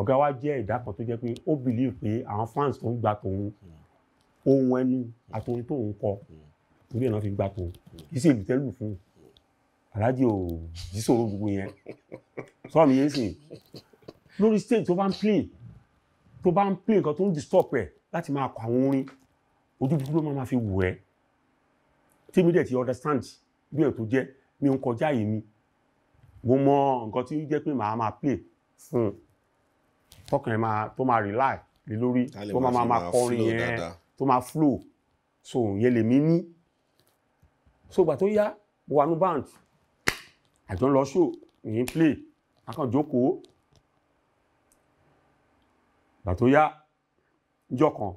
ọ̀gá wa jẹ́ ẹ̀dá kan tó jẹ́ pé ó believe pé àwọn fans tó ń gba tòun ohun ẹnu àtòun tóun kọ. Mm torí ẹ̀ náà fi gbapò kì í ṣe ìlùtẹ́lù fún aláàjì ò jísòro gbogbo yẹn sọ́ọ̀mù yẹn sì lórí stage tó bá ń play tó bá ń play nǹkan tó ń disturb ẹ̀ láti máa kọ àwọn orin ojú dúdú ló máa fi wù ẹ́ tèmi dẹ̀ ti understand bí ẹ̀ tó jẹ́ mi ń kọjá yìí mi mo mọ nǹkan tí jẹ́ pé màá máa play fún un tọkàn ẹ̀ máa tó máa rely lé lórí tó máa máa kọrin yẹn tó máa flow so yẹn lèmi ní so gbà tó yá wà ní band àjọ ń lọ show ní play akànjókòó gbà tó yá jọ kan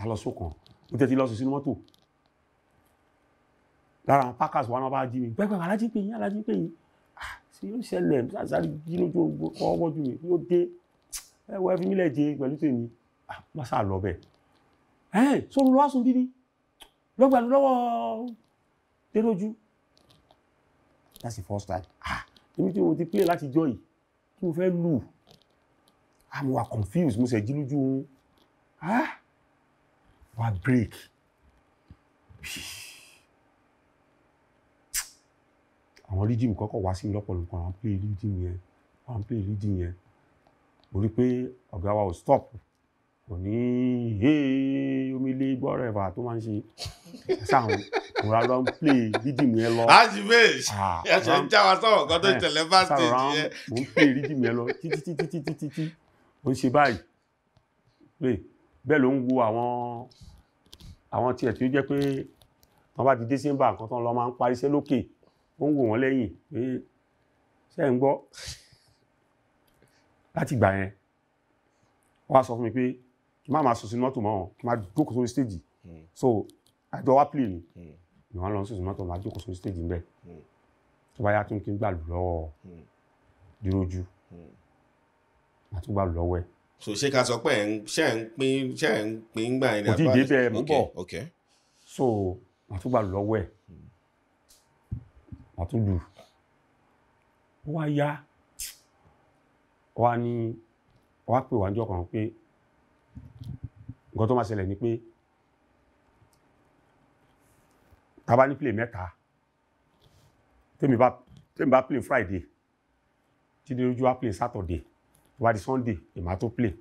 alọ́sọ kan ó tẹ́tí lọ́sọ sínú mọ́tò lára àwọn packers wà náà bá jí mi pẹ́pẹ́ alájí pé yín alájí pé yín sí ah, yóò ṣẹlẹ̀ sáré jí lójú ọwọ́ jù mí yóò dé ẹwọ ẹfí mílẹ̀ jẹ pẹ̀lú tèmi ah, má sáà lọ bẹ́ẹ̀ ẹ̀ sọ́run lọ́wọ́ sùn dídí lọ́gbàlú lọ́wọ́ dé lójú that's the first time ah èmi tí mo ti play láti jọ yìí kí mo fẹ́ lù ah mo wà confused mo ṣẹ̀ jí lójú oorun ah wà break àwọn rídìmù kọ́kọ́ wá sí mi lọ́pọ̀lọpọ̀ àwọn play rídìmù yẹn àwọn play rídìmù yẹn mo rí pé ọ̀gá wa ò stop kò ní omi lé gbọ́rọ̀ ẹ̀fà tó máa ń ṣe sáwọn rárá ń plé rídìmù yẹn lọ. azimage ah, ẹsẹ̀ ń já wa sọ̀rọ̀ kan tó tẹ̀lé eh, bá stage yẹn. mo ń plé rídìmù yẹn lọ títí títí títí títí ó ń ṣe báyìí pé bẹ́ẹ̀ ló ń wo àwọn àwọn tiẹ̀ tí ó jẹ́ pé wọ́n bá di December nǹkan tán lọ máa ń parí iṣẹ́ lókè ó ń wò wọ́n lẹ́yìn pé ṣe ń gbọ́ láti ìgbà yẹn wọ́n á sọ fún mi pé kí má máa sùn sínú mọ́tò mọ́ wọn kí má jókòó sórí stage hmm. so àjọ wá play ni. Hmm ni wọ́n lọ sùn mọ́tò máa jókòó sórí stage ńbẹ̀ hmm. tó bá yá tún kí n gbàlù lọ́wọ́ hmm. Dúrójú hmm. máa tún gbàlù lọ́wọ́ ẹ̀. so ṣé ká sọ pé ẹ̀ ń ṣe ẹ̀ ń pín ṣe ẹ̀ ń pín gbà yín ní abáyé kò tí ì dé bẹ́ẹ̀ mú so máa tún gbàlù lọ́wọ́ ẹ̀ máa tún lù ó wá yá ó wá ní ó wá pè wá ń jọ pé nǹkan tó máa ṣẹlẹ̀ ni pé. tá a bá ní play mẹ́ta tèmi bá tèmi bá play friday dídójú á play saturday tó bá di sunday èmà tó play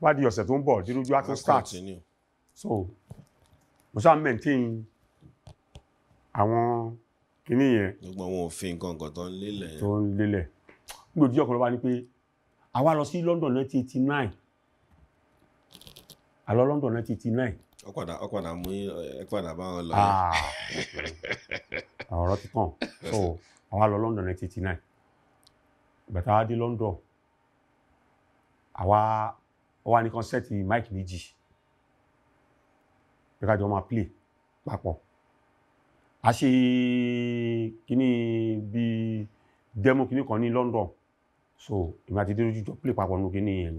tó di ọ̀sẹ̀ tó ń bọ̀ dídójú á tún start so mo ṣáà maintain àwọn kìíní yẹn. gbogbo àwọn òfin kankan tó ń lélẹ̀ tó ń lélẹ̀ gbòdì ọkùnrin wa ni pé àwa lọ sí london nineteen eighty nine london nineteen ọ̀padà ọ̀padà mú ẹ̀padà bá wọn lọ. Ah, ọ̀rọ̀ ti tàn so àwa lọ London ní eighty nine bàtà wá dé London àwa wà ní kọ́nsẹ́ẹ̀tì Mike méjì bí ká jọ máa play papọ̀ a ṣe kíní bíi demo kíní kan ní London so èmi àti dérújú jọ play papọ̀ nù kíní yẹn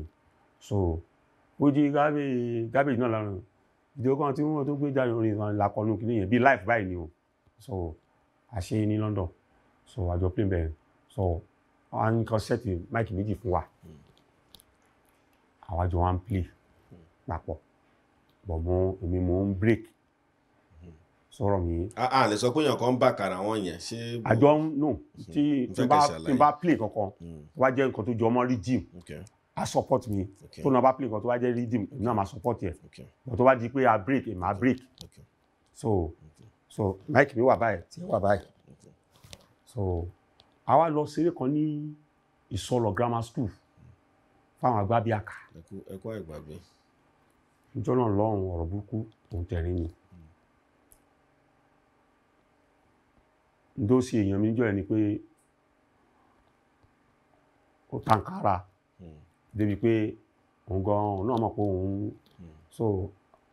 so ó di gábéèjì náà lánàá ìdíwọ́ kan tí wọ́n tó gbé jáde orin ìwọ̀n lakọnu kìíní yẹn bí life báyìí ni o so àṣẹ ní London so àjọ plane bẹ̀rẹ̀ so wọ́n á ní kan sẹ́ẹ̀tì máìkì méjì fún wa àwa jọ wọ́n play papọ̀ bọ̀ mo èmi mo ń break sọ̀rọ̀ mi. a lè sọ pé èèyàn kan ń bà kàrà wọn yẹn ṣé. àjọ no hmm. tí n bá play kankan hmm. wá jẹ́ nǹkan tó jọ mọ́ rí gym a support mi tó náà bá play kan tó bá jẹ́ rhythm èmi náà máa support yẹ but tó bá di pé a break èmi á break so so mic mi wà báyìí tí wà báyìí so a wá lọ ṣeré kan ní ìsọlọ grammar school fáwọn agbábíàkà ẹ̀kọ́ ìgbàgbé níjọ́ náà lọ́rùn ọ̀rọ̀ burúkú òun tẹ̀rín mi hmm. ndó sí èèyàn mi níjọ́ ẹ̀ ni pé ó tànkárà débi pé òun gan òun náà mọ̀ pé òun hmm. so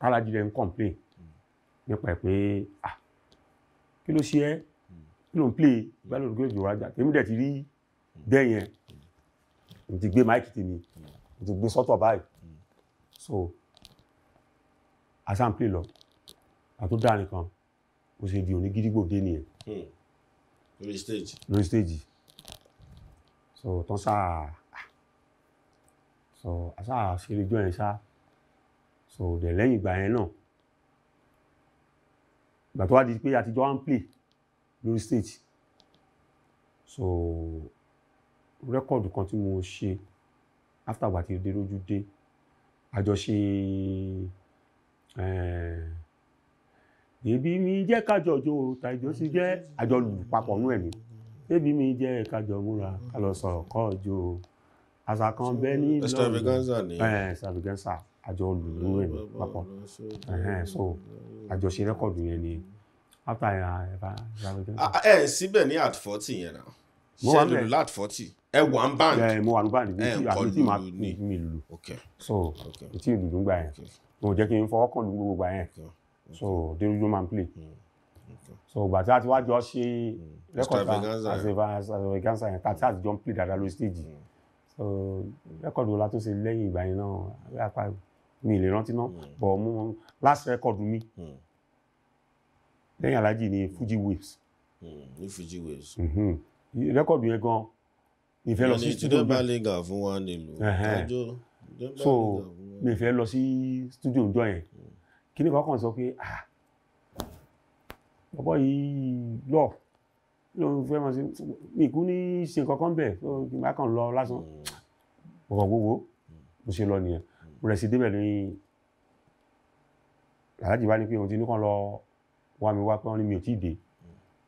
kálájí rẹ̀ ń complain hmm. nípa ẹ̀ pé ah kí ló ṣe ẹ́ hmm. kí ló ń play gbálò lórí òjò wájà èmi dẹ̀ ti rí bẹ́ẹ̀ yẹn mo ti gbé máìkì tèmi mo ti gbé sọ́tọ̀ báyìí so asan play lọ àtó dáa nìkan ó ṣe di onígídígbò dé nìyẹn lórí stage lórí stage so tán sáà so àṣà àṣíríjọ yẹn ṣá so dẹ̀ lẹ́yìn ìgbà yẹn náà ìgbà tó wá di pé àtijọ́ wá ń play lórí stage so record kan tí mo ṣe after ìgbà tí dé lójú dé àjọṣe eh, bèbí mi jẹ́ kájọ jo tàìjọ sí jẹ́ àjọlù papọ̀ nú ẹ̀ ní bèbí mi jẹ́ kájọ múra ká lọ sọ̀rọ̀ kọ́ ọjọ́ o àṣà kan bẹ ní ìlọrin extravaganza ni extravaganza àjọ olùdúró ẹ̀ papọ̀ so àjọṣe rẹ́kọ̀dù yẹn ni after uh, extravaganza. ẹ síbẹ̀ ní at forty yẹn náà ṣe lulu lat forty ẹ wà ń band ẹ mo wà ń band mi tí àbí tí màá mi lù so tí ìlú ń gbà yẹn mo jẹ́ kí n fọwọ́ kàn lù gbogbo gbà yẹn so dérójú máa ń play hmm. so ìgbà tí a ti wá jọ ṣe rẹ́kọ̀dà àti extravaganza yẹn ká tí a ń play dáadáa lórí stage. Mm rẹ́kọ̀dù la tó ṣe lẹ́yìn ìgbà yẹn náà apá mi lè rántí náà bọ̀ mú wọn last rẹ́kọ̀dù mi hmm. lẹ́yìn alájì ni Fuji Waves. Hmm, ní Fuji Waves. Mm-hmm. rẹ́kọ̀dù yẹn gan mi fẹ́ lọ sí studio mi. ìyẹn bá lè fún wa nílùú kájọ. so mi fẹ́ lọ sí studio ọjọ́ yẹn hmm. kí ni kọ́kàn sọ pé ah bọ́bọ́ yìí lọ ló ń fẹ́ mọ̀ sí mi kú ní ṣe kankan bẹ́ẹ̀ kí n bá kàn lọ lásán mo gbogbo mo ṣe lọ nìyẹn mo rẹ̀ sí débẹ̀ ní aláàjì bá ní pé òun ti ní lọ wá mi wá pé wọ́n ní mi ò tí dé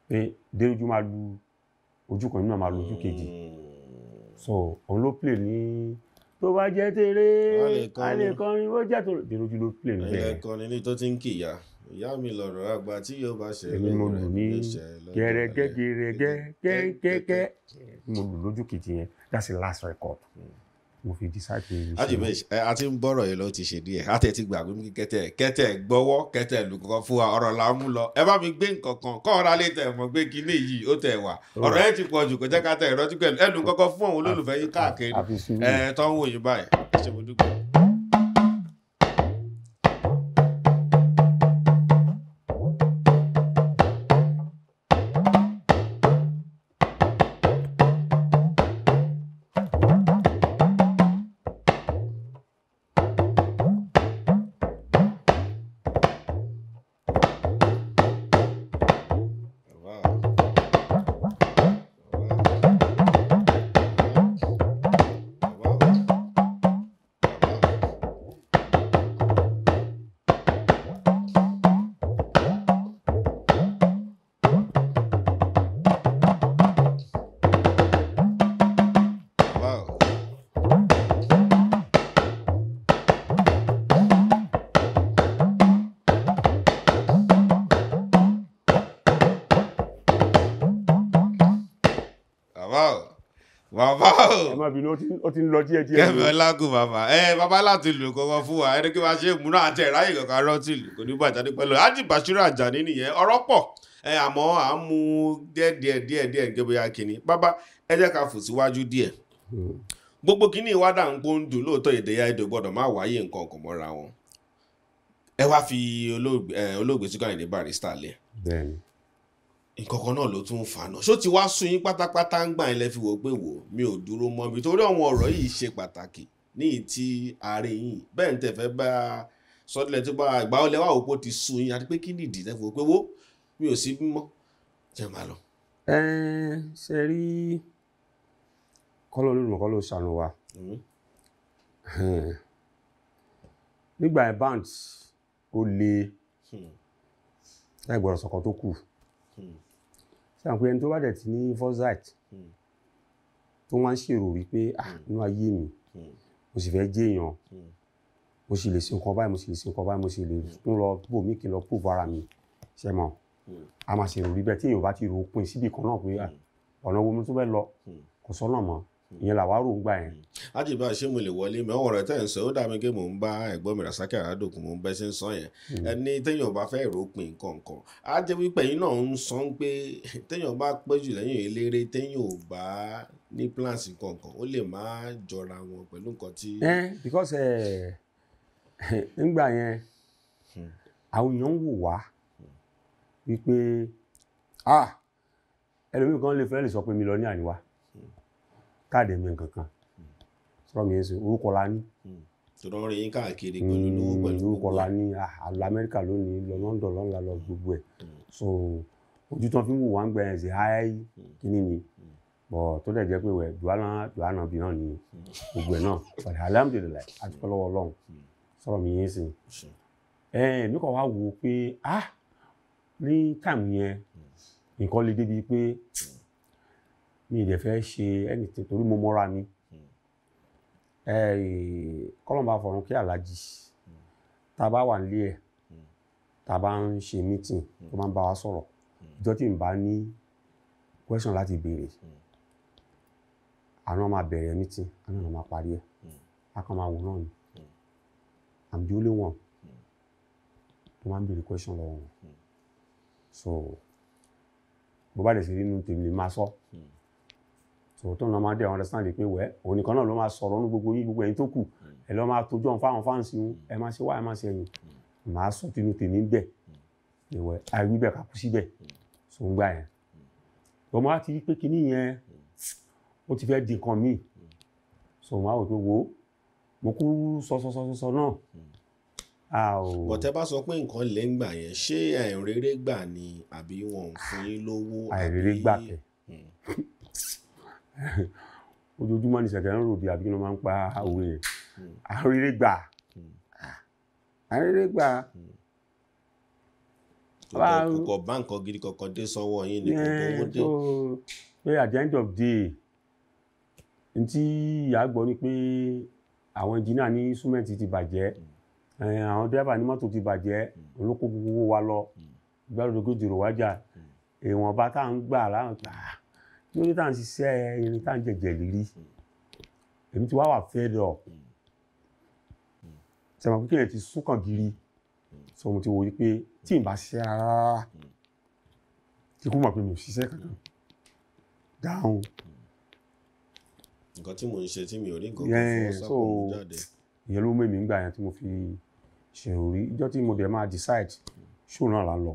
pé dérójú máa lu ojú kan nínú máa ojú kejì so òun ló play ní tó bá jẹ́ tèrè alẹ́kọrin ó jẹ́ tó dérójú ló play ní bẹ́ẹ̀. ẹ̀ẹ́kọrin ní tó ti ń kìyà ìyá mi lọ̀rọ̀ àgbà tí yóò bá ṣe ẹ̀mí mo lù ní gẹ̀rẹ́gẹ́ gẹ̀rẹ́gẹ́ gẹ́gẹ́gẹ́ mo lù lójú kejì yẹn that's the last record. Mm mo fi decide pé. ajibes a ti ń bọ̀rọ̀ yìí ló ti ṣe díẹ̀ a tẹ̀ ti gbàgbé mi kẹ́tẹ̀ kẹ́tẹ̀ gbọ́wọ́ kẹ́tẹ̀ lùkọ́ fún wa ọ̀rọ̀ là ń mú lọ ẹ bá mi gbé nǹkan kan kọ́ ọ̀rọ̀ alẹ́ tẹ̀ mọ́ gbé kinní yìí ó tẹ̀ wá ọ̀rọ̀ ẹ̀ ti pọ̀ jù kò jẹ́ ká tẹ̀ ìrọ́jú pẹ̀lú ẹnu kọ́kọ́ fún àwọn olólùfẹ́ yín káàkiri ẹ̀ tọ́wọ́ yín báyìí ẹ ṣe mo dúpẹ́. bàbá o ẹ má bínú ó ti ń lọ díẹ̀ díẹ̀ kẹfẹ lágùn bàbá ẹ bàbá láti lù kọkọ fún wa ẹni kí wàá ṣe ìmúná àti ẹ̀ráyè kankan rántí lù kò ní bàjẹ́ ní pẹ́lú ájì Bashiru Àjàní nìyẹn ọ̀rọ̀ pọ̀ ẹ àmọ́ à ń mú díẹ̀díẹ̀ díẹ̀díẹ̀ gẹ́bẹ́yà kìíní bàbá ẹ jẹ́ ká fò síwájú díẹ̀ gbogbo kìíní ìwádà ń gbóǹdù lóòótọ́ èdè ya èdè gbọ́dọ̀ má wáyé nǹkan ọ̀kan mọ́ra wọn ẹ wá fi olóògbé Síkàyìndé Barrister lẹ̀ nǹkan kan náà ló tún ń fa náà ṣó ti wá sún yín pátápátá ń gbà yín lẹ́ fi wò pé wò mi ò dúró mọ́ ibi torí àwọn ọ̀rọ̀ yìí ṣe pàtàkì ní ti ààrẹ yìí bẹ́ẹ̀ ń tẹ̀fẹ́ bá sọ́dílẹ̀ tó bá ìgbà ọ̀lẹ́ wà òpó ti sún yín àti pé kí nìdí lẹ́ fi wò pé wò mi ò sí mọ́ jẹ́ máa lọ. ẹ ṣe rí kọ́lọ́ lónìí kọ́lọ́ ṣàánú wa hmm. nígbà ẹ̀ báǹtì ó le hmm. ẹgbẹ̀rún sọ̀kan tó kù. Hmm Hmm. ṣé àwọn ẹni tó bá dẹ̀ ti ní foresight hmm. tó wá ń ṣèrò wípé ah inú ayé mi mo sì fẹ́ jẹ́ mo sì lè ṣe nǹkan báyìí mo sì lè ṣe nǹkan báyìí mo sì lè tún lọ bò mí kí n lọ kó bára mi ṣe mọ a máa ṣèrò rí bẹ́ẹ̀ tí èèyàn bá ti rò ó pin síbi kan náà pé ọ̀nà wo mo tún fẹ́ lọ kò sọ́nà mọ́ ìyẹn làwa rò ń gbà yẹn. àjìbá ṣé mo lè wọlé mẹ́wọ̀n rẹ̀ tẹ̀ ń sọ ó dà mí pé mò ń bá ẹ̀gbọ́n mi Rasaki Arádòkun mò ń bẹ́ ṣe ń sọ yẹn hmm. ẹni téèyàn bá fẹ́ ròpin kọ̀ọ̀kan á jẹ́ wípé yín náà ń sọ pé téèyàn bá pẹ́ jù lẹ́yìn eléré téèyàn ò ní plans kọ̀ọ̀kan ó lè má jọra wọn pẹ̀lú nǹkan tí. ẹ because nígbà yẹn hmm. àwọn èèyàn ń wò wá wípé ah ẹlòmíì kan lè fẹ́ lè sọ pé mi lọ ní àníwá káàdì ẹ̀mí nǹkan kan sọ̀rọ̀ mi yẹn sọ orúkọ la ní. Hmm. tọ́lọ́ rẹ̀ yín káàkiri hmm, pẹ̀lú lówó pẹ̀lú gbogbo orúkọ la ní àlọ́ ah, Amẹ́ríkà lónìí lọ London lọ́nà lọ gbogbo ẹ̀ hmm. so ojú tán fi ń wò wá ń gbẹ ẹ̀ sí háyáyí kíní ni bọ̀ tó dẹ̀ jẹ́ pé wẹ̀ duwana duwana bí náà ni gbogbo ẹ̀ náà pàdé alhamdulilayi àtúkọ́ lọ́wọ́ Ọlọ́run sọ̀rọ̀ mi yẹn sìn ẹ̀ mi kàn wá wò pé ah ní táìmù yẹn nǹkan lè débi pé mi ì dẹ̀ fẹ́ ṣe anything torí mo mọ́ra mi hmm. kọ́lọ́mbà fọ̀run kí aláàjì hmm. tá a bá wà nílé ẹ̀ hmm. tá bá ń ṣe meeting tó máa ń bá wa sọ̀rọ̀ ìjọ tí n bá ní question láti béèrè àná máa bẹ̀rẹ̀ meeting àná máa parí ẹ̀ a kàn máa wò náà ni I'm the only one tó máa ń béèrè question lọ́wọ́ so bó bá dẹ̀ sí nínú tèmi lè máa sọ. So, tòótọ́ náà máa dé àwọn understand pé wẹ́ òun nìkan náà ló máa sọ̀rọ̀ ní gbogbo yín gbogbo ẹ̀yin tó kù hmm. ẹ lọ́ máa tójú ọ̀nfà àwọn fáǹsì wọn ẹ máa ṣe wá ẹ máa ṣe ẹ̀yìn hmm. màá sọ tinú tèmi ń bẹ̀ hmm. ìwẹ̀ àìrí bẹ̀ kàkú síbẹ̀ tó ń gbà yẹn. ọmọ wa ti rí pé kinní yẹn ó ti fẹ́ di nǹkan míì so mo wò pé wo mo kú sọsọsọsọ náà. bọ̀tẹ́ bá sọ pé nǹkan lè ń gbà yẹn ṣé àìrèrè gbà ni àbí wọn ò fún yín lówó àbí ojoojúmọ́ ni ṣẹ̀kẹ̀ ń ròde àbí kí ló máa ń pa òwe yẹn àríré gbà àríré gbà. kòkò bá nǹkan gidi kọ̀ọ̀kan dé sọ́wọ́ yín ni kòkò owó dé. pé at the end of day n tí ìyá gbọ́ ni pé àwọn engineer ní súnmẹ́ǹtì ti bàjẹ́ hmm. àwọn dẹ́rẹ́bà ní mọ́tò ti bàjẹ́ hmm. olóko gbogbo wa lọ hmm. gbẹ́rù lókè jùlọ wájà èèwọ̀n tá à ń gbà láwọn gbà ah, níbi tá à ń ṣiṣẹ́ irin tá à ń jẹjẹ rírí hmm. èmi ti wá wà fed up sẹ̀mọ̀ hmm. pé kílẹ̀ ti súnkàn gírí hmm. sọ mo ti wò wípé tí n bá ṣiṣẹ́ rárá kí kú mọ̀ pé mi ò ṣiṣẹ́ kankan dáhùn. nǹkan tí mò ń ṣe tí mi ò rí nǹkan kan fún sápò mi jáde. ìyẹn ló mú èmi gbà yẹn tí mo fi ṣèrò rí ìjọ́ tí mo dẹ̀ máa decide show náà là ń lọ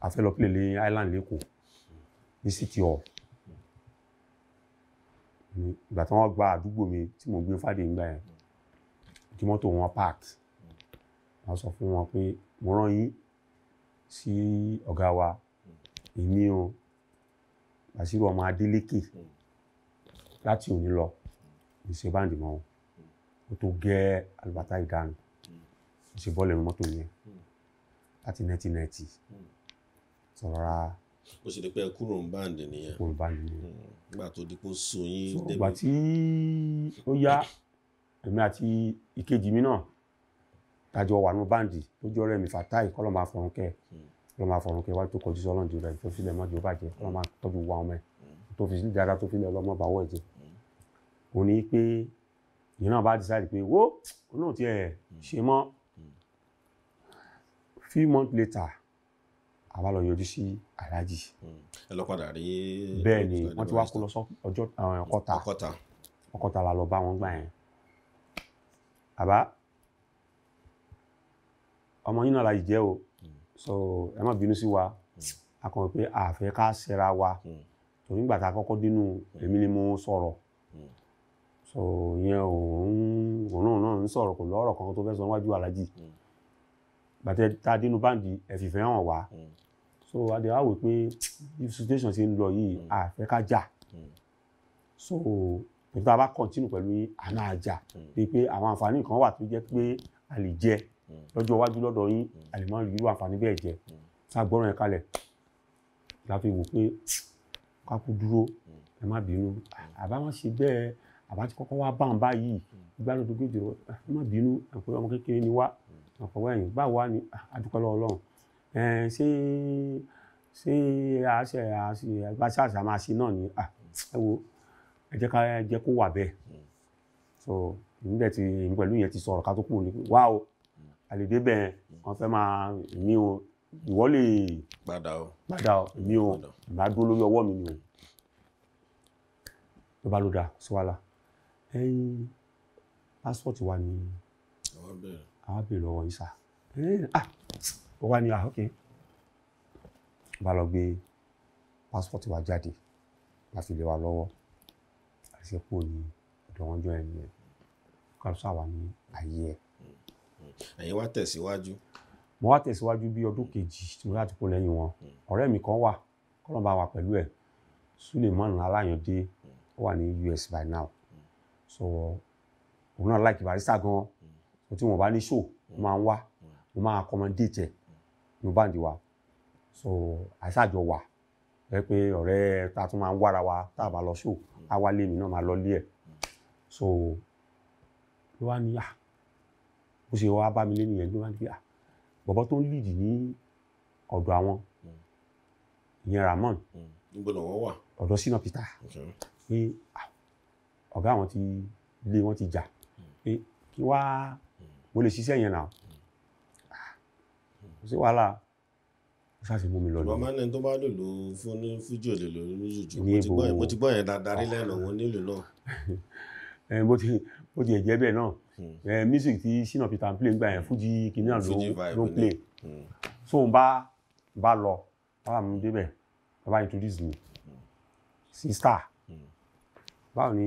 a lọ play ní island lẹ́kọ̀ọ́ ní city hall ìgbà tí wọ́n gba àdúgbò mi tí mo gbé fàdé ńgbà yẹn kí mọ́tò wọn park wọ́n sọ fún wọn pé mo rán yín sí ọ̀gá wa èmi o Bàṣírù ọmọ Adélékè láti òní lọ ìṣe báǹdì mọ́ wọn ó tó gẹ́ alùbátà ìdánù ìṣe bọ́ọ̀lù ẹ̀rọ mọ́tò yẹn láti nẹ́tì sọ̀rọ̀ rárá ó sì di pé kúrò ń báǹdì nìyẹn kúrò ń báǹdì nìyẹn nígbà tó di pé ó so yín débi. ìgbà tí ó yá èmi àti ìkejì mi náà tájọ wà nù báǹdì lójú ọ̀rẹ́ mi Fatai kọlọ máa fọrùn kẹ hmm. kọlọ máa fọrùn kẹ wá tó kọjú sọlọ ju rẹ tó filẹ mọjú ó bàjẹ́ kọlọ máa tọ́jú wa ọmọ ẹ hmm. tó fi dáadáa tó filẹ ọlọmọ bàwọ ẹ jẹ òun hmm. ni pé ìyẹn náà bá decide pé wo òun náà ṣe mọ́ few months later àwa lọ yọjú sí aláàjì. Hmm. ẹ lọ padà rí. bẹ́ẹ̀ ni wọ́n ti wá kó lọ sọ ọjọ́ eh, ọkọta ọkọta la lọ bá wọn gbà yẹn. àbá ọmọ yín náà la yìí jẹ́ o hmm. so ẹ má bínú sí wa hmm. a kàn pé àfẹ́ ká ṣẹra wa tó nígbà tá dínú èmi ni mo sọ̀rọ̀ so ìyẹn òun òun náà ń sọ̀rọ̀ kò lọ́rọ̀ kan tó fẹ́ sọ níwájú aláàjì. Mm gbàtẹ́ tá a dínú báǹdì ẹ̀fìfẹ́ hàn wá hmm. so adé wa wò pé if situation ti ń lọ yìí àfẹ́ hmm. ká jà hmm. so pẹ̀lú tá a bá kọ̀ntínú pẹ̀lú yín àná àjà bíi pé àwọn àǹfààní kan wà tó jẹ́ pé a lè jẹ lọ́jọ́ iwájú lọ́dọ̀ yín a lè má rí irú àǹfààní bẹ́ẹ̀ jẹ sá gbọ́ràn yẹn kalẹ̀ la fi wò pé kákú dúró ẹ má bínú àbá wọn ṣe bẹ́ẹ̀ àbá ti kọ́kọ́ wá bá ń báyìí ìgbàlódé gbèjọ ah, ẹ má bínú àpò ọmọ kékeré ni wá ọ̀fọ̀wọ́ ẹ̀yìn báwo wá ní adúpẹ́ lọ́wọ́ ọlọ́run ṣé ṣé àṣẹ àṣẹ àgbàṣà àṣàmáṣe náà ni ẹ wo ẹ jẹ́ ká ẹ jẹ́ kó wà bẹ́ẹ̀ so èmi dẹ̀ ti èmi pẹ̀lú yẹn ti sọ̀rọ̀ ká tó kúrò ní wá o àlèdè bẹ́ẹ̀ wọ́n fẹ́ máa èmi o ìwọ lè padà o padà o èmi o ìbá dúró lórí ọwọ́ mi ni o ló bá ló dáa sí wàhálà ẹyin pásítọ̀tì wa ni. ọ̀bẹ̀rẹ̀ àwọn á bèrè lọ́wọ́ isa ah ó wá ní ah ok bá lọ gbé pásítọ̀tì wa jáde bá fi lé wa lọ́wọ́ àti pò ní ọ̀dọ̀ wọn jọ ẹni ẹ̀ kárọ́sà wà ní ayé ẹ̀. ẹ̀yin wá tẹ̀síwájú. mo wá tẹ̀síwájú bí ọdún kejì tí mo láti kó lẹ́yìn wọn ọ̀rẹ́ mi kan wà kọ́nà bá wà pẹ̀lú ẹ̀ Suleiman Aláyàndé ó wà ní US by now so òun náà láìkí barista gan-an tí wọn bá ní show mo máa ń wá mo máa accommodate ẹ ní báńdì so àṣàjọ wà ẹ pé ọ̀rẹ́ ta tún máa ń wára wa tá a bá lọ show á mi náà máa lọ lé ẹ so ló wá ní à bó ṣe wá bá mi lé nìyẹn ló wá ní à bọ̀bọ̀ tó ń lìdì ní ọ̀dọ̀ àwọn ìyẹn Ramon ọ̀dọ̀ sínú Peter pé ọ̀gá àwọn ti lé wọn ti jà pé kí wá mo lè ṣiṣẹ́ yẹn náà kò sí wàhálà ó ṣáà ti mú mi lọ lọ. bàbá náà tó bá lòlò fún ní fújì òlè lórí ní jùjú mo ti gbọ́ yẹn dáadáa rí lẹ́nu òun nílùú náà. bó ti ẹ̀jẹ̀ bẹ́ẹ̀ náà hmm. music ti Shina Peter play gbà yẹn fújì kìnìún náà ló play hmm. so n bá bá lọ bàbá mi débẹ̀ bàbá introduce mi sí hmm. star báwo ni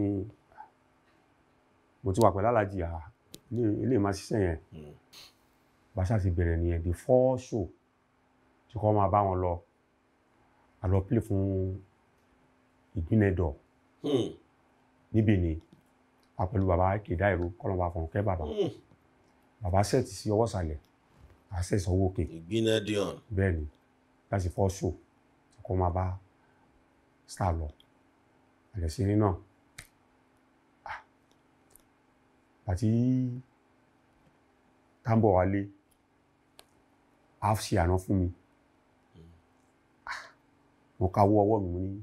mo ti wà pẹ̀lú alájì àá ilé máa ṣiṣẹ́ yẹn hmm. bàṣà ti bẹ̀rẹ̀ nìyẹn the four show tí kò máa bá wọn lọ àlọ́ play fún ìgbínẹ̀dọ̀ hmm. níbi ni a pẹ̀lú bàbá kéda ìró kọ́nà bá fọ̀n kẹ́ bàbá hmm. bàbá sẹ́ẹ̀tì sí ọwọ́ sàlẹ̀ àṣẹ ìsanwó òkè ìgbínẹ̀dọ̀ bẹ́ẹ̀ ni láti four show tí kò máa bá star lọ àlẹ́sẹ̀rẹ̀ náà. àti Támbọ̀wálé á ṣe àná fún mi ah, mo káwọ́ ọwọ́ mi ní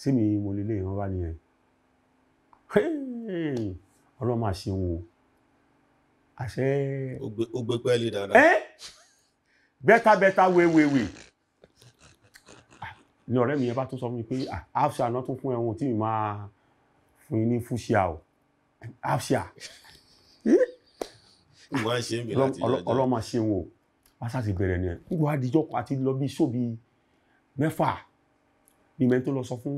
sí mi mo lè lé ìran bá nìyẹn ọlọ́run máa ṣe wọn àṣẹ ó gbé pẹ́ẹ́lì ẹ́ bẹ́ta bẹ́ta wéwèwè ah, ni ọ̀rẹ́ mi yẹn bá tún sọ mi pé ah, àfṣà náà tún fún ẹ̀wọ̀n tí mi máa fún ní fúṣíà o afsia ọlọ́mà ṣe wọn o wọ́n sá ti bẹ̀rẹ̀ ni ẹ̀ nígbà àdìjọ́ àti lọ bí sóbi mẹ́fà ni mẹ́rin tó lọ sọ fún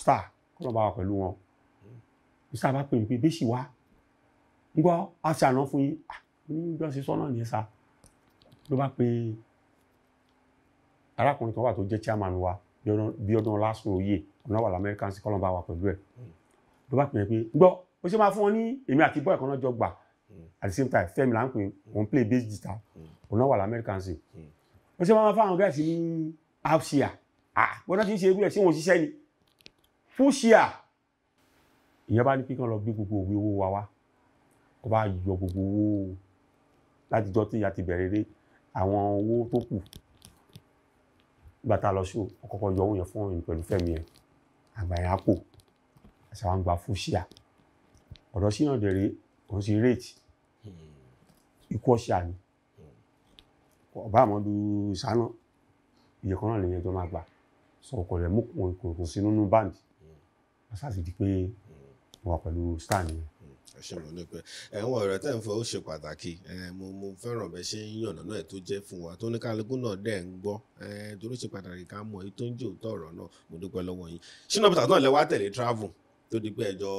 star kọ́ lọ́ba wa pẹ̀lú wọn star bá pè mí pé bẹ́sì wá nígbà afsia náà fún yín ah, ní bí wọ́n ṣe sọ́nà nìyẹn sá ló bá pe arákùnrin kan wà tó jẹ́ chairman wa bí ọdún ọlásùn òye ọ̀nà wà lamẹ́ríkà sí kọ́ lọ́ba pẹ̀lú ẹ̀ ló bá pè mí pé gbọ́ ó ṣe máa fún wọn ní èmi àti bọ́ọ̀ ẹ̀kan náà jọ gbà hmm. at the same time Fẹ́mi là ń pè hmm. òun play bass guitar hmm. òun náà wà lamẹ́ríkà sí ó ṣe máa fáwọn gáàsì ní afsia ah bọ́dọ̀ ti ń ṣe irú ẹ̀ ṣé wọn ṣiṣẹ́ ni fúṣìà ìyẹn bá ní pé kán lọ gbé gbogbo òwe owó wa wá kó bá yọ gbogbo owó láti jọ tí ìyá ti bẹ̀rẹ̀ eré àwọn owó tó kù gbàtà lọ ọkọ̀ọ̀kan yọ owó yẹn fún òun Fẹ́mi yẹn àgbà yẹn á pò àṣà wa gba fúṣìà ọ̀rọ̀ sí náà dẹ̀rẹ̀ òun sì rèétì ikú ọ̀ṣà ni ọba àmọ́dù sánà iye kan náà lèyẹn tó máa gbà sọ ọkọ̀ rẹ̀ mú kò sínú nú báńdì lọ́sàtì di pé wà pẹ̀lú star nìyẹn ṣe mọ̀ ní pé ẹ̀wọ̀n ọ̀rọ̀ tẹ̀ ń fọ ó ṣe pàtàkì mo mo fẹ́ràn bẹ́ẹ̀ ṣe ń yànnà náà tó jẹ́ fún wa tó ní kálukú náà dẹ̀ ń gbọ́ torí ṣe pàtàkì ká mọ̀ èyí tó ń jẹ́ òótọ́ ọ̀rọ̀ náà mo dúpẹ́ lọ́wọ́ yín ṣínà bàtà náà lẹ́wọ́ àtẹ̀lé travel tó di pé ẹjọ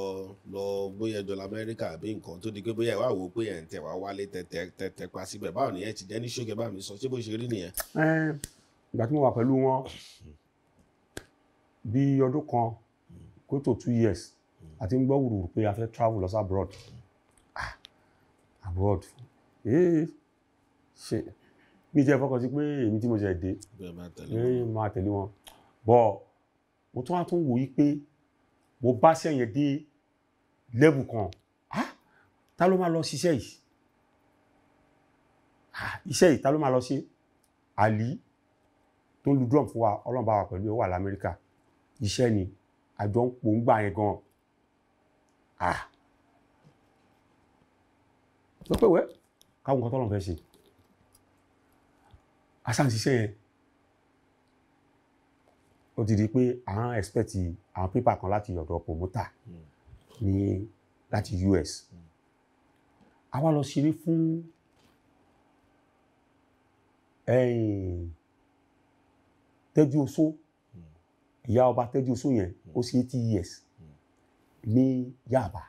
lọ bóyá ẹjọ lọ Amẹ́ríkà àbí nǹkan tó di pé bóyá ìwà wò pé ẹ ń tẹ wá wálé tẹtẹ tẹtẹ pa síbẹ̀ báwo nìyẹn ti jẹ ní ṣókè bá mi sọ ṣé bó ṣe rí nìyẹn. ìgbà tí mo wà pẹ̀lú wọn bí ọdún kan kó tó two years àti ń gbọ́ wùrùwùrù pé a fẹ́ travel lọ sí abroad ah, abroad ee eh, ṣe mi jẹ́ fọkàn sí pé èmi tí mo jẹ dé eh, máa tẹ̀lé wọn bọ́ mo tún wá tún wò yí pé mo bá sẹ́yìn dé lẹ́bù kan ah ta ló máa lọ ṣiṣẹ́ yìí ah iṣẹ́ yìí ta ló máa lọ ṣe àlì tó ń lu drum fún wa ọlọ́run wa pẹ̀lú ẹ̀ lamẹ́ríkà iṣẹ́ ni àjọ ń pò ń gbà yẹn gan ah ló pé wẹ́ káwọn nǹkan tọ́lọ́run fẹ́ ṣe asáǹsíṣẹ́ yẹn ó ti di pé à ń expect àwọn pépà kan láti ọ̀dọ̀ promoter ní láti US a wá lọ ṣeré fún tẹ́jú oṣó ìyá ọba tẹ́jú oṣó yẹn ó ṣe eighty years ní Yaba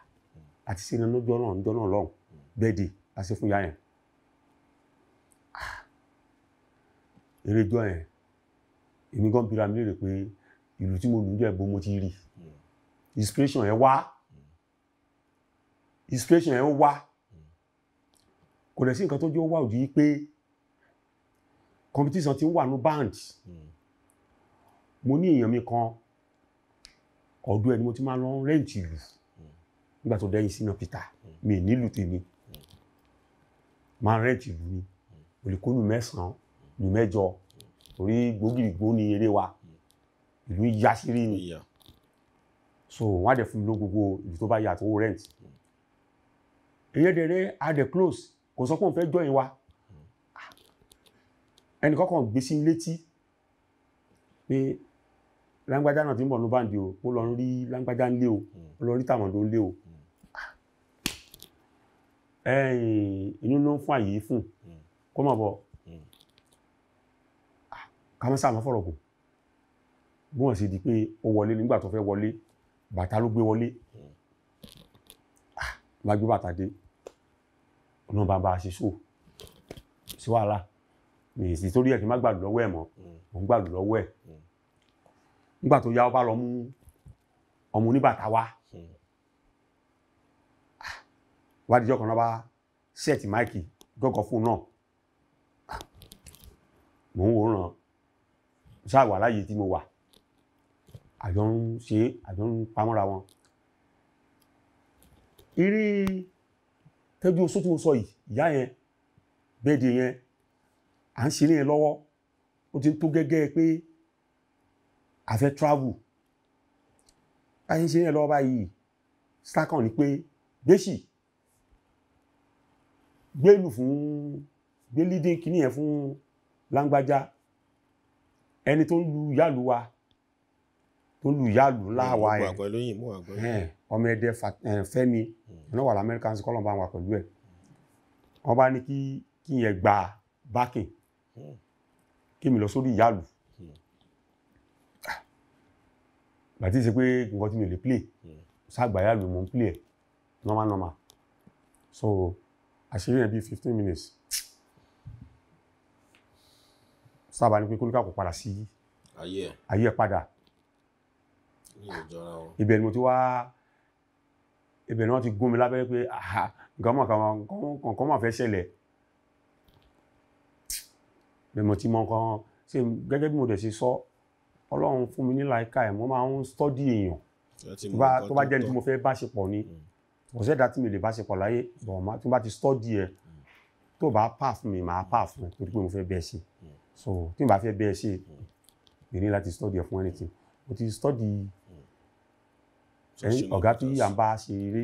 àti sínú lọ́jọ́ náà lọ́jọ́ náà lọ́hùn bẹ́ẹ̀dì láti fún yá yẹn ah, eré jọ yẹn èmi gan bíra mi lérè pé ìlú tí mo lù jẹ́ ìbò mo ti rí inspiration yẹn wá inspiration yẹn wá kò dẹ̀ sí nǹkan tó jẹ́ wá òjú yìí pé competition ti ń wà ní band mo ní èèyàn mi kan ọ̀dọ̀ ẹni mo ti máa lọ rẹ́ǹtì ìlú nígbà tó dẹ́yìn sínú peter mi nílùú tèmi máa rẹ́ǹtì ìlú ni olùkọ́ lù mẹ́sàn-án lù mẹ́jọ torí gbòógìrìgbò ni eré wa ìlú yasiri ni so wọ́n dẹ̀ fún ló gbogbo ìlú tó bá yà tó rent ìyẹn dẹ̀ close kò sọ pé fẹ́ join wa ẹnì kọ́kàn gbé sí létí pé lágbájá náà ti ń bọ̀ ló bá ń di o lọ rí lágbájá ń lé o lọ rí tàmọ̀dó ń lé o ẹ̀yìn inú ló ń fún àyè fún kó bọ̀ kámẹ́sà máa fọ̀rọ̀ kù bí wọ́n sì di pé ó wọlé nígbà tó fẹ́ wọlé bàtà ló gbé wọlé máa gbé bàtà dé ọ̀nà bàbá àṣìṣò sí wàhálà èsì torí ẹ̀ kí má gbàdúrà lọ́wọ́ ẹ̀ mọ́ òun gbàdúrà lọ́wọ́ ẹ̀ nígbà tó yá ọ bá lọ mú ọmọ oníbàtà wá wádìí ọkàn náà bá sẹ́ẹ̀tì máìkì gọ́gọ́ fún náà mò ń wòran ṣáà wà láyé tí mo wà àjọ ń ṣe àjọ ń pamọ́ra wọn eré tẹ́jú oṣù tí mo sọ yìí ìyá yẹn bẹ́ẹ̀dì yẹn à ń ṣe ní yẹn lọ́wọ́ ó ti ń tó gẹ́gẹ́ pé a fẹ́ travel a ń ṣe ní yẹn lọ́wọ́ báyìí stakan ni pé gbèsì gbèlù fún gbèlídìn kìíní yẹn fún láńgbájá ẹni tó ń lu yálù wa tó ń lu yálù láwa ẹ ọmọ ẹdẹ Fẹ́mi hmm. ọ̀nà wà lamẹ́ríkà ń kọ́ lọ́nba wà pẹ̀lú ẹ̀ wọ́n bá ní kí kí yẹn gba bákìn hmm. kí mi lọ sórí ìyálù hmm. ah. gbàtí ṣe pé nǹkan tí mi lè play ṣàgbà ìyálù mo ń play ẹ̀ normal normal so àṣírí ẹ̀ bíi fifteen minutes sábà ní pé kólúkà kò padà sí ayé ẹ̀ padà ibẹ̀ ni mo ti wá ibẹ̀ ni wọ́n ti gún mi lábẹ́rẹ́ pé nǹkan mọ̀ kan mọ̀ fẹ́ ṣẹlẹ̀ bẹ́ẹ̀ mo ti mọ nǹkan ṣe gẹ́gẹ́ bí mo dẹ̀ ṣe sọ ọlọ́run fún mi ní láìka ẹ̀ mo máa ń stọ́dí èèyàn tó bá jẹ́ni tí mo fẹ́ báṣepọ̀ ni mm. kò sẹ́dá tí mi lè báṣepọ̀ láyé bọ̀ tí mo bá ti stọ́dí ẹ̀ mm. tó bá pàfún mi máa pàfún torí pé mo fẹ́ bẹ́ẹ̀ ṣe. Mm so tí n bá fẹ́ bẹ́ẹ̀ ṣe ìní láti study ẹ̀ fún anything mo ti study ẹ̀yìn ọ̀gá tí à ń bá ṣe eré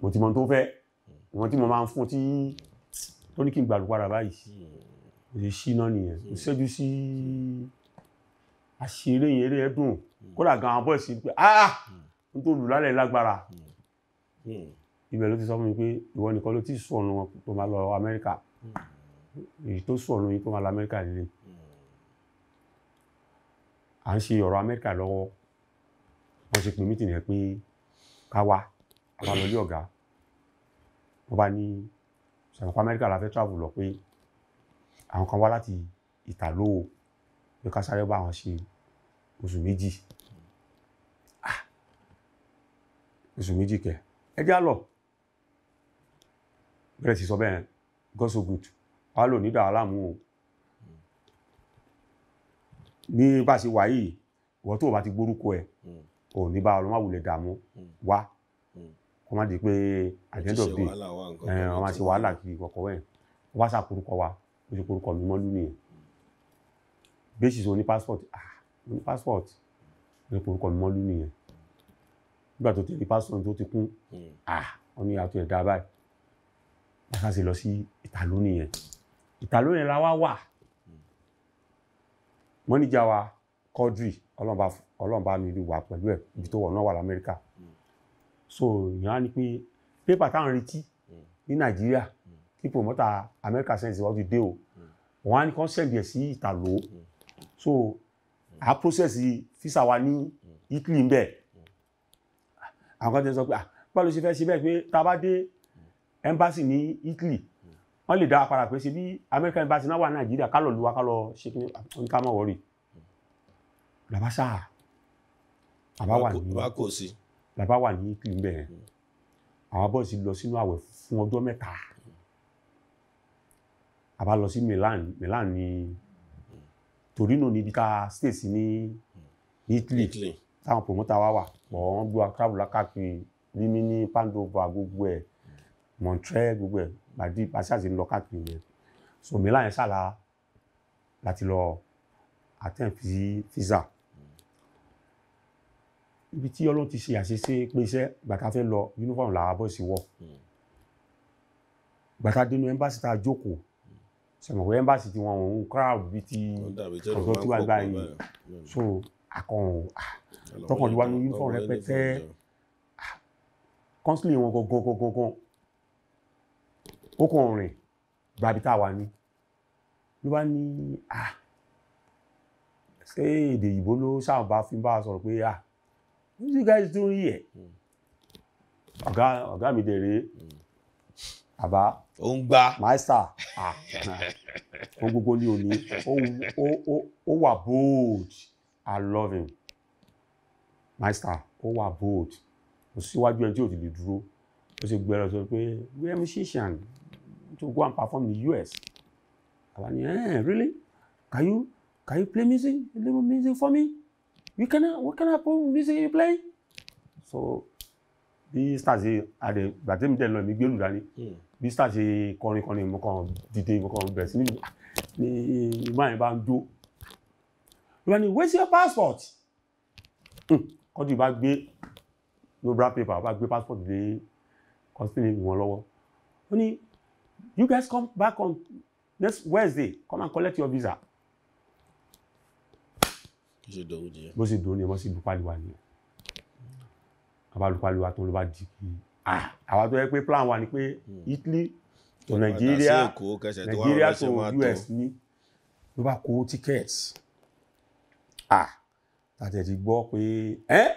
mo ti mọ tó fẹ́ ìwọ̀n tí mo máa ń fún tí tó ní kí n gbàlùpàdà báyìí mo ṣe ṣí náà nìyẹn mo ṣẹ́jú sí àṣeré yẹn eré ẹ̀dùn kódà gan-an bọ́ pé ah n tó lù lálẹ́ lágbára ibẹ̀ ló ti sọ fún mi pé ìwọ nìkan ló ti sọ̀nù tó máa lọ Amẹ́ríkà èyí tó sùn ọ̀nà yín tó wà lamẹ́ríkà nílé à ń ṣe ọ̀rọ̀ amẹ́ríkà lọ́wọ́ wọ́n ṣe pè mítìnì ẹ̀ pé ká wá àbálọ́lé ọ̀gá wọ́n bá ní ṣàǹkọ́ amẹ́ríkà la fẹ́ travel lọ pé àwọn kan wá láti ìtàló pé ká sáré bá wọn ṣe oṣù méjì ah! oṣù méjì kẹ ẹ lọ bẹ̀rẹ̀ sí sọ bẹ́ẹ̀ God so good pálò nídà aláàmú o ní bá ṣe wà yìí ìwọ́n tó bá ti gbórúkọ ẹ̀ hmm. ò ní bá ọlọ́màwulẹ̀ dààmú hmm. wá hmm. kọ́ má di pé àjẹ́dọ̀ bí wọ́n máa ṣe wàhálà kí kọ̀kọ́ ẹ̀ wá sàkúrúkọ wa ó ṣe kúrúkọ mi mọ́lú nìyẹn bẹ́ẹ̀sì sọ ní passport ah ní passport ó ṣe kúrúkọ mi mọ́lú nìyẹn nígbà tó ti rí passport tó ti kún ah wọ́n ní àtúnyẹ̀dá báyìí wọ́n sá sí lọ sí ìtàlónìyẹn ìtàló yẹn la wá wà mọ́níjà wa Quadri ọlọ́ọ̀bá mi rí wà pẹ̀lú ẹ̀ ibi tó wọ̀ náà wà lamẹ́ríkà so ìyẹn á ní pé pépà táwọn retí ní nàìjíríà kí promoter amẹ́ríkà sẹ́ǹsì wọ́n ti dé o wọ́n á ní kán sẹ́ǹdì ẹ̀ sí ìtàló so a process fisa wa ní Italy ń bẹ̀ àwọn kan ti sọ pé ah, báwo ló ṣe fẹ́ ṣe bẹ́ẹ̀ pé tá a bá dé embassy ní Italy wọ́n lè dá wa padà pé ṣe bí amẹ́ríkà ní bá ti náà wà nàìjíríà kálọ̀ lu wa kálọ̀ ṣe kí ní ká mọ̀ wọ́rì làbá sáà làbá wà ní làbá wà ní ìpìlú bẹ́ẹ̀ àwọn bọ́ọ̀sì lọ sínú àwẹ̀ fún ọjọ́ mẹ́ta àbá lọ sí Milan Milan ní Torino níbi tá a ní hmm. Italy táwọn promoter wa wà pọ̀ wọ́n gbọ́ travel káàkiri Rimini Padova gbogbo ẹ̀ hmm. Montreal gbogbo ẹ̀ gbàdí pàṣẹ lọ káàkiri yẹn so mìíràn yẹn ṣàlà láti lọ àtẹ̀m fíìsà ibi tí ọlọ́run ti ṣe àṣeṣe pé iṣẹ́ gbàtà fẹ́ lọ uniform làwọn abọ́ọ̀sì wọ̀ gbàtà dénú ẹ́mbáṣì tá a jókòó sẹ̀mọ̀kọ́ ẹ́mbáṣì tí wọ́n ń crowd bíi ti ọ̀dọ́ tí wàá gbà yìí so akọ̀hún tọkàn ló wá ní uniform rẹpẹtẹ kọ́ńsìlì ah, wọn gangan gangan ó kàn rìn gbàbí tá a wà ní ló bá ní à ṣé èdè ìbò ló ṣàǹbá fi bá sọ̀rọ̀ pé à what you guys doing here hmm. ọ̀gá ọ̀gá mi dẹ̀ rèé hmm. àbá ó ń gbá maista ohun gbogbo ní òní ó wà bold I love him maista ó wà bold kò síwájú ẹni tí ò ti lè dúró ó sì gbẹ́rọ sọ pé we are musician to go and perform in the US. àwa eh really can you can you play music a little music for me you can what kind of music you play so bí stars ṣe adẹ gbàtẹ́mi dẹ̀ lọ mi gbẹ́lú dání hmm. bí stars ṣe kọrin kọrin mo kàn dìde mo kàn bẹ̀rẹ̀ sí nínú ah, ní ìgbà yẹn bá ń jó ló bá ní where's your passport hmm, kọ́jú bá gbé no brown paper bá gbé passport lé kọ́sílẹ̀ wọn lọ́wọ́ ó ní you guys come back on next Wednesday come and collect your visa. bó ṣe dòwó nìyẹn wọ́n sì lùpàlùwà nìyẹn àbá lùpàlùwà tó ló bá di kí àwa tó yẹ pé plan wa ni pé hmm. Italy to Nigeria Nigeria to US ní ló bá kó tickets ah tàtẹ̀ ti gbọ́ pé ẹ́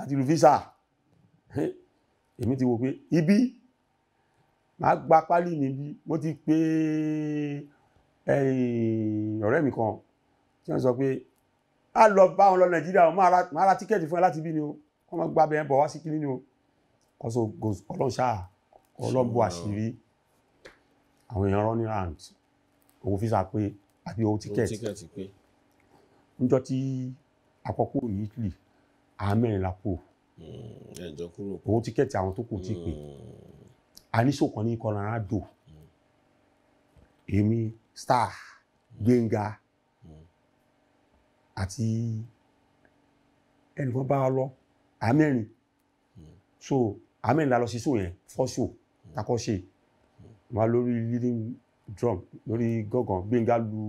àti lu visa èmi ti wo pé ibi màá gba pálí mi bí mo ti pé eh, ọ̀rẹ́ mi kan tí wọ́n sọ pé a lọ bá wọn lọ nàìjíríà máa ra tíkẹ́ẹ̀tì fún ẹ láti bí ni o wọ́n máa gba abẹ́yẹn bọ̀ wá sí kíní ni o kọ́sọ́ ọlọ́run ṣáà ọlọ́bù àṣírí àwọn èèyàn rán ní round owó físà pé àbí owó tíkẹ́ẹ̀tì pé níjọ́ tí àkọ́kọ́ ní Italy àmẹ́rin lápò hmm, owó tíkẹ́ẹ̀tì àwọn tó kù ti pè hmm àníṣòkan ní Colorado èmi star Gbénga àti ẹnìkan bá wa lọ àmẹ́rin so àmẹ́rin la lọ sí sóò yẹn fọ́ṣò takọ́ṣe wà lórí leading drum lórí gángan Gbénga lu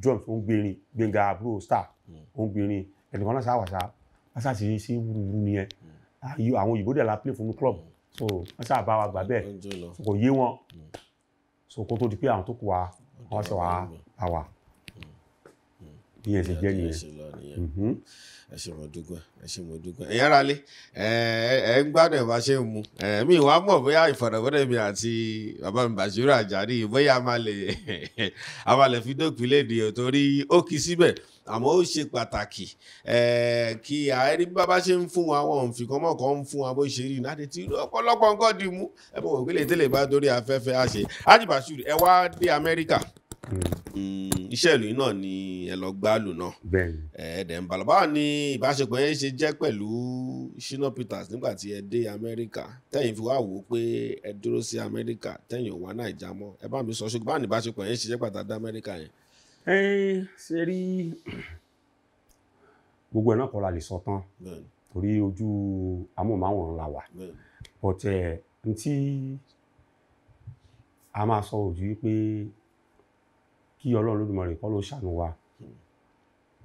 drum tó ń gbèrin Gbénga star ó ń gbèrin ẹnìkan náà sáwàṣá wáṣà sí sí wúruwúru nìyẹn àwọn òyìnbó dẹ̀ la play fún club. Mm so wọ́n sáà bá wa gbà bẹ́ẹ̀ kò yé wọn hmm. so kó tó di pé àwọn tó kù wa wọ́n sọ wá bá hmm. wa hmm. bí ẹ ṣe jẹ́ nìyẹn mm-hmm. ẹ ṣé mo dúpẹ́ ẹ ṣé mo dúpẹ́ ẹ̀yẹ́ ara lé ẹ ń gbádùn ẹ̀ bá ṣe ń mu mi ìwà mọ̀ bóyá ìfọ̀rọ̀wérọ̀ a máa lè fi dópin léde torí ó àmọ́ ó ṣe pàtàkì eh, kí àárín bábá ṣe ń fún wa wọn fi kọ́mọ́ kan ń fún wa bó ṣe rí iná àti tí ọ̀pọ̀lọpọ̀ nǹkan dì mú ẹ bọ̀ wọ́n gbélé tẹ́lẹ̀ bá dórí afẹ́fẹ́ àṣẹ Ajibashu ẹ wá dé Amẹ́ríkà hmm. Hmm, iṣẹ́ ìlú náà ni ẹ lọ gbálù náà ẹ̀ẹ́dẹ̀ ń balọ̀ báwo ni ìbáṣepọ̀ yẹn ṣe jẹ́ pẹ̀lú Shina Peters nígbà tí ẹ dé Amẹ́ríkà tẹ̀yìn fi wá wò ó pé ẹ dúró sí Amẹ́ríkà tẹ̀yìn ò wá Nàìjà mọ́ ẹ bá mi sọ ṣùgbọ́n ni ìbáṣepọ̀ yẹn ṣe jẹ́ pàtàkì Amẹ́ríkà yẹn ẹ ṣe rí gbogbo ẹ̀ náà kọ́ la lè sọ tán torí ojú amóhùnmáwòrán la wà but ntí a máa sọ ojú pé kí ọlọ́run lódùmarè kọ́ ló ṣàánú wa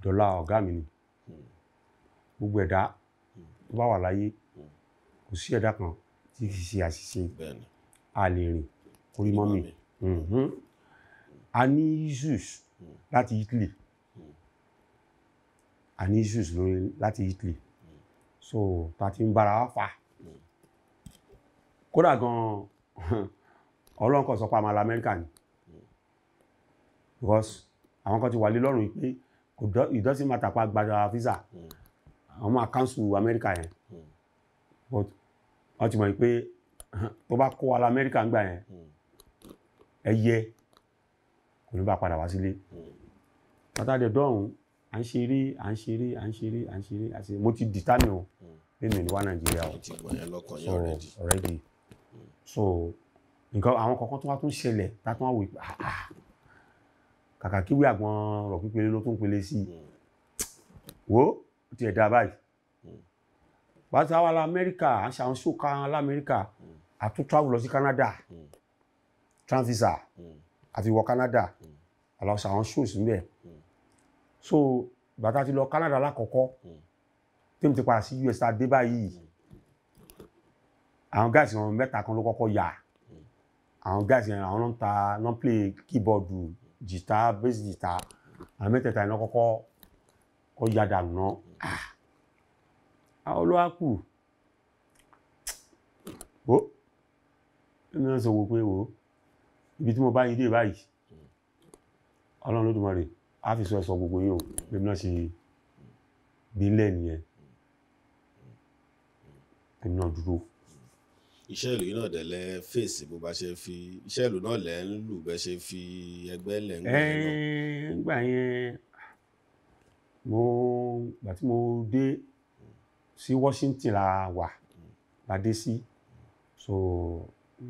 dọ́là ọ̀gá mi ni gbogbo ẹ̀dá tó bá wà láyé kò sí ẹ̀dá kan tí kì í ṣe àṣìṣe a lè rìn orí mọ́mì mhm. a ní issues láti Italy a issues lórí láti Italy so ta ti ń bára wa fà kódà gan-an ọlọ́run kan sọ pé a máa ni because àwọn kan ti wà lé lọ́rùn pé it doesn't matter pa gba visa àwọn máa cancel Amẹ́ríkà yẹn but wọ́n ti mọ̀ pé tó bá kó wa la Amẹ́ríkà ń gbà yẹn ẹyẹ ló bá padà wá sílé látàdé dọ́hùn à ń ṣeré à ń ṣeré à ń ṣeré à ń ṣeré àti mo ti determine o lẹ́nu ìlú wa nàìjíríà o so already so nǹkan àwọn kankan tó wá tún ṣẹlẹ̀ tá a tún wá wò pé ah, ah. kàkà kíwé àgbọn rọ̀ pípele ló tún pele sí i wo ti ẹ̀dá báyìí bàtà wà lamẹ́ríkà à ń ṣe àwọn ṣòkan lamẹ́ríkà àtún travel Canada transvisa. Mm àti wọ Canada àlọ́ hmm. sàwọn shoes níbẹ̀ hmm. so bàtà ti lọ Canada lákọ̀ọ́kọ́ hmm. tí mo ti padà sí US tá a dé báyìí àwọn gáàsì wọn mẹ́ta kan ló kọ́kọ́ yà àwọn gáàsì yẹn àwọn náà ń ta non play keyboard jìtá bass jìtá àwọn mẹ́tẹ̀ẹ̀ta yẹn náà kọ́kọ́ kọ́ yà dànù náà ah. àwọn olówó kù ó ẹni náà sọ wo pé wo ibi tí mo bá yín dé báyìí hmm. ọlọ́run Olódùmarè a fi sọ ẹ̀sọ́ gbogbo yìí o bẹ́ẹ̀ náà ṣe gbé lẹ̀ nìyẹn bẹ́ẹ̀ náà dúró. iṣẹ́ ìlú náà dẹ̀ lẹ fèsì bó bá ṣe fi iṣẹ́ ìlú náà lẹ ń lù bẹ́ ṣe fi ẹgbẹ́ lẹ̀ ń gbà yẹn náà. yẹn mo gbà tí mo dé sí Washington la wà la dé sí so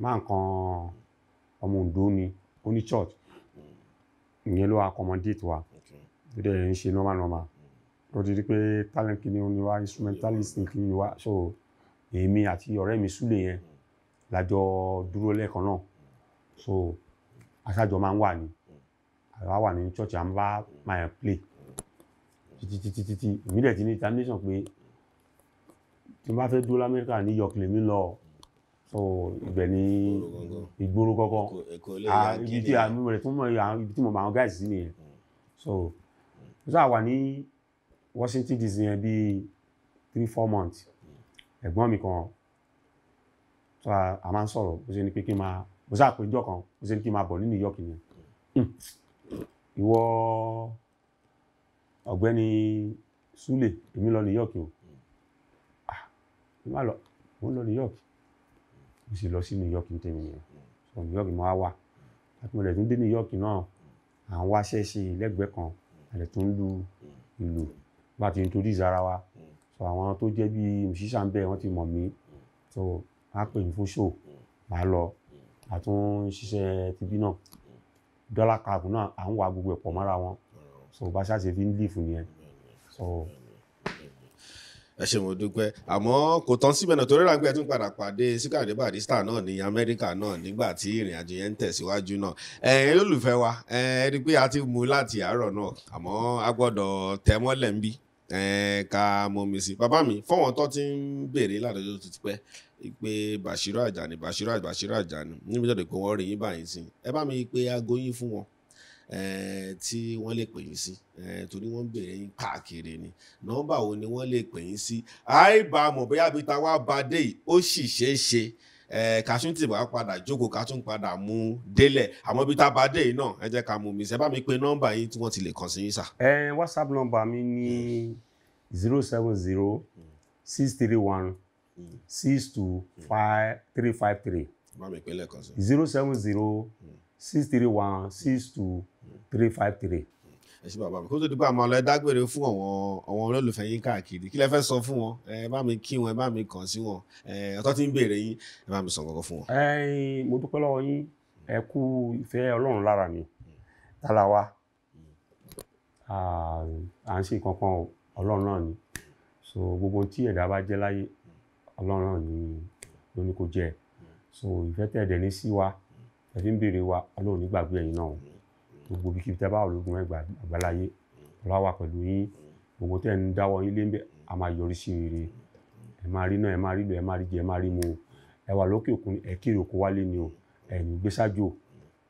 máa ń ọmọ Ondo ni ó ní church ìyẹn ló accommodate wa tó dẹ̀ ń ṣe normal normal ló ti di pé talent kìíní ó ní wá instrumentalist kìíní ni wá so èmi àti ọ̀rẹ́ mi Súlè yẹn lájọ dúró lẹ́ẹ̀kan náà so aṣáájọ máa ń wà ní àwa wà ní church à ń bá máa play títí títí títí èmi dẹ̀ ti ní determination pé tí n bá fẹ́ dúró l'Amẹ́ríkà ní York lèmi lọ so ibẹ̀ ní ìgboro kọ́kọ́ ibi tí àmì rẹ̀ tó mọ̀ ibi tí mo mọ̀ àwọn guys sí nìyẹn mm. so mo sáà wà ní Washington DC yẹn bíi three four months mm. ẹ̀gbọ́n mi kan tó a máa ń sọ̀rọ̀ bó ṣe ni pé kan bó ṣe kí máa bọ̀ ní New York ni mm. ìwọ ọ̀gbẹ́ni Sule èmi lọ New York o ah mo má mo ń lọ New York mo sì lọ sí New York ní tèmi yẹn so New York mo wá wà láti mo lè tún dé New York náà à ń wá ṣẹ́ẹ̀ṣì lẹ́gbẹ̀ẹ́ kan àlè tó ń lu ìlú bá ti ń torí ìzára wa so àwọn tó jẹ́ bí mùsísà ń bẹ̀ wọ́n ti mọ̀ mí so wọ́n á pè mí fún show màá lọ àtún ṣiṣẹ́ tibí náà dọ́là kààkùn náà à ń wá gbogbo ẹ̀pọ̀ mọ́ra wọn so bá ṣáà ṣe fi ń lífù nìyẹn so ẹ ṣé mo dúpẹ́ àmọ́ kò tán síbẹ̀ náà torí ràǹgbẹ́ tún padà pàdé síkàdé barista náà ní amẹ́ríkà náà nígbà tí ìrìn àjò yẹn ń tẹ̀síwájú náà ẹ̀yin lólùfẹ́ wa ẹ rí i pé a ti mú láti àárọ̀ náà àmọ́ a gbọ́dọ̀ tẹ̀ mọ́lẹ̀ ń bí ká mọmi sí bàbá mi fọwọ́n tó ti ń béèrè ládàjọ́ tó ti pẹ́ pé Bashiru Ajani Bashiru Ajani Bashiru Ajani níbi tó dé pé wọ́n rí yín báyìí sí ẹ bá mi pe aago yín fún wọn Eh, tí wọ́n lè pè yín sí eh, torí wọ́n ń bèrè yín káàkiri ni nọ́mbà wo ni wọ́n lè pè yín sí àìbá bóyá bí ta wá dé yìí ó sì ṣeé ṣe eh, kàtún tí wàá padà jókòó kàtún padà mú délẹ̀ àmọ́ bí ta bá dé yìí náà ẹ jẹ́ ká mú mi ṣe bá mi pe nọ́mbà yín tí wọ́n ti lè kàn sí yín sà. ẹ whatsapp nọ́mbà mi ní zero seven zero six three one six two five three five three. zero seven zero six three one six two three five three. ẹ ṣe bàbá mi kó tó di pé àmọ́ ọ̀la ẹ dágbére fún àwọn àwọn olólùfẹ́ yín káàkiri kí lẹ fẹ́ sọ fún wọn ẹ bá mi kí wọn ẹ bá mi kàn sí wọn ẹ ọ̀tọ̀ tí ń béèrè yín ẹ bá mi sọ kankan fún wọn. ẹ mo dúpẹ́ lọ́wọ́ yín ẹ kú ìfẹ́ ọlọ́run lára mi tálá wa à ń ṣe kankan ọlọ́run náà ni so gbogbo tí ẹ̀dá bá jẹ́ láyé ọlọ́run náà ni ló ní kó jẹ́ so ìfẹ́ tẹ̀dẹ̀ ní sí wa ẹ béèrè wa ọlọ́run nígbàgbé ẹ̀yin náà gbogbo ibi kíbi tẹ́ bá wà lógun ẹgbà àgbáláyé ọlá wà pẹ̀lú yín gbogbo tẹ́ ń dáwọ́ yín lébẹ̀ a máa yọrí sí rere ẹ máa rí náà ẹ máa rí lò ẹ máa rí jẹ ẹ máa rí mu o ẹ wà lókè òkun ẹ kéré òkú wálé ni o ẹ ní gbé sájò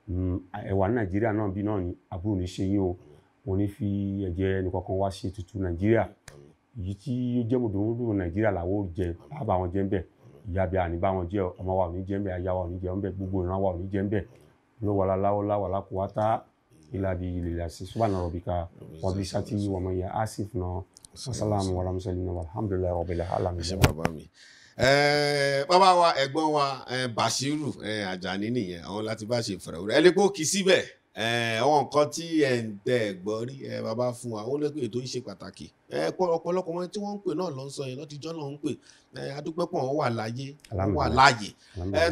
hmm, ẹ wà ní nàìjíríà náà bí náà ni àbúrò ní ṣe yín o mo ní fi ẹ̀jẹ̀ ẹnìkọ̀ọ̀kan wá ṣe ètùtù nàìjíríà èyí tí ó jẹ́ mòdòmódò nàìjíríà làwọn ò jẹ àbá wọn jẹ ń bẹ̀ ìyá bíi àní bá wọn ila biilila si subhana rabbika wa bisati wa man ya asif na wasalaamu ala musalina walhamdulilayi rabbil alamin. ṣe mi bàbá wa ẹ̀gbọ́n wa Bashiru Ajani nìyẹn àwọn láti bá ṣe fẹ̀rẹ̀ wúrẹ́ ẹni pé ó kì í síbẹ̀ àwọn nǹkan tí ẹ ń tẹ ẹ̀gbọ́n rí ẹ bàbá fún wa àwọn olóògbé tó ń ṣe pàtàkì ọ̀pọ̀lọpọ̀ wọn tí wọ́n ń pè náà ló ń sọ yẹn lọ́tijọ́ náà ń pè adúpẹ́pọ̀ wọn wà láyé wà láàyè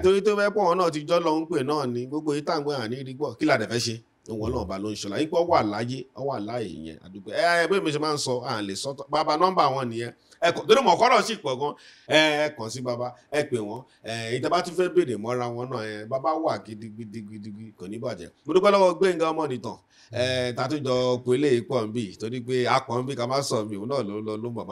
torí tó fẹ́ pọ̀ wọn náà tijọ́ ló ń pè náà ní gbogbo ìtàgbọ́n àní ìdígbọ̀ kí làdẹ̀ fẹ́ ṣe òun ọlọ́run bá ló ń ṣọlá yín wà láyé ọ wà yẹn àdúgbò ẹ ẹ bí mi ṣe máa ń sọ à ń lè sọtọ bàbá nọ́mbà wọn nìyẹn ẹ kàn torí mọ̀ kọ́rọ̀ sì pọ̀ gan ẹ ẹ kàn sí bàbá ẹ pè wọ́n ẹ ìjọba tún fẹ́ béèrè mọ́ra wọn náà ẹ bàbá wà gidigidigidi kò ní bàjẹ́ mo dúpẹ́ lọ́wọ́ Gbénga Ọmọnìtàn ẹ tàtújọ pélé pọ̀ nbí torí pé akọ̀ nbí ká má sọ òun náà ló lọ ló mọ̀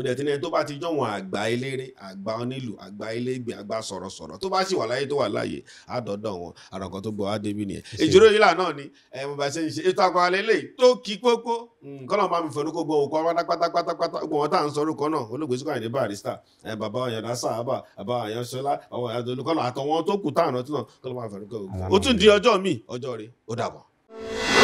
kò dẹ̀ tí ní ẹni tó bá ti jọ̀wọ́n àgbà eléré àgbà onílù àgbà elégbè àgbà sọ̀rọ̀sọ̀rọ̀ tó bá sì wà láyé tó wà láyé àdọ́dọ̀ wọn àròkọ́ tó gbọ́ adébí nìyẹn ìjírò yìí là náà ni ẹ̀ bá ṣe ń ṣe ètò àkọ́ alẹ́ tó kí pópó hmm, kọ́nà bá mi fẹ̀rù gbọ́ òkú pátápátápátá gbọ́n tá à ń sọ̀rọ̀